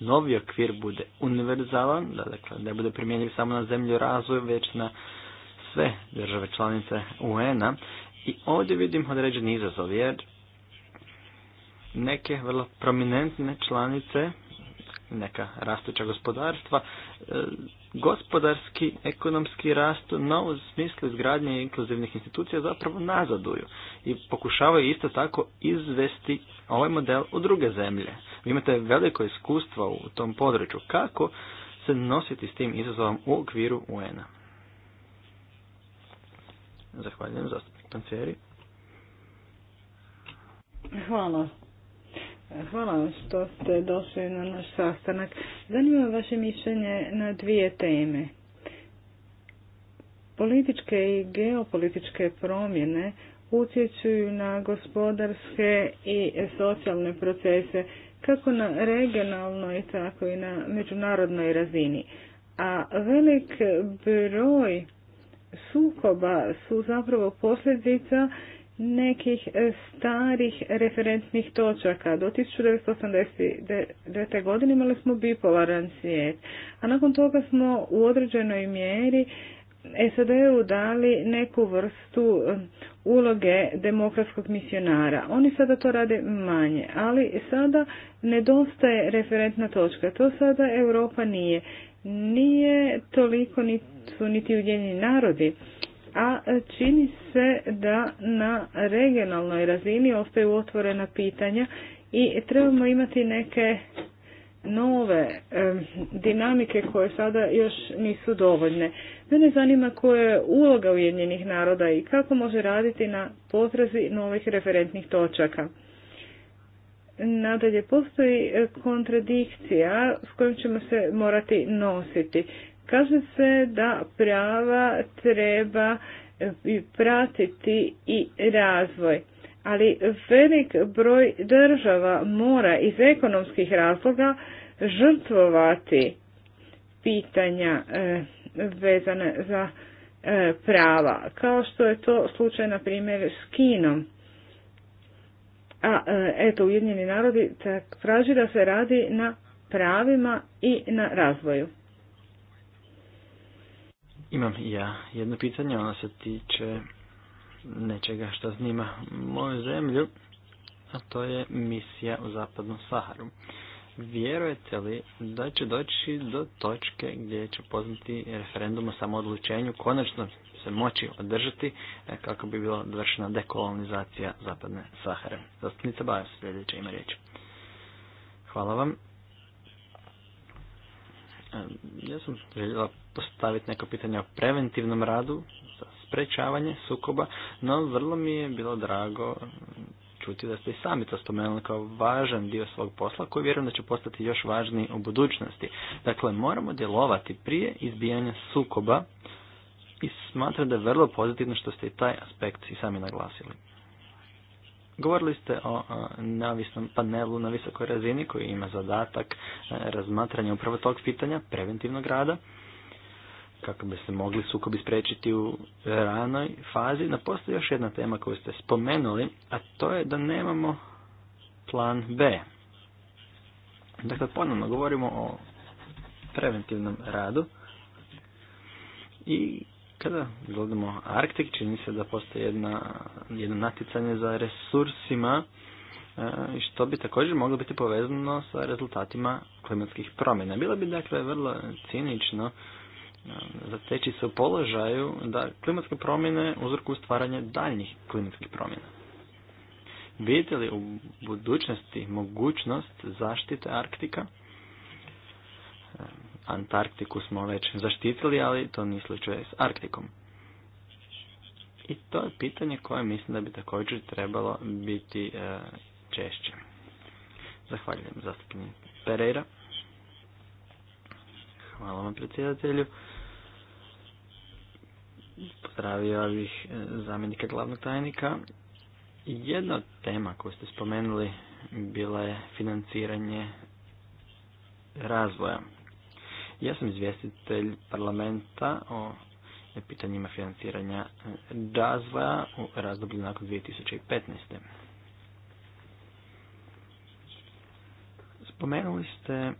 Speaker 2: novi okvir bude univerzalan, da, dakle, ne bude primjenjiv samo na zemlju razvoj već na sve države članice UN-a i ovdje vidim određeni izazov jer neke vrlo prominentne članice, neka rastuća gospodarstva, e, gospodarski, ekonomski rast, no u smislu izgradnje inkluzivnih institucija zapravo nazaduju i pokušavaju isto tako izvesti ovaj model u druge zemlje. Vi imate veliko iskustvo u tom području kako se nositi s tim izazovom u okviru UN-a. Zahvaljujem zastupnik Panceri.
Speaker 3: Hvala. Hvala što ste došli na naš sastanak. Zanima vaše mišljenje na dvije teme. Političke i geopolitičke promjene utječuju na gospodarske i socijalne procese kako na regionalnoj tako i na međunarodnoj razini. A velik broj sukoba su zapravo posljedica nekih e, starih referentnih točaka. Do 1989. godine imali smo bipolaran svijet, a nakon toga smo u određenoj mjeri SAD-u dali neku vrstu e, uloge demokratskog misionara. Oni sada to rade manje, ali sada nedostaje referentna točka. To sada Europa nije nije toliko su niti Ujedinjeni narodi, a čini se da na regionalnoj razini ostaju otvorena pitanja i trebamo imati neke nove dinamike koje sada još nisu dovoljne. Mene zanima koja je uloga Ujedinjenih naroda i kako može raditi na potrazi novih referentnih točaka. Nadalje, postoji e, kontradikcija s kojom ćemo se morati nositi. Kaže se da prava treba e, pratiti i razvoj, ali velik broj država mora iz ekonomskih razloga žrtvovati pitanja e, vezane za prava, kao što je to slučaj na primjer s Kinom. A e, eto, Ujedinjeni narodi traži da se radi na pravima i na razvoju.
Speaker 2: Imam ja jedno pitanje, ono se tiče nečega što snima moju zemlju, a to je misija u zapadnu Saharu. Vjerujete li da će doći do točke gdje će poznati referendum o samoodlučenju konačno se moći održati e, kako bi bila dovršena dekolonizacija Zapadne Sahare. Zastupnica se sljedeća ima riječ. Hvala vam. E, ja sam željela postaviti neko pitanje o preventivnom radu za sprečavanje sukoba, no vrlo mi je bilo drago čuti da ste i sami to spomenuli kao važan dio svog posla koji vjerujem da će postati još važniji u budućnosti. Dakle, moramo djelovati prije izbijanja sukoba i smatram da je vrlo pozitivno što ste i taj aspekt i sami naglasili. Govorili ste o navisnom panelu na visokoj razini koji ima zadatak e, razmatranja upravo tog pitanja, preventivnog rada, kako bi se mogli sukobi sprečiti u ranoj fazi. No postoji još jedna tema koju ste spomenuli, a to je da nemamo plan B. Dakle, ponovno govorimo o preventivnom radu i kada gledamo Arktik, čini se da postoji jedna, jedno naticanje za resursima e, što bi također moglo biti povezano sa rezultatima klimatskih promjena. Bilo bi dakle vrlo cinično e, zateći se u položaju da klimatske promjene uzrokuju stvaranje daljnjih klimatskih promjena. Vidite li u budućnosti mogućnost zaštite Arktika? E, Antarktiku smo već zaštitili, ali to nije slučaj s Arktikom. I to je pitanje koje mislim da bi također trebalo biti e, češće. Zahvaljujem zastupnje Pereira. Hvala vam predsjedatelju. Pozdravio bih e, zamjenika glavnog tajnika. Jedna tema koju ste spomenuli bila je financiranje razvoja. Ja sam izvjestitelj parlamenta o pitanjima financiranja razvoja u razdoblju nakon 2015. Spomenuli ste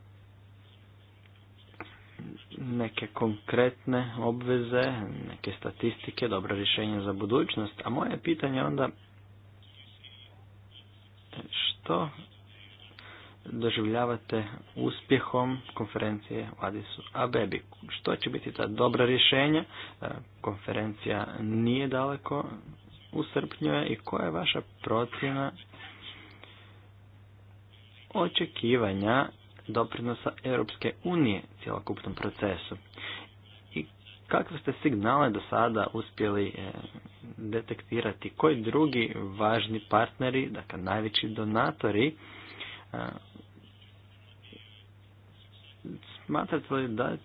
Speaker 2: neke konkretne obveze, neke statistike, dobro rješenje za budućnost, a moje pitanje onda što doživljavate uspjehom konferencije u Adisu Abebi. Što će biti ta dobra rješenja? E, konferencija nije daleko u srpnju i koja je vaša procjena očekivanja doprinosa Europske unije cjelokupnom procesu. I kakve ste signale do sada uspjeli e, detektirati? Koji drugi važni partneri, dakle najveći donatori, Smatrate li da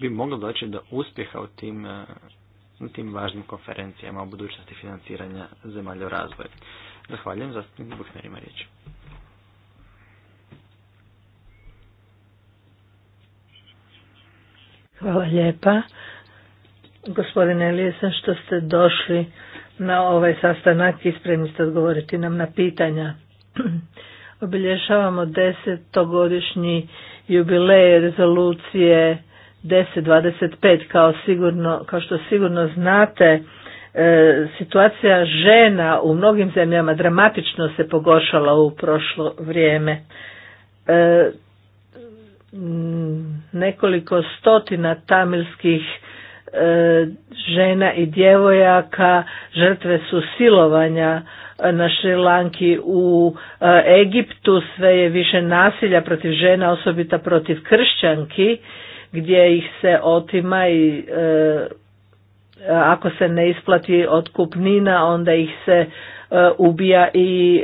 Speaker 2: bi moglo doći do uspjeha u tim, e, u tim važnim konferencijama o budućnosti financiranja zemalja u razvoju? Zahvaljujem, zastupnik Buhner ima riječ.
Speaker 4: Hvala lijepa. Gospodine Lijesa, što ste došli na ovaj sastanak i spremni ste odgovoriti nam na pitanja. Obilješavamo desetogodišnji jubilej rezolucije 1025 kao sigurno kao što sigurno znate e, situacija žena u mnogim zemljama dramatično se pogoršala u prošlo vrijeme e, nekoliko stotina tamilskih E, žena i djevojaka žrtve su silovanja e, na Šrilanki u e, Egiptu sve je više nasilja protiv žena osobita protiv kršćanki gdje ih se otima i ako se ne isplati otkupnina onda ih se ubija i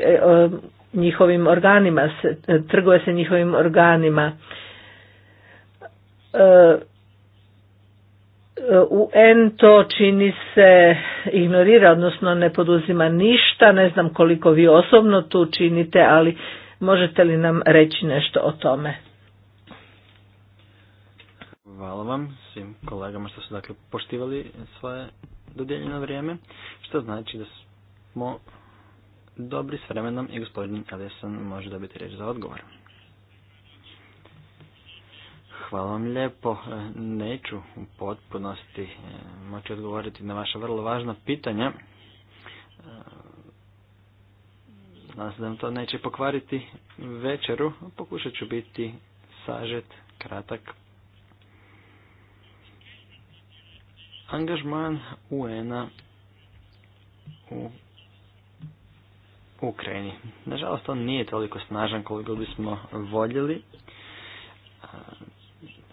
Speaker 4: njihovim organima trguje se njihovim organima UN to čini se ignorira, odnosno ne poduzima ništa, ne znam koliko vi osobno tu činite, ali možete li nam reći nešto o tome?
Speaker 2: Hvala vam svim kolegama što su dakle poštivali svoje dodijeljeno vrijeme, što znači da smo dobri s vremenom i gospodin Adesan može dobiti riječ za odgovor. Hvala vam lijepo. E, neću u potpunosti e, moći odgovoriti na vaša vrlo važna pitanja. E, Znam se da to neće pokvariti večeru. Pokušat ću biti sažet, kratak. Angažman un u Ukrajini. Nažalost, on nije toliko snažan koliko bismo voljeli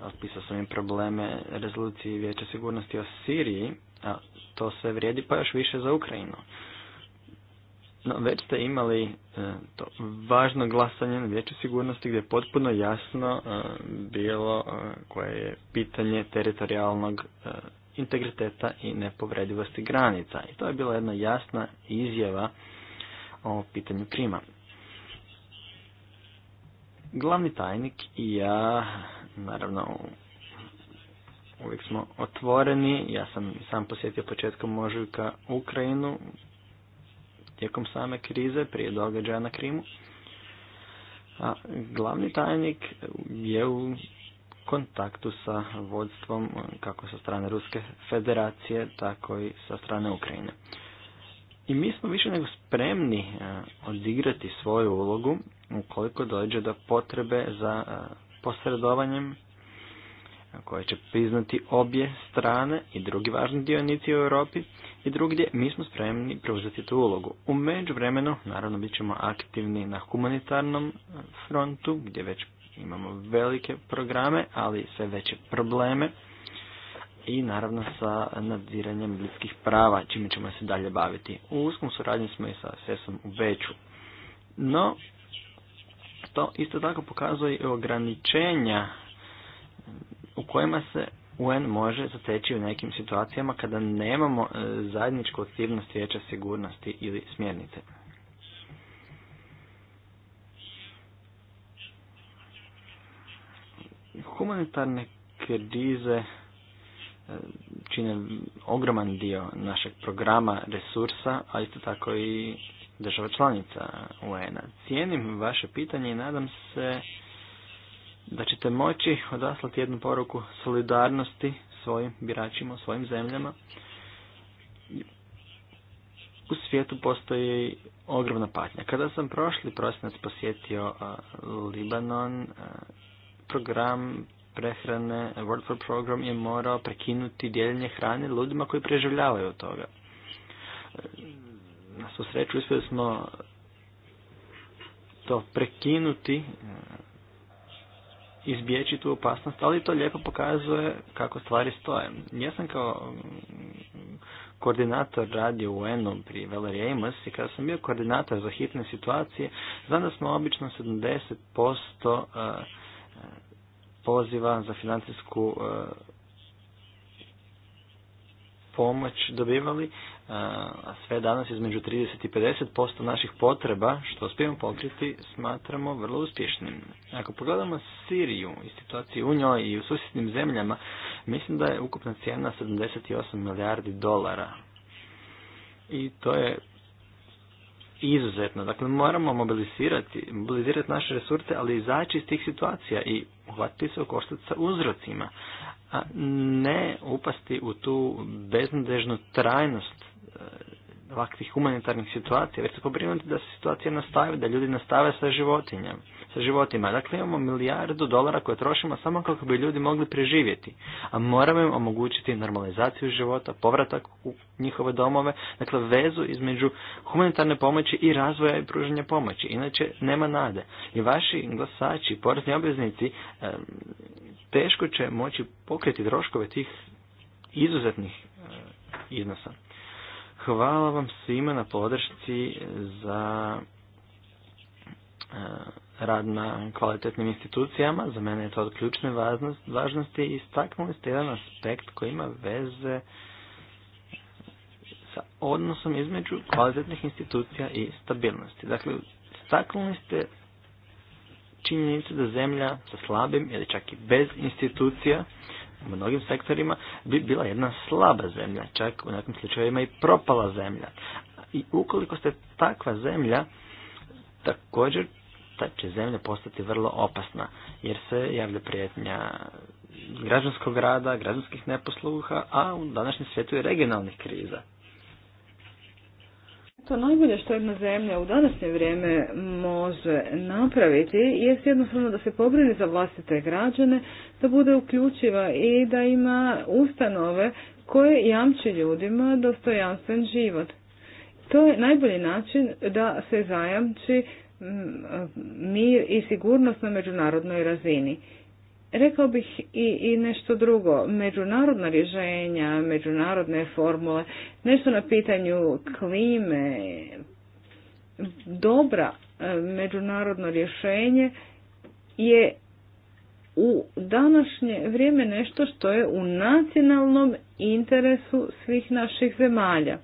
Speaker 2: opisao sam im probleme rezoluciji Vijeća sigurnosti o Siriji, a to sve vrijedi pa još više za Ukrajinu. No, već ste imali e, to važno glasanje na Vijeću sigurnosti gdje je potpuno jasno e, bilo e, koje je pitanje teritorijalnog integriteta i nepovredivosti granica. I to je bila jedna jasna izjava o pitanju Krima. Glavni tajnik i ja naravno uvijek smo otvoreni. Ja sam sam posjetio početkom ožujka Ukrajinu tijekom same krize prije događaja na Krimu. A glavni tajnik je u kontaktu sa vodstvom kako sa strane Ruske federacije, tako i sa strane Ukrajine. I mi smo više nego spremni e, odigrati svoju ulogu ukoliko dođe do potrebe za e, posredovanjem koje će priznati obje strane i drugi važni dionici u Europi i drugdje mi smo spremni preuzeti tu ulogu. U međuvremenu, naravno, bit ćemo aktivni na humanitarnom frontu gdje već imamo velike programe, ali sve veće probleme i naravno sa nadziranjem ljudskih prava, čime ćemo se dalje baviti. U uskom suradnji smo i sa ses u veću, No, to isto tako pokazuje i ograničenja u kojima se UN može zateći u nekim situacijama kada nemamo e, zajedničku aktivnost vijeća sigurnosti ili smjernice. Humanitarne krize e, čine ogroman dio našeg programa, resursa, a isto tako i država članica UN-a. Cijenim vaše pitanje i nadam se da ćete moći odaslati jednu poruku solidarnosti svojim biračima, svojim zemljama. U svijetu postoji ogromna patnja. Kada sam prošli prosinac posjetio Libanon, program prehrane, World for Program je morao prekinuti dijeljenje hrane ljudima koji preživljavaju od toga na svu sreću uspjeli smo to prekinuti, e, izbjeći tu opasnost, ali to lijepo pokazuje kako stvari stoje. Ja sam kao mm, koordinator radio u un pri Valerie Amos i kada sam bio koordinator za hitne situacije, znam da smo obično 70% e, e, poziva za financijsku pomoć dobivali a sve danas između 30 i 50% naših potreba što uspijemo pokriti smatramo vrlo uspješnim. Ako pogledamo Siriju i situaciju u njoj i u susjednim zemljama, mislim da je ukupna cijena 78 milijardi dolara. I to je izuzetno. Dakle, moramo mobilizirati, mobilizirati naše resurse, ali izaći iz tih situacija i uhvatiti se u koštac sa uzrocima, a ne upasti u tu beznadežnu trajnost Eh, ovakvih humanitarnih situacija, već se pobrinuti da se situacija nastavi, da ljudi nastave sa životinjem Sa životima. Dakle, imamo milijardu dolara koje trošimo samo kako bi ljudi mogli preživjeti. A moramo im omogućiti normalizaciju života, povratak u njihove domove, dakle vezu između humanitarne pomoći i razvoja i pružanja pomoći. Inače, nema nade. I vaši glasači, porezni obveznici, teško će moći pokriti troškove tih izuzetnih eh, iznosa. Hvala vam svima na podršci za e, rad na kvalitetnim institucijama. Za mene je to od ključne važnosti i istaknuli ste jedan aspekt koji ima veze sa odnosom između kvalitetnih institucija i stabilnosti. Dakle, istaknuli ste činjenicu da zemlja sa slabim ili čak i bez institucija u mnogim sektorima bi bila jedna slaba zemlja, čak u nekim slučajevima i propala zemlja. I ukoliko ste takva zemlja, također ta će zemlja postati vrlo opasna, jer se javlja prijetnja građanskog rada, građanskih neposluha, a u današnjem svijetu i regionalnih kriza.
Speaker 3: To najbolje što jedna zemlja u današnje vrijeme može napraviti je jednostavno da se pobrini za vlastite građane, da bude uključiva i da ima ustanove koje jamči ljudima dostojanstven život. To je najbolji način da se zajamči mm, mm, mir i sigurnost na međunarodnoj razini. Rekao bih i, i nešto drugo, međunarodna rješenja, međunarodne formule, nešto na pitanju klime, dobra e, međunarodno rješenje je u današnje vrijeme nešto što je u nacionalnom interesu svih naših zemalja.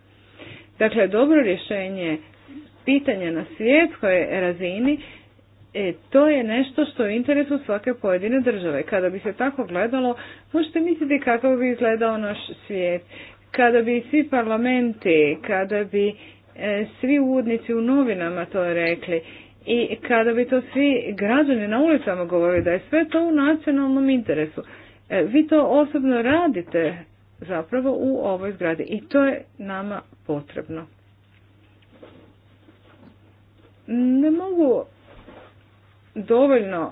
Speaker 3: Dakle, dobro rješenje pitanja na svjetskoj razini E, to je nešto što je interesu svake pojedine države. Kada bi se tako gledalo, možete misliti kako bi izgledao naš svijet. Kada bi svi parlamenti, kada bi e, svi uvodnici u novinama to rekli i kada bi to svi građani na ulicama govorili da je sve to u nacionalnom interesu. E, vi to osobno radite zapravo u ovoj zgradi i to je nama potrebno. Ne mogu dovoljno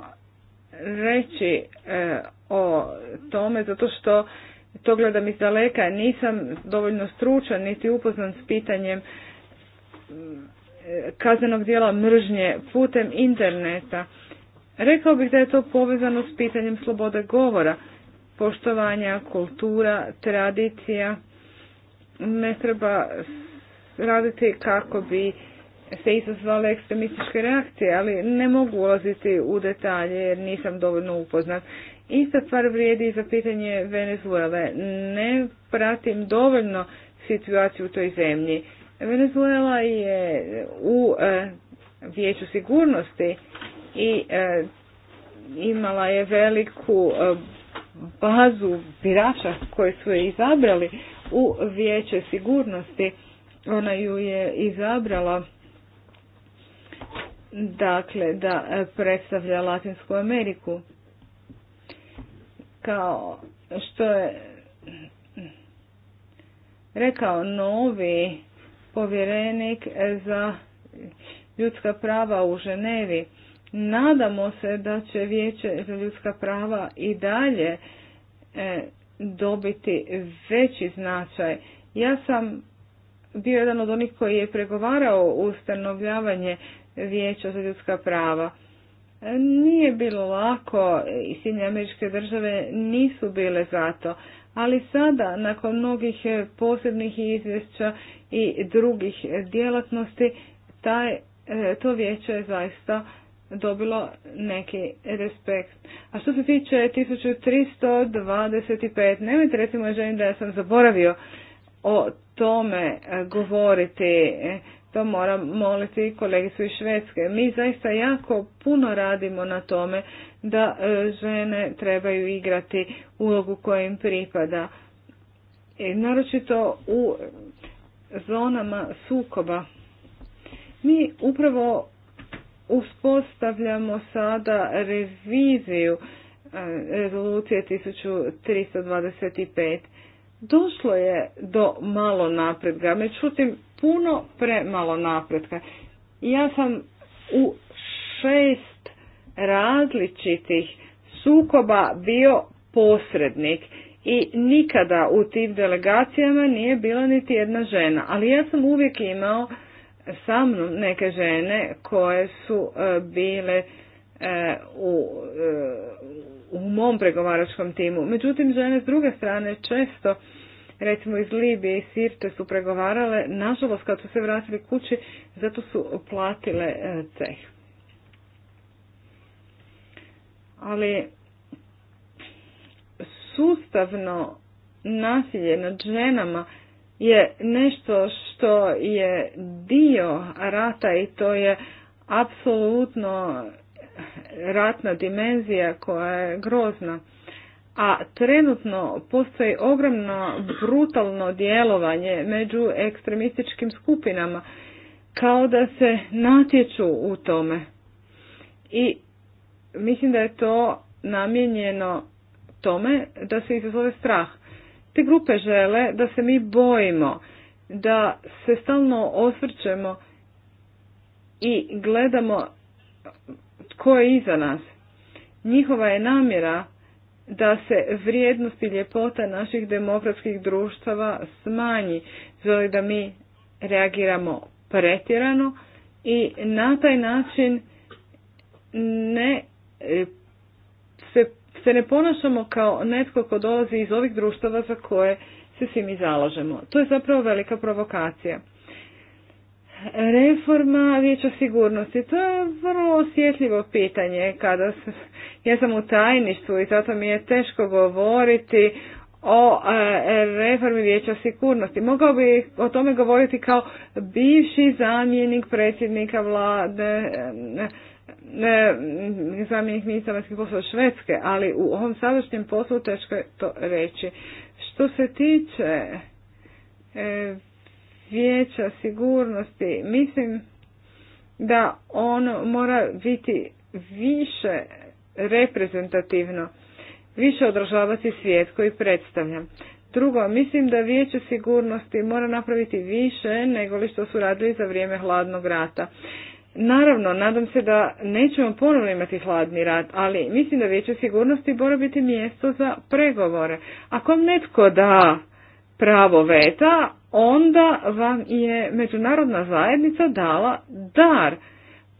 Speaker 3: reći e, o tome zato što to gledam iz daleka, nisam dovoljno stručan niti upoznan s pitanjem e, kaznenog dijela mržnje putem interneta. Rekao bih da je to povezano s pitanjem slobode govora, poštovanja, kultura, tradicija. Ne treba raditi kako bi se izazvale ekstremističke reakcije, ali ne mogu ulaziti u detalje jer nisam dovoljno upoznat. Ista stvar vrijedi i za pitanje Venezuele. Ne pratim dovoljno situaciju u toj zemlji. Venezuela je u e, vijeću sigurnosti i e, imala je veliku e, bazu birača koje su je izabrali u vijeće sigurnosti. Ona ju je izabrala dakle da e, predstavlja Latinsku Ameriku kao što je rekao novi povjerenik za ljudska prava u Ženevi. Nadamo se da će vijeće za ljudska prava i dalje e, dobiti veći značaj. Ja sam bio jedan od onih koji je pregovarao ustanovljavanje vijeća za ljudska prava. Nije bilo lako i Sjedinje američke države nisu bile zato, ali sada nakon mnogih posebnih izvješća i drugih djelatnosti taj, to vijeće je zaista dobilo neki respekt. A što se tiče 1325, nemojte recimo želim da ja sam zaboravio o tome govoriti to moram moliti kolegicu iz Švedske. Mi zaista jako puno radimo na tome da e, žene trebaju igrati ulogu koja im pripada. E, naročito u zonama sukoba. Mi upravo uspostavljamo sada reviziju e, rezolucije 1325 Došlo je do malo napredka, međutim puno premalo napretka. Ja sam u šest različitih sukoba bio posrednik i nikada u tim delegacijama nije bila niti jedna žena, ali ja sam uvijek imao sa mnom neke žene koje su e, bile e, u e, u mom pregovaračkom timu. Međutim, žene s druge strane često, recimo iz Libije i Sirte su pregovarale, nažalost kad su se vratili kući, zato su platile e, ceh. Ali sustavno nasilje nad ženama je nešto što je dio rata i to je apsolutno ratna dimenzija koja je grozna. A trenutno postoji ogromno brutalno djelovanje među ekstremističkim skupinama, kao da se natječu u tome. I mislim da je to namijenjeno tome da se izazove strah. Te grupe žele da se mi bojimo, da se stalno osvrćemo i gledamo koje je iza nas. Njihova je namjera da se vrijednost i ljepota naših demokratskih društava smanji, zove da mi reagiramo pretjerano i na taj način ne e, se, ne ponašamo kao netko ko dolazi iz ovih društava za koje se svi mi zalažemo. To je zapravo velika provokacija. Reforma vijeća sigurnosti, to je vrlo osjetljivo pitanje kada se, ja sam u tajništvu i zato mi je teško govoriti o e, reformi vijeća sigurnosti. Mogao bi o tome govoriti kao bivši zamjenik predsjednika vlade, e, e, zamjenik ministra vanjskih poslova Švedske, ali u ovom sadašnjem poslu teško je to reći. Što se tiče vijeća sigurnosti. Mislim da ono mora biti više reprezentativno, više održavati svijet koji predstavlja. Drugo, mislim da vijeće sigurnosti mora napraviti više nego li što su radili za vrijeme hladnog rata. Naravno, nadam se da nećemo ponovno imati hladni rat, ali mislim da vijeće sigurnosti mora biti mjesto za pregovore. Ako vam netko da pravo veta, onda vam je međunarodna zajednica dala dar.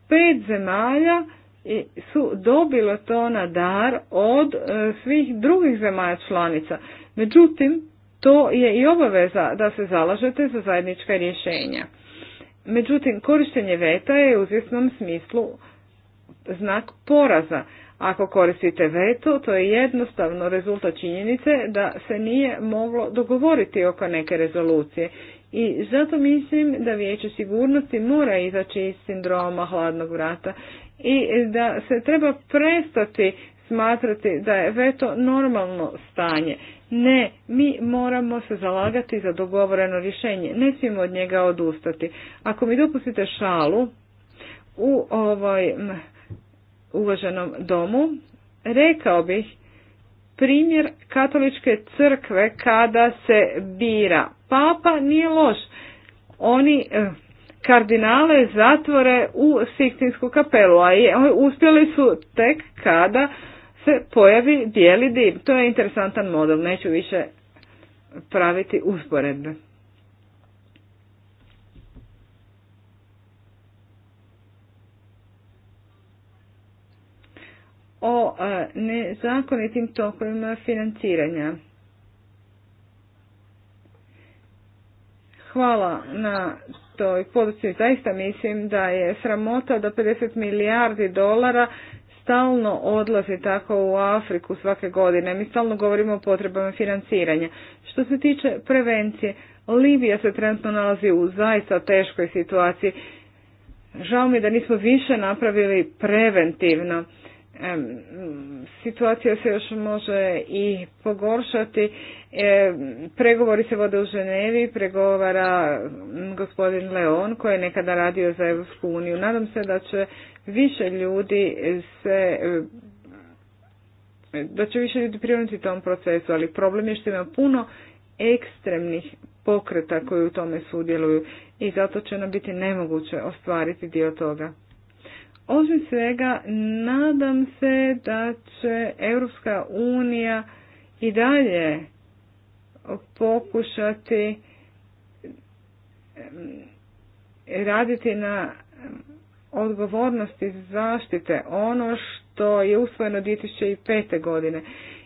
Speaker 3: Pet zemalja su dobilo to na dar od e, svih drugih zemalja članica. Međutim, to je i obaveza da se zalažete za zajednička rješenja. Međutim, korištenje veta je u izvjesnom smislu znak poraza. Ako koristite veto, to je jednostavno rezultat činjenice da se nije moglo dogovoriti oko neke rezolucije. I zato mislim da vijeće sigurnosti mora izaći iz sindroma hladnog vrata i da se treba prestati smatrati da je veto normalno stanje. Ne, mi moramo se zalagati za dogovoreno rješenje, ne smijemo od njega odustati. Ako mi dopustite šalu, u ovoj uvaženom domu, rekao bih primjer katoličke crkve kada se bira. Papa nije loš. Oni eh, kardinale zatvore u Siktinsku kapelu, a uspjeli su tek kada se pojavi bijeli dim. To je interesantan model, neću više praviti usporedbe. o e, nezakonitim tokovima financiranja. Hvala na toj podući. Zaista mislim da je sramota da 50 milijardi dolara stalno odlazi tako u Afriku svake godine. Mi stalno govorimo o potrebama financiranja. Što se tiče prevencije, Libija se trenutno nalazi u zaista teškoj situaciji. Žao mi da nismo više napravili preventivno situacija se još može i pogoršati. Pregovori se vode u Ženevi, pregovara gospodin Leon koji je nekada radio za Evropsku uniju. Nadam se da će više ljudi se da će više ljudi prionuti tom procesu, ali problem je što ima puno ekstremnih pokreta koji u tome sudjeluju i zato će nam biti nemoguće ostvariti dio toga. Osim svega, nadam se da će Europska unija i dalje pokušati raditi na odgovornosti zaštite ono što je usvojeno 2005. godine.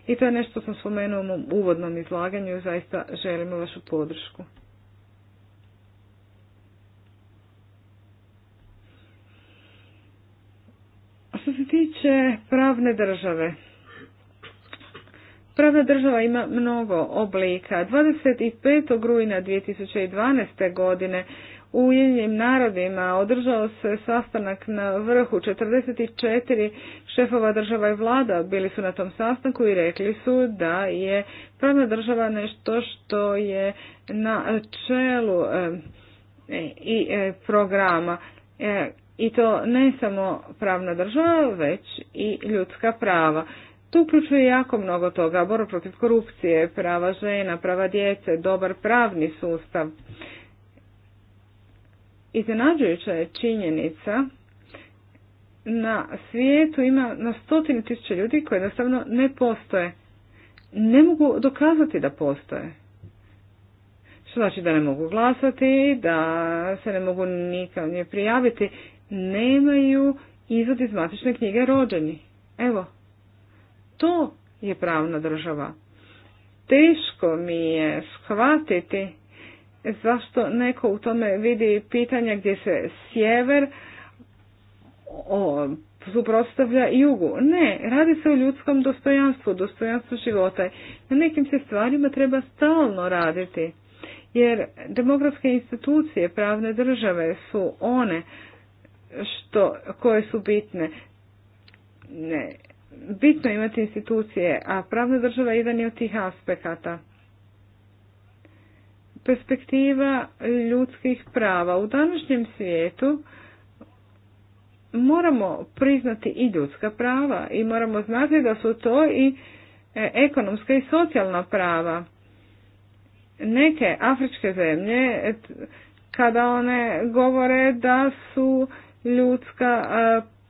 Speaker 3: I to je nešto sam spomenuo u uvodnom izlaganju i zaista želimo vašu podršku. Što se tiče pravne države, Pravna država ima mnogo oblika. 25. rujna 2012. godine u Ujedinjenim narodima održao se sastanak na vrhu 44 šefova država i vlada bili su na tom sastanku i rekli su da je pravna država nešto što je na čelu i e, programa e, i to ne samo pravna država, već i ljudska prava. Tu uključuje jako mnogo toga, borba protiv korupcije, prava žena, prava djece, dobar pravni sustav. Iznenađujuća je činjenica na svijetu ima na stotine tisuća ljudi koji jednostavno ne postoje. Ne mogu dokazati da postoje. Što znači da ne mogu glasati, da se ne mogu nikad nje prijaviti nemaju izvod iz matične knjige rođeni. Evo, to je pravna država. Teško mi je shvatiti zašto neko u tome vidi pitanja gdje se sjever o, suprotstavlja jugu. Ne, radi se o ljudskom dostojanstvu, dostojanstvu života. Na nekim se stvarima treba stalno raditi. Jer demografske institucije pravne države su one što, koje su bitne. Ne, bitno je imati institucije, a pravna država je jedan je od tih aspekata. Perspektiva ljudskih prava u današnjem svijetu moramo priznati i ljudska prava i moramo znati da su to i e, ekonomska i socijalna prava. Neke afričke zemlje kada one govore da su ljudska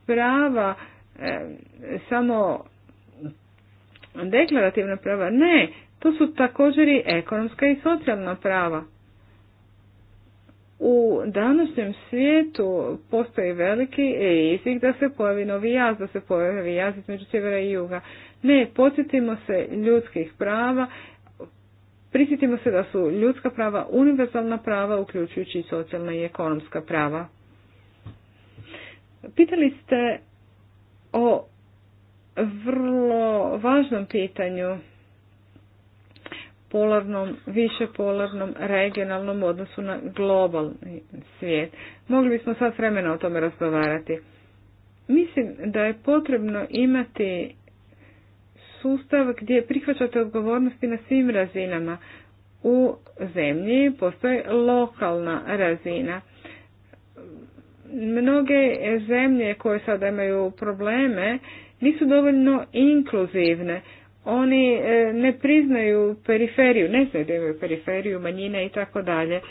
Speaker 3: prava, e, samo deklarativna prava. Ne, to su također i ekonomska i socijalna prava. U današnjem svijetu postoji veliki rizik da se pojavi novi jaz, da se pojavi jaz između sjevera i juga. Ne, podsjetimo se ljudskih prava, prisjetimo se da su ljudska prava univerzalna prava, uključujući i socijalna i ekonomska prava. Pitali ste o vrlo važnom pitanju polarnom, višepolarnom regionalnom odnosu na globalni svijet. Mogli bismo sad vremena o tome razgovarati. Mislim da je potrebno imati sustav gdje prihvaćate odgovornosti na svim razinama. U zemlji postoji lokalna razina mnoge zemlje koje sada imaju probleme nisu dovoljno inkluzivne. Oni e, ne priznaju periferiju, ne znaju da imaju periferiju, manjine i tako dalje.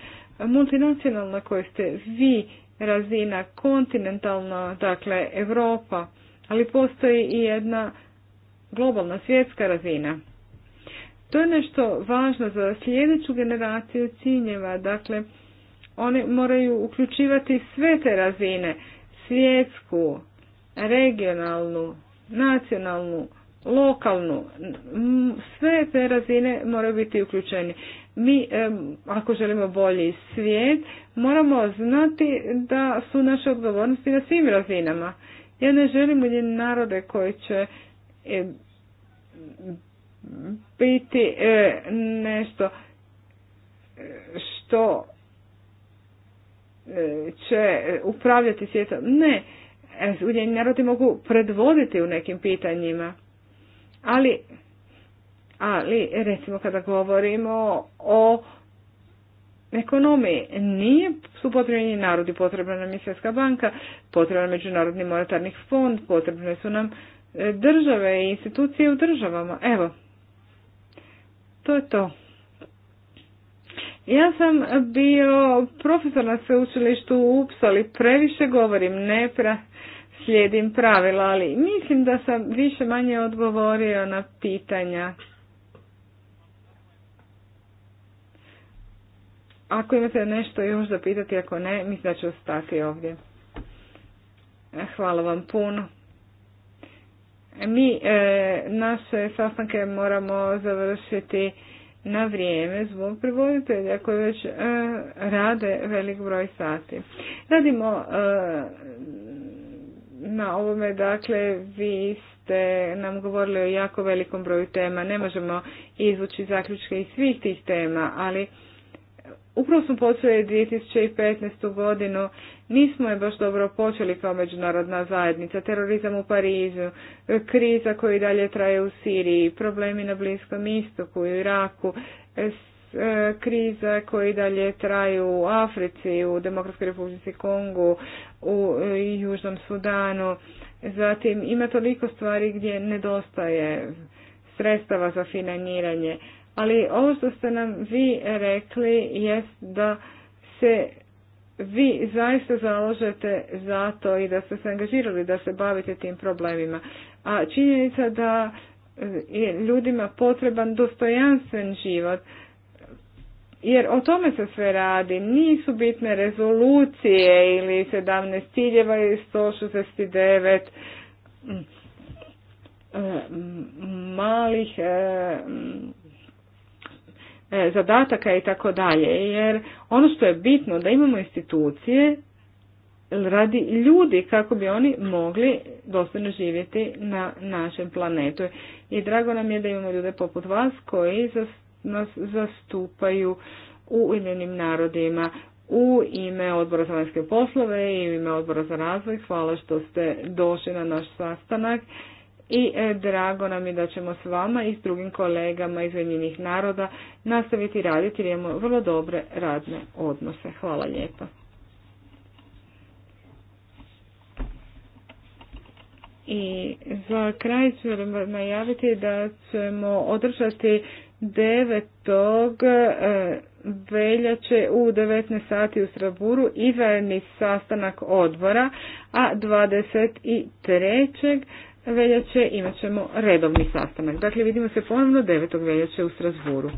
Speaker 3: Multinacionalna koje ste vi razina, kontinentalna, dakle Europa, ali postoji i jedna globalna svjetska razina. To je nešto važno za sljedeću generaciju ciljeva, dakle oni moraju uključivati sve te razine, svjetsku, regionalnu, nacionalnu, lokalnu, sve te razine moraju biti uključeni. Mi, ako želimo bolji svijet, moramo znati da su naše odgovornosti na svim razinama. Ja ne želim u narode koji će biti e, nešto što će upravljati svijetom. Ne, Ujedinjeni narodi mogu predvoditi u nekim pitanjima. Ali, ali recimo kada govorimo o ekonomiji, nije su potrebni narodi, potrebna nam je Svjetska banka, potrebna Međunarodni monetarni fond, potrebne su nam e, države i institucije u državama. Evo, to je to. Ja sam bio profesor na sveučilištu u Upsali, previše govorim, ne pra, slijedim pravila, ali mislim da sam više manje odgovorio na pitanja. Ako imate nešto još da pitati, ako ne, mislim da ću ostati ovdje. E, hvala vam puno. E, mi e, naše sastanke moramo završiti na vrijeme zbog prevoditelja koji već e, rade velik broj sati. Radimo e, na ovome, dakle, vi ste nam govorili o jako velikom broju tema, ne možemo izvući zaključke iz svih tih tema, ali upravo smo počeli 2015. godinu Nismo je baš dobro počeli kao međunarodna zajednica, terorizam u Parizu, kriza koji dalje traje u Siriji, problemi na Bliskom istoku, u Iraku, e, kriza koji dalje traju u Africi, u Demokratskoj republici Kongu, u e, Južnom Sudanu. Zatim ima toliko stvari gdje nedostaje sredstava za financiranje. Ali ovo što ste nam vi rekli jest da se vi zaista založete za to i da ste se angažirali da se bavite tim problemima. A činjenica da e, je ljudima potreban dostojanstven život, jer o tome se sve radi. Nisu bitne rezolucije ili 17 ciljeva ili 169 mm, e, malih e, E, zadataka i tako dalje. Jer ono što je bitno da imamo institucije radi ljudi kako bi oni mogli dostojno živjeti na našem planetu. I drago nam je da imamo ljude poput vas koji nas zastupaju u Ujedinjenim narodima u ime odbora za vanjske poslove i u ime odbora za razvoj. Hvala što ste došli na naš sastanak i e, drago nam je da ćemo s vama i s drugim kolegama iz Ujedinjenih naroda nastaviti raditi jer imamo vrlo dobre radne odnose. Hvala lijepa. I za kraj ću najaviti da ćemo održati 9. E, veljače u 19 sati u Sraburu i sastanak odbora, a 23 veljače imat ćemo redovni sastanak. Dakle, vidimo se ponovno 9. veljače u Strasburu.